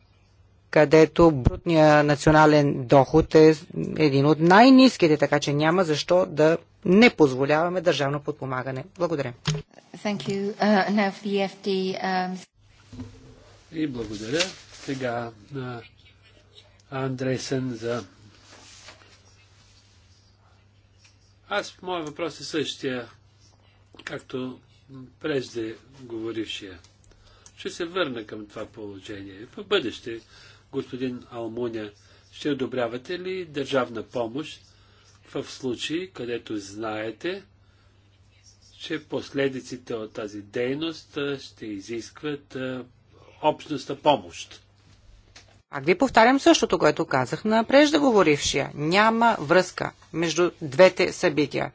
където брутния национален доход е един от най-низките, така че няма защо да не позволяваме държавно подпомагане. Благодаря. Uh, FD, um... И благодаря сега на Андресен за... Аз, моят въпрос е същия, както прежде говорившия. Ще се върна към това положение. В бъдеще господин Алмуня, ще одобрявате ли държавна помощ в случаи, където знаете, че последиците от тази дейност ще изискват общността помощ? А ви повтарям същото, което казах на преждеговорившия. Няма връзка между двете събития.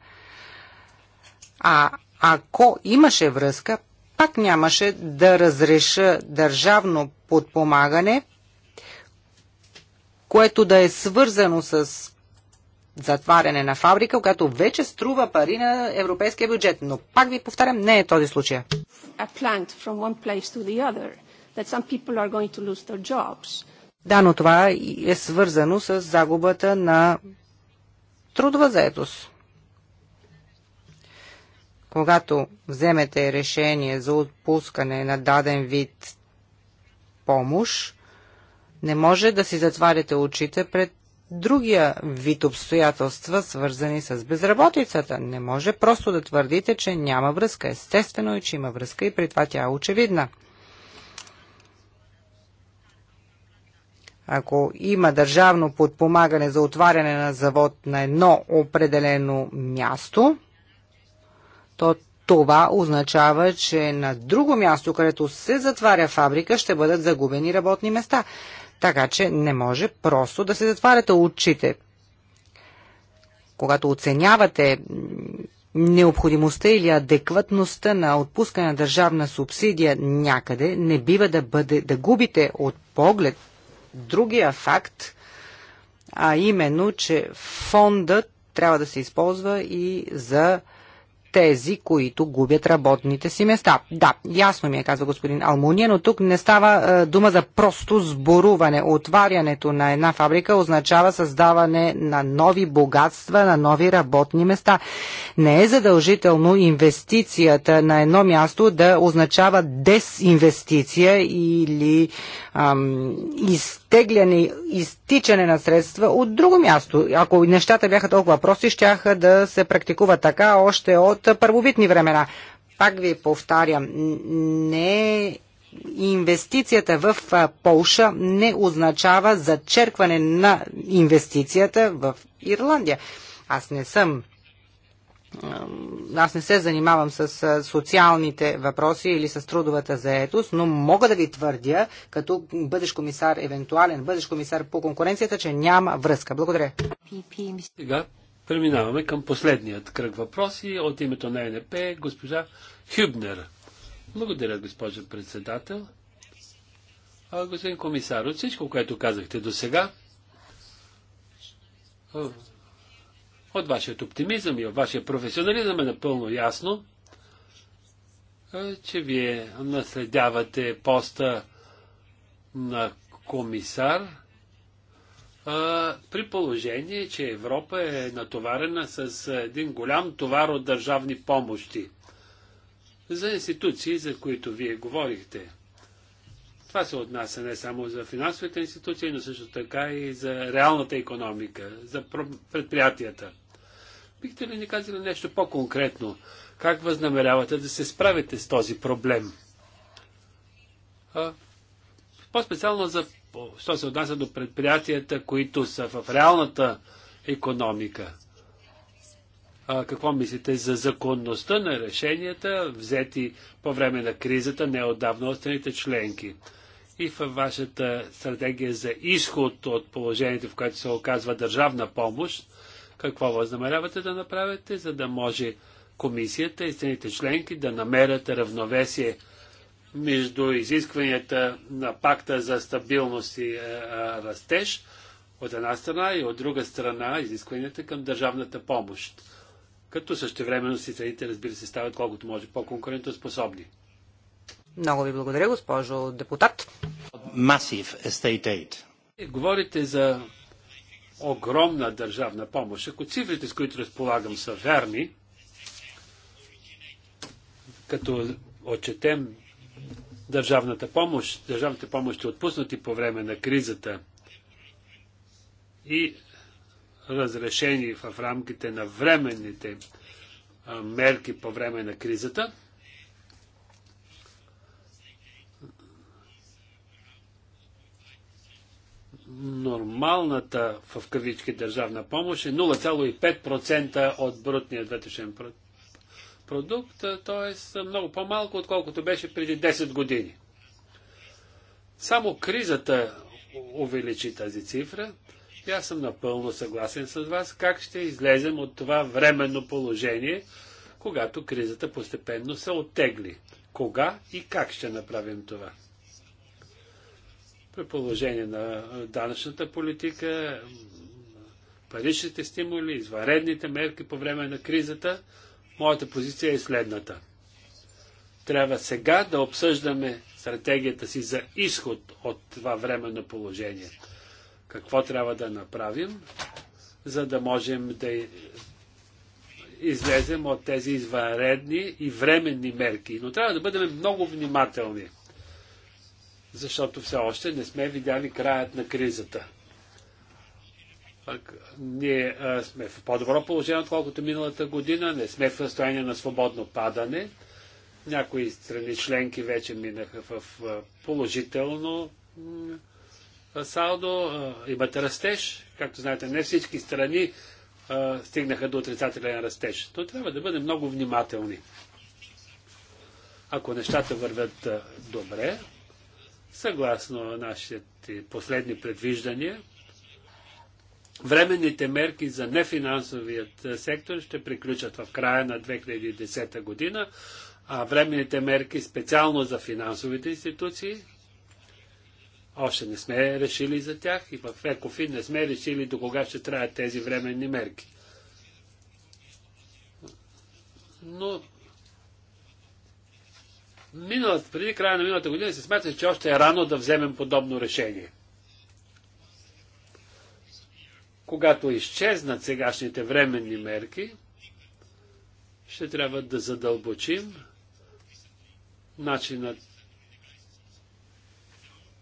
А ако имаше връзка, пак нямаше да разреша държавно подпомагане което да е свързано с затваряне на фабрика, която вече струва пари на европейския бюджет. Но пак ви повтарям, не е този случай. Да, но това е свързано с загубата на трудова заедост. Когато вземете решение за отпускане на даден вид помощ, не може да си затваряте очите пред другия вид обстоятелства, свързани с безработицата. Не може просто да твърдите, че няма връзка. Естествено и е, че има връзка и при това тя е очевидна. Ако има държавно подпомагане за отваряне на завод на едно определено място, то това означава, че на друго място, където се затваря фабрика, ще бъдат загубени работни места. Така че не може просто да се затваряте очите. Когато оценявате необходимостта или адекватността на отпускане на държавна субсидия някъде, не бива да, бъде, да губите от поглед другия факт, а именно, че фондът трябва да се използва и за тези, които губят работните си места. Да, ясно ми е, казва господин Алмуния, но тук не става е, дума за просто сборуване. Отварянето на една фабрика означава създаване на нови богатства, на нови работни места. Не е задължително инвестицията на едно място да означава дезинвестиция или ам, изтегляне, изтичане на средства от друго място. Ако нещата бяха толкова прости, щяха да се практикува така още от първобитни времена. Пак ви повтарям, не инвестицията в Полша не означава зачеркване на инвестицията в Ирландия. Аз не съм аз не се занимавам с социалните въпроси или с трудовата заетост, но мога да ви твърдя, като бъдеш комисар, евентуален бъдеш комисар по конкуренцията, че няма връзка. Благодаря. Сега преминаваме към последният кръг въпроси от името на НП, госпожа Хюбнер. Благодаря, госпожа председател. А, господин комисар, от всичко, което казахте до сега, от вашият оптимизъм и от вашия професионализъм е напълно ясно, че вие наследявате поста на комисар, при положение, че Европа е натоварена с един голям товар от държавни помощи за институции, за които вие говорихте. Това се отнася не само за финансовите институции, но също така и за реалната економика, за предприятията. Бихте ли ни казали нещо по-конкретно? Как възнамерявате да се справите с този проблем? По-специално за, що се отнася до предприятията, които са в реалната економика. А, какво мислите за законността на решенията, взети по време на кризата неодавна от страните членки? И във вашата стратегия за изход от положението, в което се оказва държавна помощ, какво възнамерявате да направите, за да може комисията и страните членки да намерят равновесие между изискванията на пакта за стабилност и е, е, растеж от една страна и от друга страна изискванията към държавната помощ. Като същевременно си цените, разбира се, стават колкото може по-конкурентоспособни. Много ви благодаря, госпожо депутат. Estate Aid. Е, говорите за огромна държавна помощ. Ако цифрите, с които разполагам, са верни, като отчетем държавната помощ, държавните помощи отпуснати по време на кризата и разрешени в рамките на временните мерки по време на кризата, нормалната в кавички държавна помощ е 0,5% от брутния вътрешен продукт, т.е. много по-малко, отколкото беше преди 10 години. Само кризата увеличи тази цифра и аз съм напълно съгласен с вас как ще излезем от това временно положение, когато кризата постепенно се оттегли. Кога и как ще направим това? при положение на данъчната политика, паричните стимули, изваредните мерки по време на кризата, моята позиция е следната. Трябва сега да обсъждаме стратегията си за изход от това време на положение. Какво трябва да направим, за да можем да излезем от тези извънредни и временни мерки. Но трябва да бъдем много внимателни – защото все още не сме видяли краят на кризата. ние а, сме в по-добро положение, отколкото миналата година, не сме в състояние на свободно падане. Някои страни членки вече минаха в положително салдо, имат растеж. Както знаете, не всички страни а, стигнаха до отрицателен растеж. Но трябва да бъдем много внимателни. Ако нещата вървят добре, Съгласно нашите последни предвиждания, временните мерки за нефинансовият е, сектор ще приключат в края на 2010 година, а временните мерки специално за финансовите институции още не сме решили за тях и в ЕКОФИ не сме решили до кога ще траят тези временни мерки. Но миналата, преди края на миналата година се смята, че още е рано да вземем подобно решение. Когато изчезнат сегашните временни мерки, ще трябва да задълбочим начинът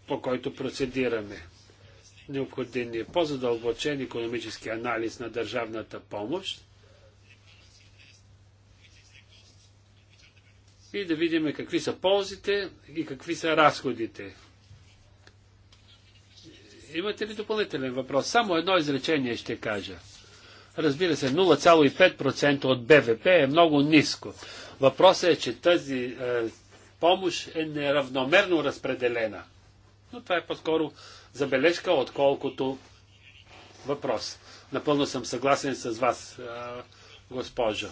по който процедираме. Необходим е по-задълбочен економически анализ на държавната помощ, и да видим какви са ползите и какви са разходите. Имате ли допълнителен въпрос? Само едно изречение ще кажа. Разбира се, 0,5% от БВП е много ниско. Въпросът е, че тази е, помощ е неравномерно разпределена. Но това е по-скоро забележка, отколкото въпрос. Напълно съм съгласен с вас, е, госпожа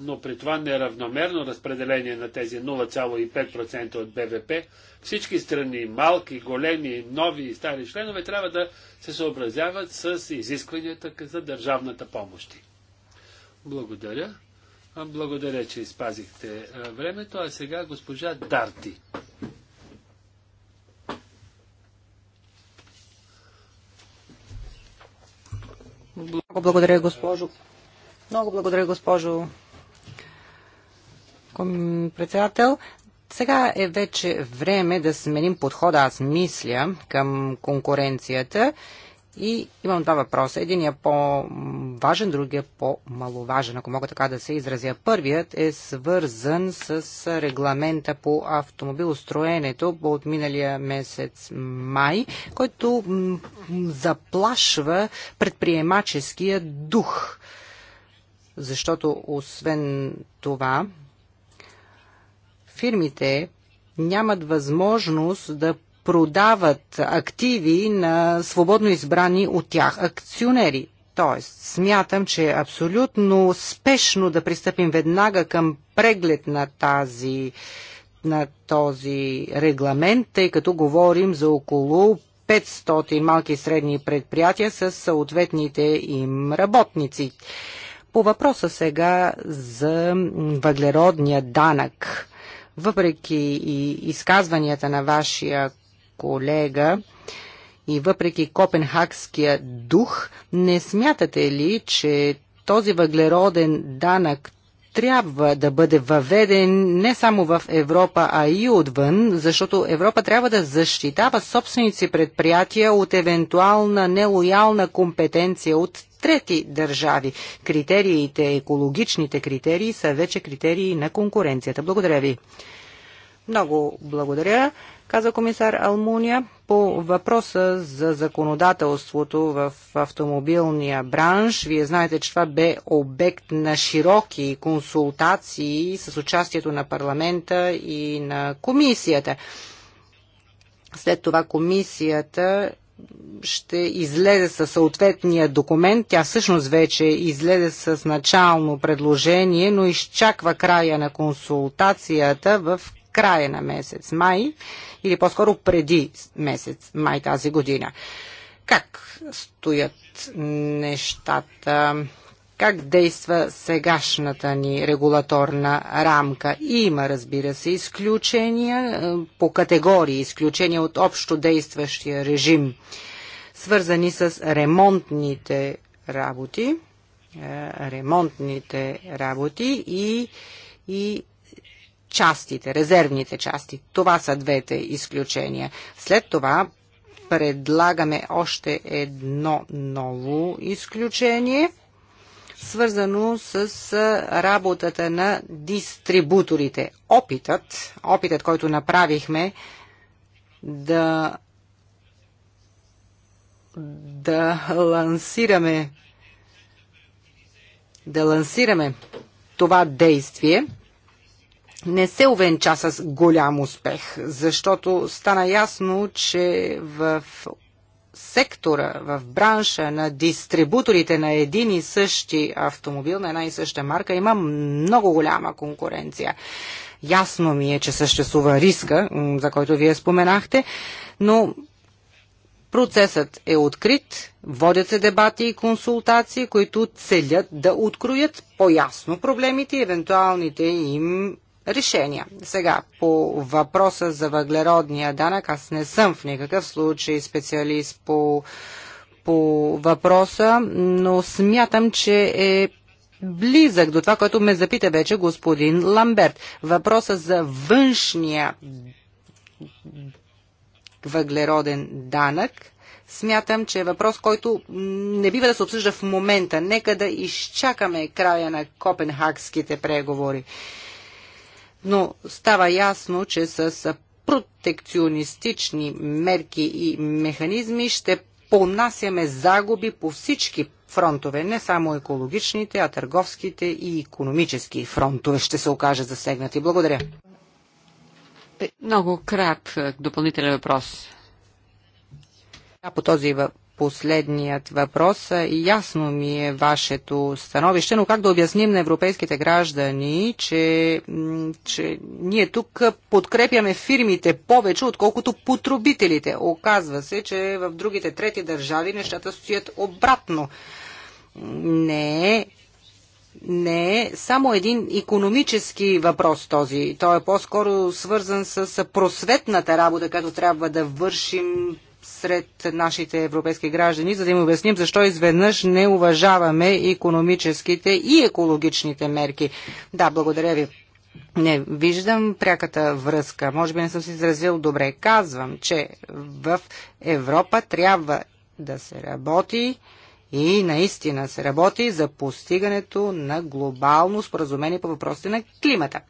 но при това неравномерно разпределение на тези 0,5% от БВП, всички страни, малки, големи, нови и стари членове, трябва да се съобразяват с изискванията за държавната помощ. Благодаря. Благодаря, че изпазихте времето. А сега госпожа Дарти. Много благодаря, госпожо. Много благодаря, госпожо председател. Сега е вече време да сменим подхода, аз мисля, към конкуренцията. И имам два въпроса. Единият е по-важен, другия е по-маловажен, ако мога така да се изразя. Първият е свързан с регламента по автомобилостроенето от миналия месец май, който заплашва предприемаческия дух. Защото освен това, фирмите нямат възможност да продават активи на свободно избрани от тях акционери. Тоест, смятам, че е абсолютно спешно да пристъпим веднага към преглед на тази на този регламент, тъй като говорим за около 500 малки и средни предприятия с съответните им работници. По въпроса сега за въглеродния данък въпреки и изказванията на вашия колега и въпреки копенхагския дух, не смятате ли, че този въглероден данък трябва да бъде въведен не само в Европа, а и отвън, защото Европа трябва да защитава собственици предприятия от евентуална нелоялна компетенция от трети държави. Критериите, екологичните критерии са вече критерии на конкуренцията. Благодаря ви. Много благодаря, каза комисар Алмуния. По въпроса за законодателството в автомобилния бранш, вие знаете, че това бе обект на широки консултации с участието на парламента и на комисията. След това комисията ще излезе със съответния документ. Тя всъщност вече излезе с начално предложение, но изчаква края на консултацията в края на месец май или по-скоро преди месец май тази година. Как стоят нещата? как действа сегашната ни регулаторна рамка. Има, разбира се, изключения е, по категории, изключения от общо действащия режим, свързани с ремонтните работи, е, ремонтните работи и, и частите, резервните части. Това са двете изключения. След това предлагаме още едно ново изключение – свързано с работата на дистрибуторите. Опитът, опитът, който направихме да да лансираме да лансираме това действие не се увенча с голям успех, защото стана ясно, че в сектора, в бранша на дистрибуторите на един и същи автомобил, на една и съща марка, има много голяма конкуренция. Ясно ми е, че съществува риска, за който вие споменахте, но Процесът е открит, водят се дебати и консултации, които целят да откроят по-ясно проблемите и евентуалните им решения. Сега, по въпроса за въглеродния данък, аз не съм в никакъв случай специалист по, по въпроса, но смятам, че е близък до това, което ме запита вече господин Ламберт. Въпроса за външния въглероден данък смятам, че е въпрос, който не бива да се обсъжда в момента. Нека да изчакаме края на копенхагските преговори но става ясно, че с протекционистични мерки и механизми ще понасяме загуби по всички фронтове, не само екологичните, а търговските и економически фронтове ще се окажат засегнати. Благодаря. Много крат е, допълнителен въпрос. А по този последният въпрос. Ясно ми е вашето становище, но как да обясним на европейските граждани, че, че ние тук подкрепяме фирмите повече, отколкото потребителите. Оказва се, че в другите трети държави нещата стоят обратно. Не е не е само един економически въпрос този. Той е по-скоро свързан с просветната работа, като трябва да вършим сред нашите европейски граждани, за да им обясним защо изведнъж не уважаваме економическите и екологичните мерки. Да, благодаря ви. Не виждам пряката връзка. Може би не съм се изразил добре. Казвам, че в Европа трябва да се работи и наистина се работи за постигането на глобално споразумение по въпросите на климата.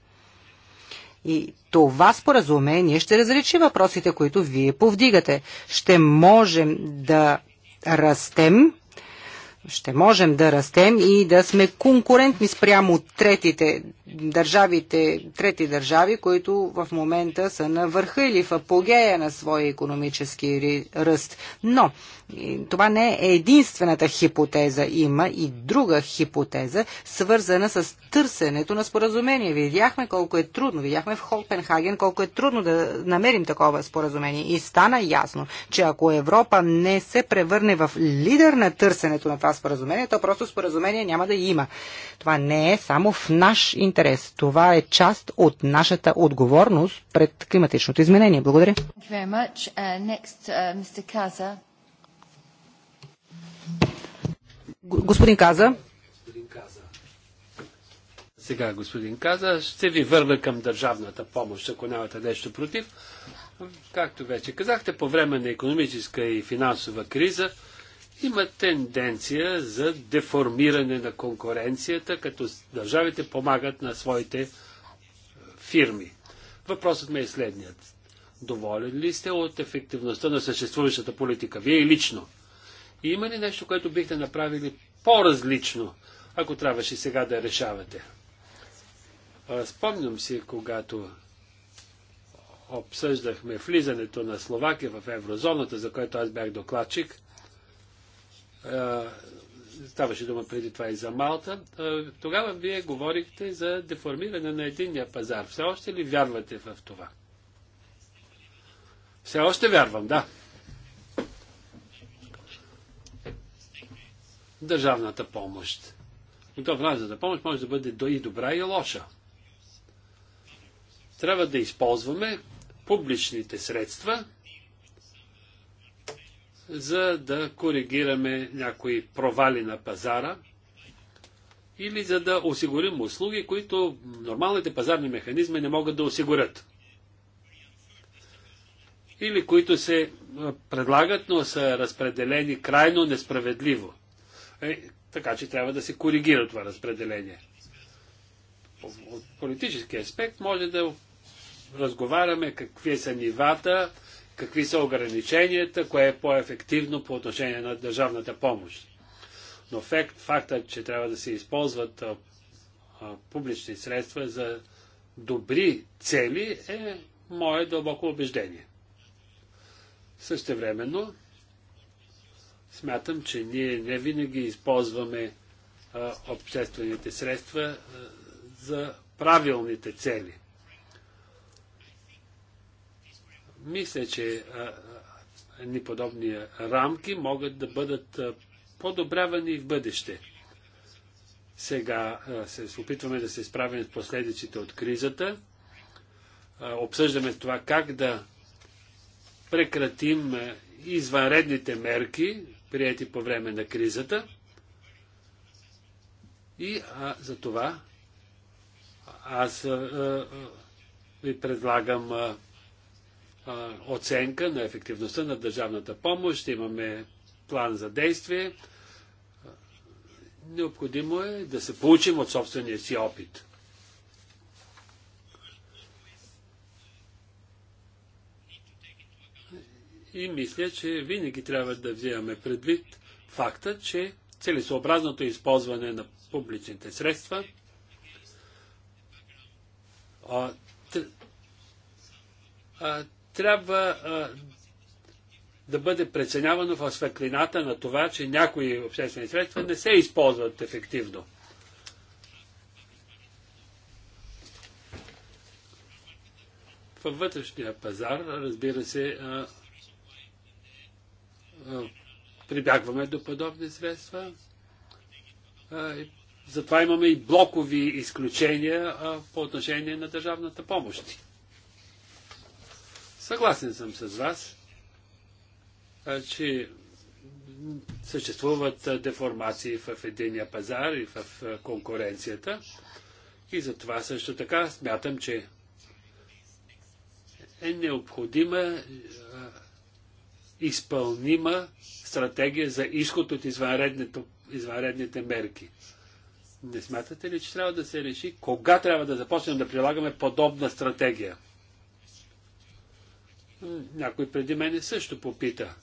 И това споразумение ще разречи въпросите, които вие повдигате. Ще можем да растем, ще можем да растем и да сме конкурентни спрямо третите държавите, трети държави, които в момента са на върха или в апогея на своя економически ръст. Но това не е единствената хипотеза. Има и друга хипотеза, свързана с търсенето на споразумение. Видяхме колко е трудно, видяхме в Холпенхаген колко е трудно да намерим такова споразумение. И стана ясно, че ако Европа не се превърне в лидер на търсенето на това споразумение, то просто споразумение няма да има. Това не е само в наш интерес интерес. Това е част от нашата отговорност пред климатичното изменение. Благодаря. Uh, uh, господин Каза. Сега, господин Каза, ще ви върна към държавната помощ, ако нямате нещо против. Както вече казахте, по време на економическа и финансова криза, има тенденция за деформиране на конкуренцията, като държавите помагат на своите е, фирми. Въпросът ми е следният. Доволен ли сте от ефективността на съществуващата политика? Вие лично. И има ли нещо, което бихте направили по-различно, ако трябваше сега да решавате? Спомням си, когато обсъждахме влизането на Словакия в еврозоната, за което аз бях докладчик – ставаше дума преди това и за Малта, тогава вие говорихте за деформиране на единния пазар. Все още ли вярвате в това? Все още вярвам, да. Държавната помощ. Но държавната помощ може да бъде и добра, и лоша. Трябва да използваме публичните средства, за да коригираме някои провали на пазара или за да осигурим услуги, които нормалните пазарни механизми не могат да осигурят. Или които се предлагат, но са разпределени крайно несправедливо. Е, така че трябва да се коригира това разпределение. От политически аспект може да разговаряме какви са нивата, какви са ограниченията, кое е по-ефективно по отношение на държавната помощ. Но факт, фактът, че трябва да се използват а, а, публични средства за добри цели е мое дълбоко убеждение. Същевременно, смятам, че ние не винаги използваме а, обществените средства а, за правилните цели. Мисля, че ни подобни рамки могат да бъдат подобрявани в бъдеще. Сега се опитваме да се справим с последиците от кризата. Обсъждаме това как да прекратим извънредните мерки, прияти по време на кризата. И а, за това аз а, а, ви предлагам а, оценка на ефективността на държавната помощ, ще имаме план за действие. Необходимо е да се получим от собствения си опит. И мисля, че винаги трябва да вземаме предвид факта, че целесообразното използване на публичните средства а, а, трябва да бъде преценявано в светлината на това, че някои обществени средства не се използват ефективно. Във вътрешния пазар, разбира се, прибягваме до подобни средства. затова имаме и блокови изключения по отношение на държавната помощ. Съгласен съм с вас, че съществуват деформации в единия пазар и в конкуренцията. И затова също така смятам, че е необходима изпълнима стратегия за изход от извънредните мерки. Не смятате ли, че трябва да се реши кога трябва да започнем да прилагаме подобна стратегия? Някой преди мене също попита.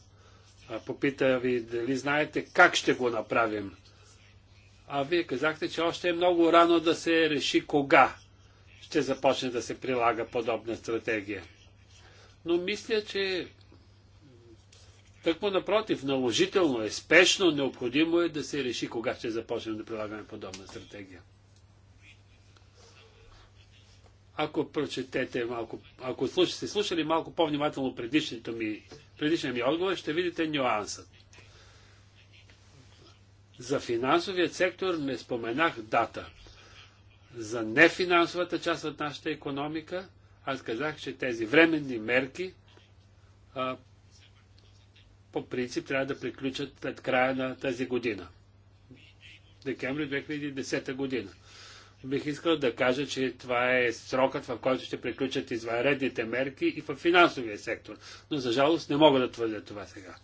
а Попита ви дали знаете как ще го направим. А вие казахте, че още е много рано да се реши кога ще започне да се прилага подобна стратегия. Но мисля, че тъкмо напротив, наложително е, спешно, необходимо е да се реши кога ще започнем да прилагаме подобна стратегия ако прочетете малко, ако слуш, сте слушали малко по-внимателно предишното ми, предишния ми отговор, ще видите нюансът. За финансовият сектор не споменах дата. За нефинансовата част от нашата економика, аз казах, че тези временни мерки а, по принцип трябва да приключат след края на тази година. Декември 2010 година бих искал да кажа, че това е срокът, в който ще приключат извънредните мерки и в финансовия сектор. Но за жалост не мога да твърдя това сега.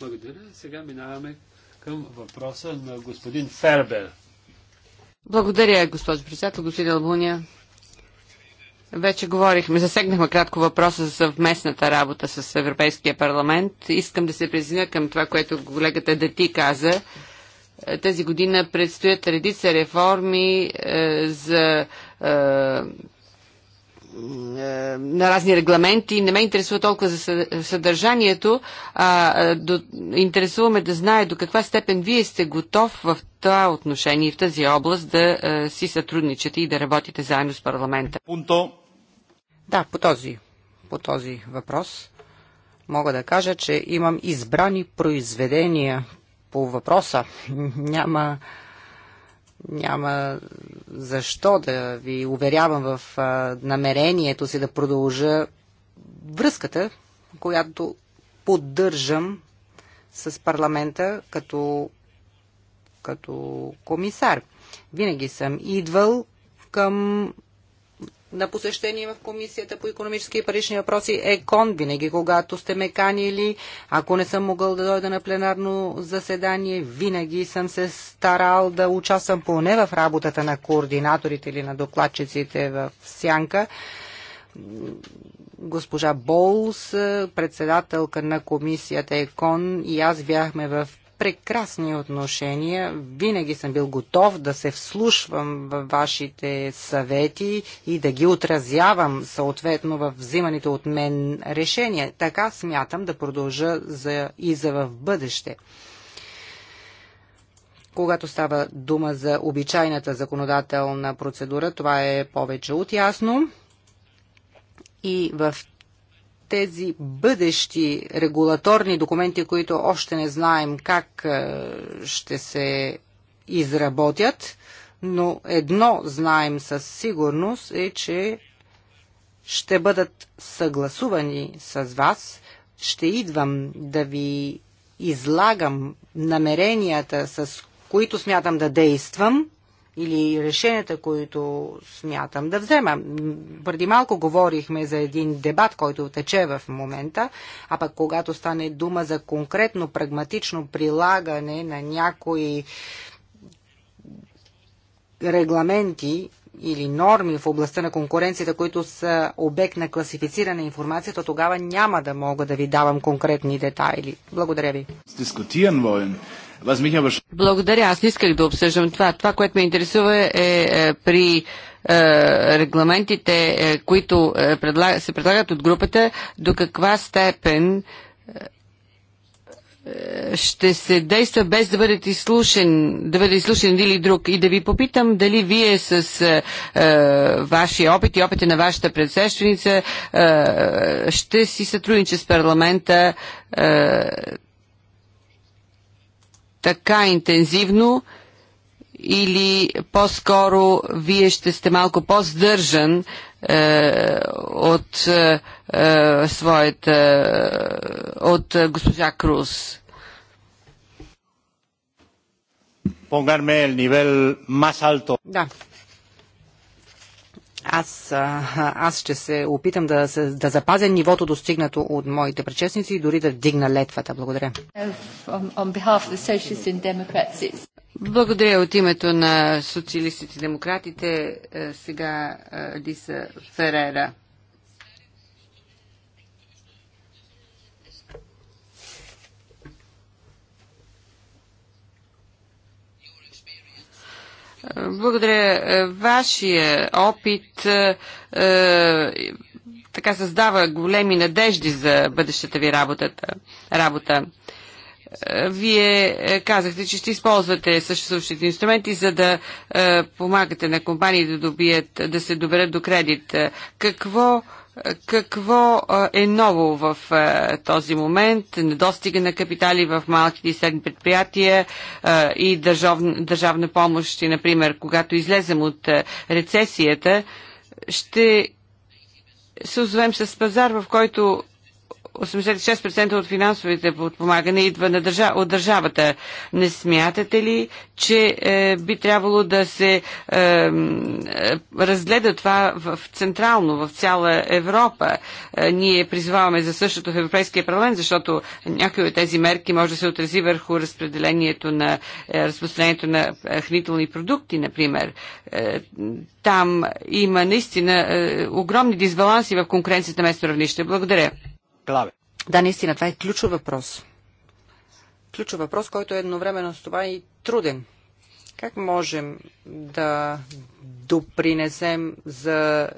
Благодаря. Сега минаваме към въпроса на господин Фербер. Благодаря, госпожо председател, господин Албуния. Вече говорихме, засегнахме кратко въпроса за съвместната работа с Европейския парламент. Искам да се призна към това, което колегата Дети каза тази година предстоят редица реформи е, за е, е, на разни регламенти. Не ме интересува толкова за съдържанието, а е, до, интересуваме да знае до каква степен вие сте готов в това отношение и в тази област да е, си сътрудничате и да работите заедно с парламента. Пунто. Да, по този, по този въпрос мога да кажа, че имам избрани произведения по въпроса. Няма, няма защо да ви уверявам в намерението си да продължа връзката, която поддържам с парламента като, като комисар. Винаги съм идвал към на посещение в Комисията по економически и парични въпроси ЕКОН, винаги когато сте ме канили. Ако не съм могъл да дойда на пленарно заседание, винаги съм се старал да участвам поне в работата на координаторите или на докладчиците в Сянка госпожа Болс, председателка на комисията ЕКОН и аз бяхме в прекрасни отношения. Винаги съм бил готов да се вслушвам в вашите съвети и да ги отразявам съответно в взиманите от мен решения. Така смятам да продължа за, и за в бъдеще. Когато става дума за обичайната законодателна процедура, това е повече от ясно. И в тези бъдещи регулаторни документи, които още не знаем как е, ще се изработят, но едно знаем със сигурност е, че ще бъдат съгласувани с вас. Ще идвам да ви излагам намеренията, с които смятам да действам или решенията, които смятам да взема. Преди малко говорихме за един дебат, който тече в момента, а пък когато стане дума за конкретно прагматично прилагане на някои регламенти или норми в областта на конкуренцията, които са обект на класифицирана информация, то тогава няма да мога да ви давам конкретни детайли. Благодаря ви. Благодаря, аз не исках да обсъждам това. Това, което ме интересува е, е при е, регламентите, е, които е, се предлагат от групата, до каква степен ще се действа без да бъдете изслушен, да бъде изслушен или друг. И да ви попитам дали вие с е, вашия опит и опита на вашата предсещеница е, ще си сътрудничи с парламента е, така интензивно или по-скоро вие ще сте малко по-здържан е, от е, е своята, е, от госпожа Круз? Да, аз, аз ще се опитам да, да запазя нивото достигнато от моите предшественици и дори да вдигна летвата. Благодаря. Благодаря от името на социалистите и демократите е, сега Диса е, Ферера. Благодаря. Е, вашия опит е, е, така създава големи надежди за бъдещата ви работата, работа. Вие казахте, че ще използвате същите инструменти, за да помагате на компании да, добият, да се доберат до кредит. Какво какво е ново в този момент? Недостига на капитали в малките и средни предприятия и държавна, държавна помощ, и, например, когато излезем от рецесията, ще се озовем с пазар, в който 86% от финансовите подпомагане идва на държа, от държавата. Не смятате ли, че е, би трябвало да се е, е, разгледа това в, в централно, в цяла Европа? Е, ние призваваме за същото в Европейския парламент, защото някои от тези мерки може да се отрази върху разпределението на е, разпространението на е, хранителни продукти, например. Е, там има наистина е, огромни дисбаланси в конкуренцията местно равнище. Благодаря. Да, наистина, това е ключов въпрос. Ключов въпрос, който е едновременно с това и труден. Как можем да допринесем за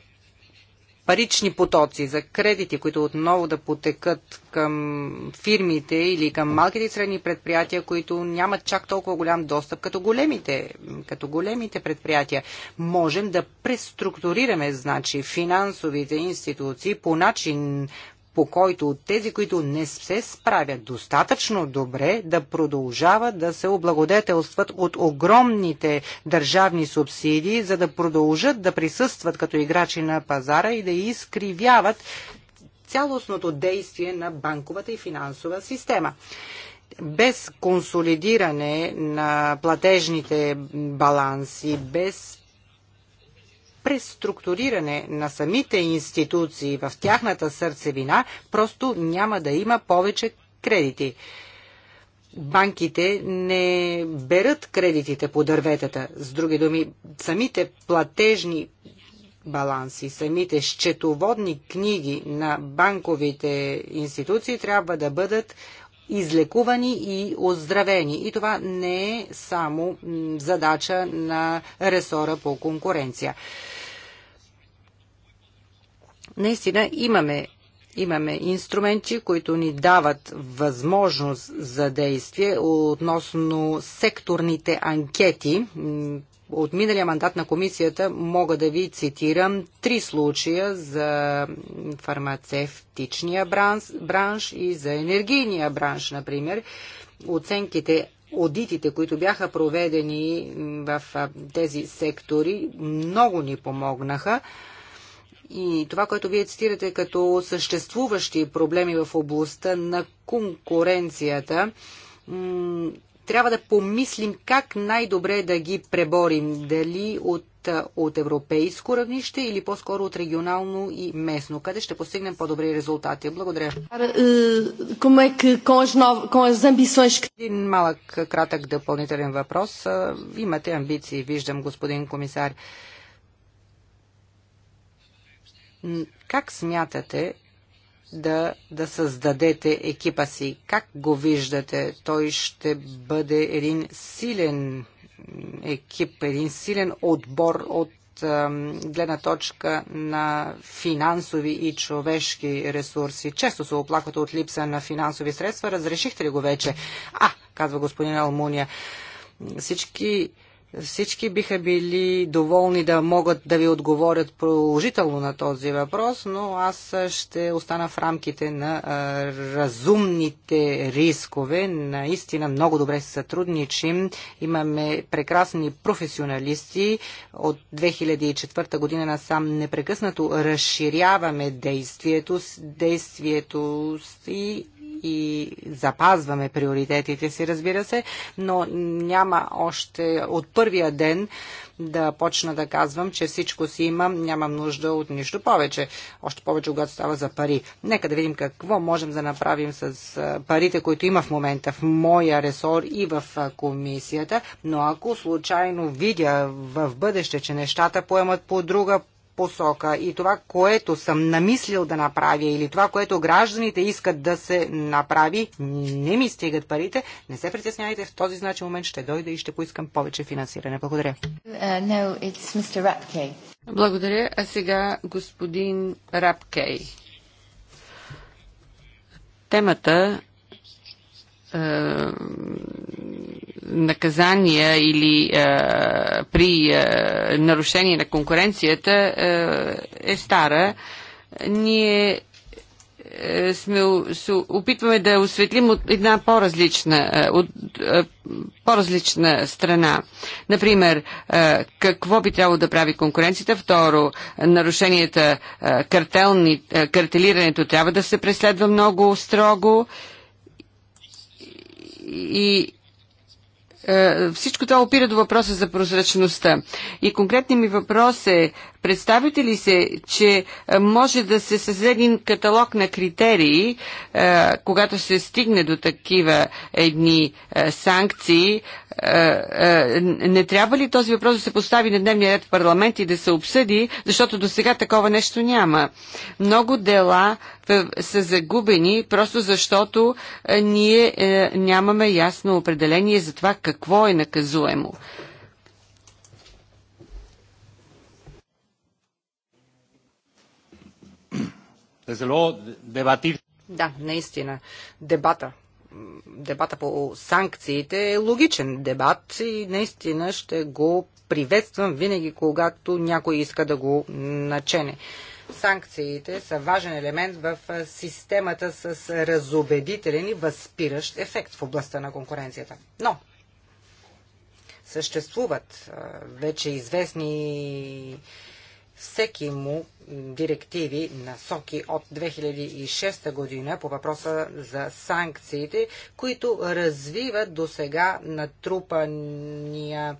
парични потоци, за кредити, които отново да потекат към фирмите или към малките и средни предприятия, които нямат чак толкова голям достъп като големите, като големите предприятия. Можем да преструктурираме, значи, финансовите институции по начин, по който от тези, които не се справят достатъчно добре, да продължават да се облагодетелстват от огромните държавни субсидии, за да продължат да присъстват като играчи на пазара и да изкривяват цялостното действие на банковата и финансова система без консолидиране на платежните баланси, без преструктуриране на самите институции в тяхната сърцевина, просто няма да има повече кредити. Банките не берат кредитите по дърветата. С други думи, самите платежни баланси, самите счетоводни книги на банковите институции трябва да бъдат излекувани и оздравени. И това не е само задача на ресора по конкуренция. Наистина имаме Имаме инструменти, които ни дават възможност за действие относно секторните анкети от миналия мандат на комисията мога да ви цитирам три случая за фармацевтичния бранш, бранш и за енергийния бранш, например. Оценките Одитите, които бяха проведени в тези сектори, много ни помогнаха. И това, което вие цитирате като съществуващи проблеми в областта на конкуренцията, трябва да помислим как най-добре да ги преборим. Дали от, от европейско равнище или по-скоро от регионално и местно. Къде ще постигнем по-добри резултати? Благодаря. Един малък, кратък допълнителен въпрос. Имате амбиции, виждам, господин комисар. Как смятате да, да създадете екипа си. Как го виждате? Той ще бъде един силен екип, един силен отбор от гледна точка на финансови и човешки ресурси. Често се оплаквате от липса на финансови средства. Разрешихте ли го вече? А, казва господин Алмуния, всички всички биха били доволни да могат да ви отговорят положително на този въпрос, но аз ще остана в рамките на разумните рискове. Наистина много добре се сътрудничим. Имаме прекрасни професионалисти. От 2004 година насам непрекъснато разширяваме действието, действието и и запазваме приоритетите си, разбира се, но няма още от първия ден да почна да казвам, че всичко си имам, нямам нужда от нищо повече. Още повече, когато става за пари. Нека да видим какво можем да направим с парите, които има в момента в моя ресор и в комисията, но ако случайно видя в бъдеще, че нещата поемат по друга посока и това, което съм намислил да направя или това, което гражданите искат да се направи, не ми стигат парите, не се притеснявайте, в този значи момент ще дойда и ще поискам повече финансиране. Благодаря. Uh, no, Благодаря. А сега господин Рапкей. Темата е, наказания или е, при е, нарушение на конкуренцията е стара. Ние сме, се опитваме да осветлим от една по-различна, от, по-различна страна. Например, какво би трябвало да прави конкуренцията? Второ, нарушенията, картелни, картелирането трябва да се преследва много строго и е, всичко това опира до въпроса за прозрачността. И конкретният ми въпрос е, представите ли се, че е, може да се създаде един каталог на критерии, е, когато се стигне до такива едни санкции, е, е, не трябва ли този въпрос да се постави на дневния ред в парламент и да се обсъди, защото до сега такова нещо няма. Много дела е, са загубени, просто защото ние нямаме ясно определение за това какво е наказуемо. Да, наистина. Дебата дебата по санкциите е логичен дебат и наистина ще го приветствам винаги, когато някой иска да го начене. Санкциите са важен елемент в системата с разобедителен и възпиращ ефект в областта на конкуренцията. Но съществуват вече известни всеки му директиви, насоки от 2006 година по въпроса за санкциите, които развиват до сега натрупания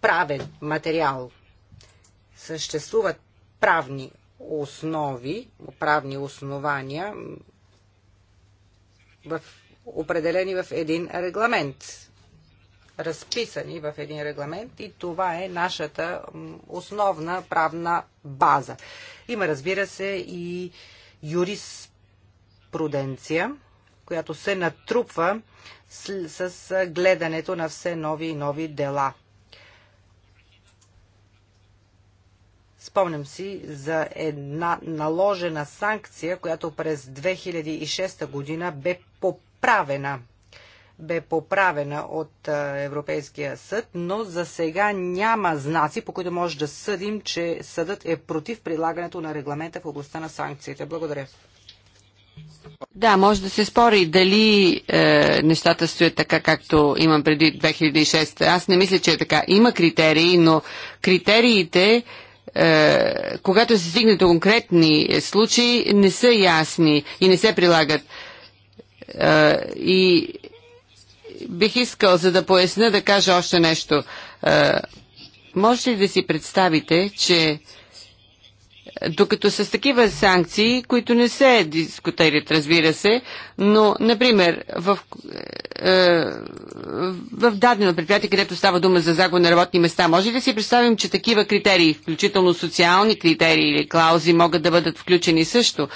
правен материал. Съществуват правни основи, правни основания в определени в един регламент разписани в един регламент и това е нашата основна правна база. Има, разбира се, и юриспруденция, която се натрупва с, с гледането на все нови и нови дела. Спомням си за една наложена санкция, която през 2006 година бе поправена – бе поправена от Европейския съд, но за сега няма знаци, по които може да съдим, че съдът е против прилагането на регламента в областта на санкциите. Благодаря. Да, може да се спори дали е, нещата стоят така, както имам преди 2006. Аз не мисля, че е така. Има критерии, но критериите е, когато се стигне до конкретни случаи, не са ясни и не се прилагат. Е, и бих искал, за да поясня, да кажа още нещо. Може ли да си представите, че докато с такива санкции, които не се дискутират, разбира се, но, например, в, е, в дадено предприятие, където става дума за загуба на работни места, може ли да си представим, че такива критерии, включително социални критерии или клаузи, могат да бъдат включени също?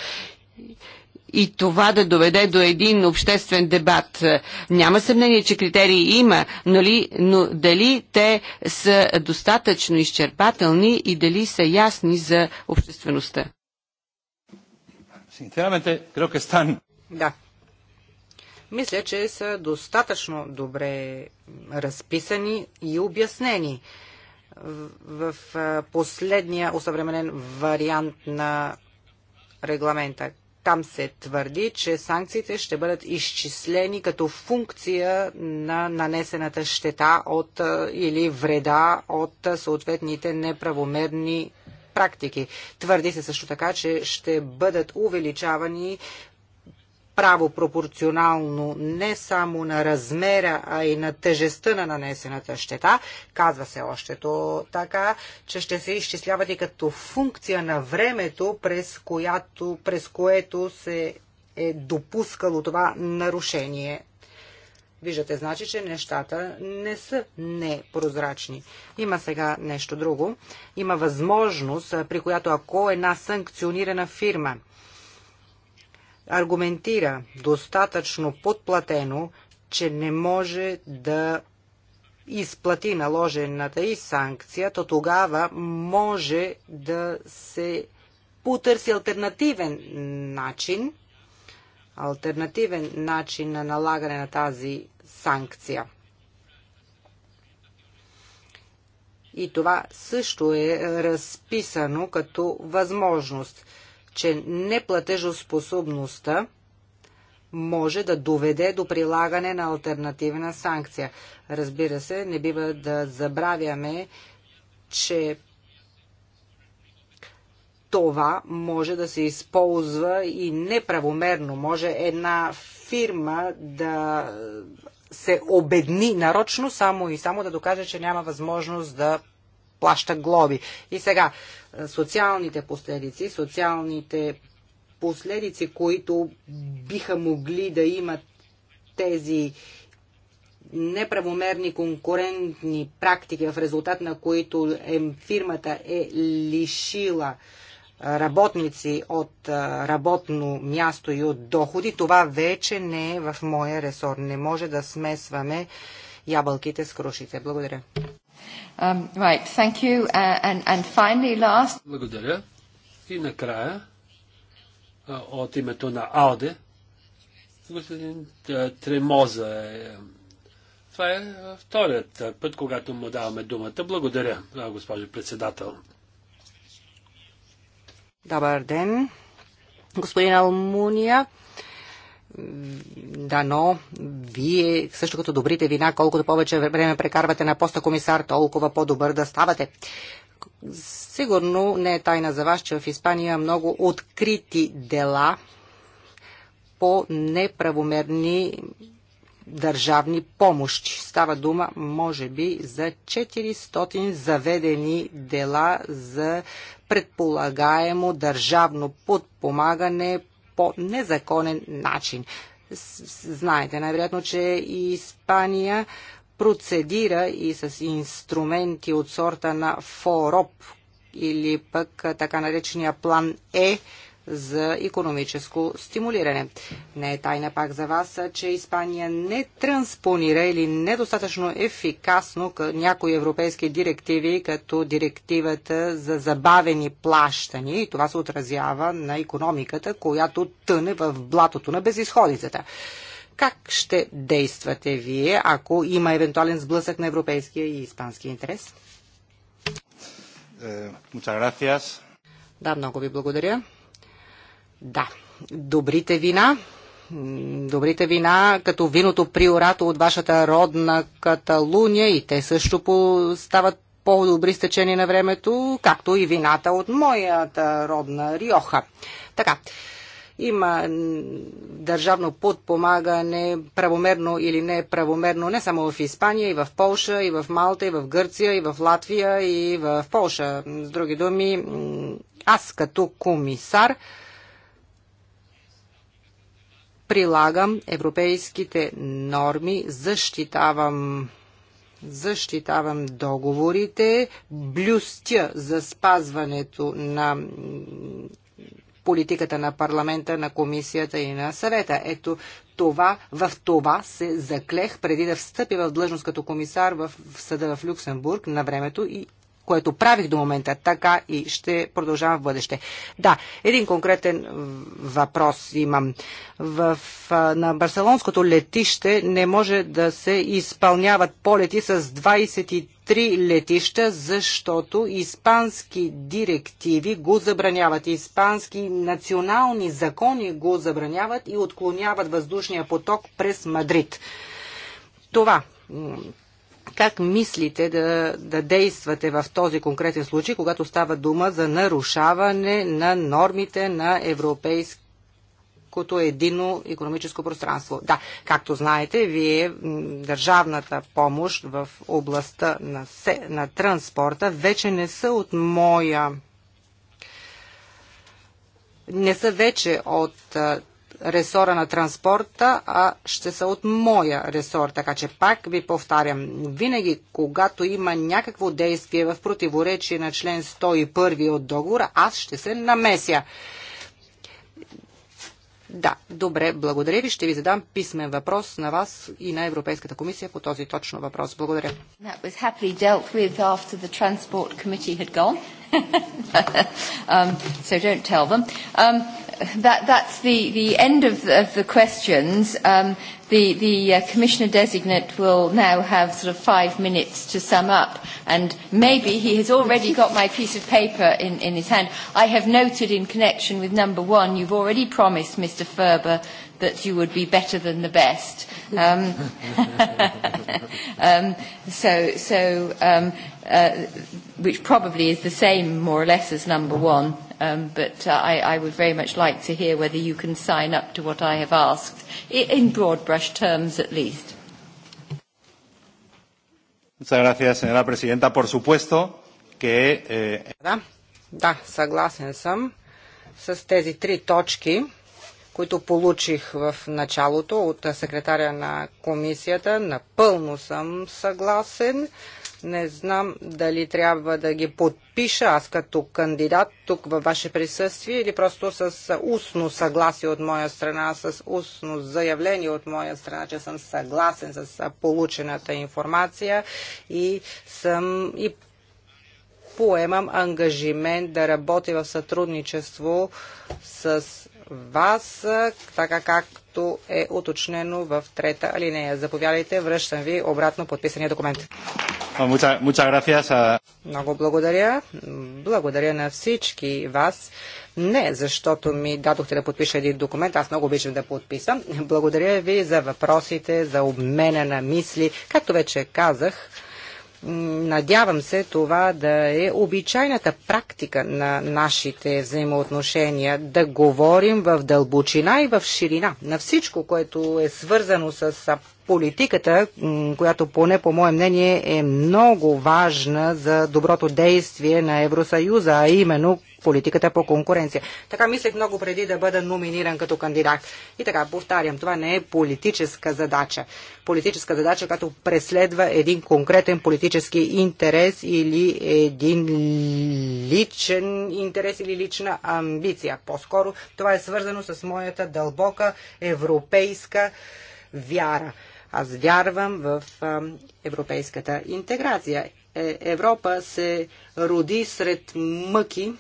и това да доведе до един обществен дебат. Няма съмнение, че критерии има, но, ли, но дали те са достатъчно изчерпателни и дали са ясни за обществеността? Е да. Мисля, че са достатъчно добре разписани и обяснени в, в последния осъвременен вариант на регламента. Там се твърди, че санкциите ще бъдат изчислени като функция на нанесената щета от, или вреда от съответните неправомерни практики. Твърди се също така, че ще бъдат увеличавани право пропорционално не само на размера, а и на тежестта на нанесената щета. Казва се още то така, че ще се изчисляват и като функция на времето, през, която, през което се е допускало това нарушение Виждате, значи, че нещата не са непрозрачни. Има сега нещо друго. Има възможност, при която ако една санкционирана фирма аргументира достатъчно подплатено, че не може да изплати наложената и санкция, то тогава може да се потърси альтернативен начин, альтернативен начин на налагане на тази санкция. И това също е разписано като възможност – че неплатежоспособността може да доведе до прилагане на альтернативна санкция. Разбира се, не бива да забравяме, че това може да се използва и неправомерно. Може една фирма да се обедни нарочно само и само да докаже, че няма възможност да плаща глоби. И сега, е, социалните последици, социалните последици, които биха могли да имат тези неправомерни конкурентни практики, в резултат на които фирмата е лишила е, работници от е, работно място и от доходи, това вече не е в моя ресор. Не може да смесваме ябълките с крушите. Благодаря. Um, right, thank you. Uh, finally, last... Благодаря. И накрая, от името на Алде, господин Тремоза е... Това е вторият път, когато му даваме думата. Благодаря, госпожо председател. Добър ден. Господин Алмуния, дано вие, също като добрите вина, колкото повече време прекарвате на поста комисар, толкова по-добър да ставате. Сигурно не е тайна за вас, че в Испания много открити дела по неправомерни държавни помощи. Става дума, може би, за 400 заведени дела за предполагаемо държавно подпомагане по незаконен начин. Знаете най-вероятно, че Испания процедира и с инструменти от сорта на ФОРОП или пък така наречения план Е, e, за економическо стимулиране. Не е тайна пак за вас, че Испания не транспонира или недостатъчно ефикасно някои европейски директиви, като директивата за забавени плащани и това се отразява на економиката, която тъне в блатото на безисходицата как ще действате вие, ако има евентуален сблъсък на европейския и испански интерес? Е, да, много ви благодаря. Да, добрите вина, добрите вина, като виното приорато от вашата родна Каталуния и те също стават по-добри стечени на времето, както и вината от моята родна Риоха. Така, има държавно подпомагане, правомерно или не правомерно, не само в Испания, и в Полша, и в Малта, и в Гърция, и в Латвия, и в Полша. С други думи, аз като комисар прилагам европейските норми, защитавам защитавам договорите, блюстя за спазването на политиката на парламента, на комисията и на съвета. Ето това, в това се заклех преди да встъпи в длъжност като комисар в съда в Люксембург на времето и което правих до момента, така и ще продължавам в бъдеще. Да, един конкретен въпрос имам. В, на Барселонското летище не може да се изпълняват полети с 23 летища, защото испански директиви го забраняват, испански национални закони го забраняват и отклоняват въздушния поток през Мадрид. Това как мислите да, да действате в този конкретен случай, когато става дума за нарушаване на нормите на европейски като едино економическо пространство. Да, както знаете, вие държавната помощ в областта на, се, на транспорта вече не са от моя не са вече от а, ресора на транспорта, а ще са от моя ресор. Така че пак ви повтарям, винаги когато има някакво действие в противоречие на член 101 от договора, аз ще се намеся. Да, добре, благодаря ви. Ще ви задам писмен въпрос на вас и на Европейската комисия по този точно въпрос. Благодаря. um, so um, that, that's the, the end of the, of the questions. Um, the the uh, commissioner designate will now have sort of five minutes to sum up, and maybe he has already got my piece of paper in, in his hand. I have noted in connection with number one, you've already promised Mr. Ferber that you would be better than the best. Um, um, so, so um, uh, which probably is the same, more or less, as number one um, but uh, I, I would very much like to hear whether you can sign up to what I have asked, in broad brush terms at least. Muchas gracias, señora presidenta. Por supuesto que... Eh... Да, да, съгласен съм с тези три точки, които получих в началото от секретаря на комисията. Напълно съм съгласен. Не знам дали трябва да ги подпиша аз като кандидат тук във ваше присъствие или просто с устно съгласие от моя страна, с устно заявление от моя страна, че съм съгласен с получената информация и съм и поемам ангажимент да работя в сътрудничество с вас, така както е уточнено в трета алинея. Заповядайте, връщам ви обратно подписания документ. Много благодаря. Благодаря на всички вас. Не, защото ми дадохте да подпиша един документ. Аз много обичам да подписам. Благодаря ви за въпросите, за обмена на мисли. Както вече казах, Надявам се това да е обичайната практика на нашите взаимоотношения, да говорим в дълбочина и в ширина на всичко, което е свързано с политиката, която поне по мое мнение е много важна за доброто действие на Евросъюза, а именно политиката по конкуренция. Така мислех много преди да бъда номиниран като кандидат. И така, повтарям, това не е политическа задача. Политическа задача, като преследва един конкретен политически интерес или един личен интерес или лична амбиция. По-скоро това е свързано с моята дълбока европейска вяра. Аз вярвам в европейската интеграция. Е, Европа се роди сред мъки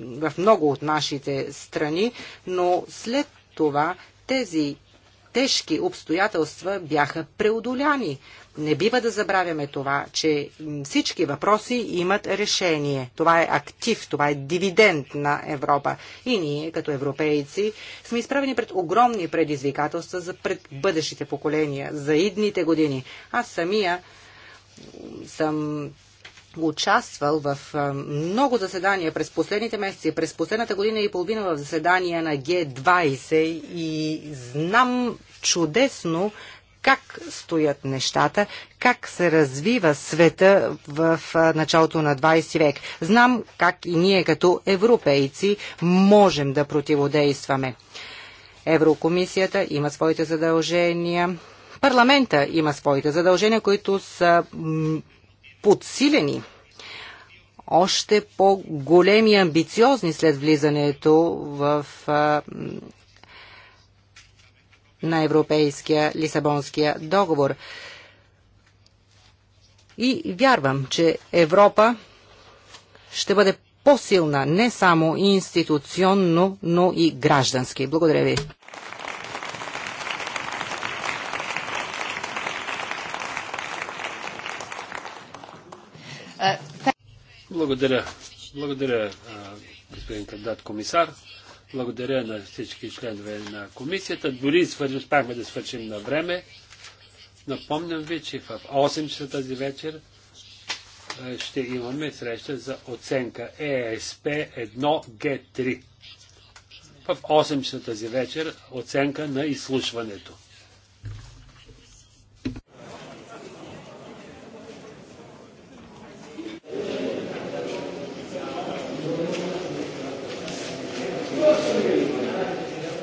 в много от нашите страни, но след това тези тежки обстоятелства бяха преодоляни. Не бива да забравяме това, че всички въпроси имат решение. Това е актив, това е дивиденд на Европа. И ние, като европейци, сме изправени пред огромни предизвикателства за пред бъдещите поколения, за идните години. Аз самия съм участвал в много заседания през последните месеци, през последната година и половина в заседания на Г20 и знам чудесно как стоят нещата, как се развива света в началото на 20 век. Знам как и ние като европейци можем да противодействаме. Еврокомисията има своите задължения, парламента има своите задължения, които са подсилени още по-големи и амбициозни след влизането в на Европейския Лисабонския договор. И вярвам, че Европа ще бъде по-силна не само институционно, но и граждански. Благодаря ви. Благодаря. Благодаря, господин кандидат комисар. Благодаря на всички членове на комисията. Дори успяхме да свършим на време. Напомням ви, че в 8 часа тази вечер ще имаме среща за оценка ЕСП 1G3. В 8 часа тази вечер оценка на изслушването.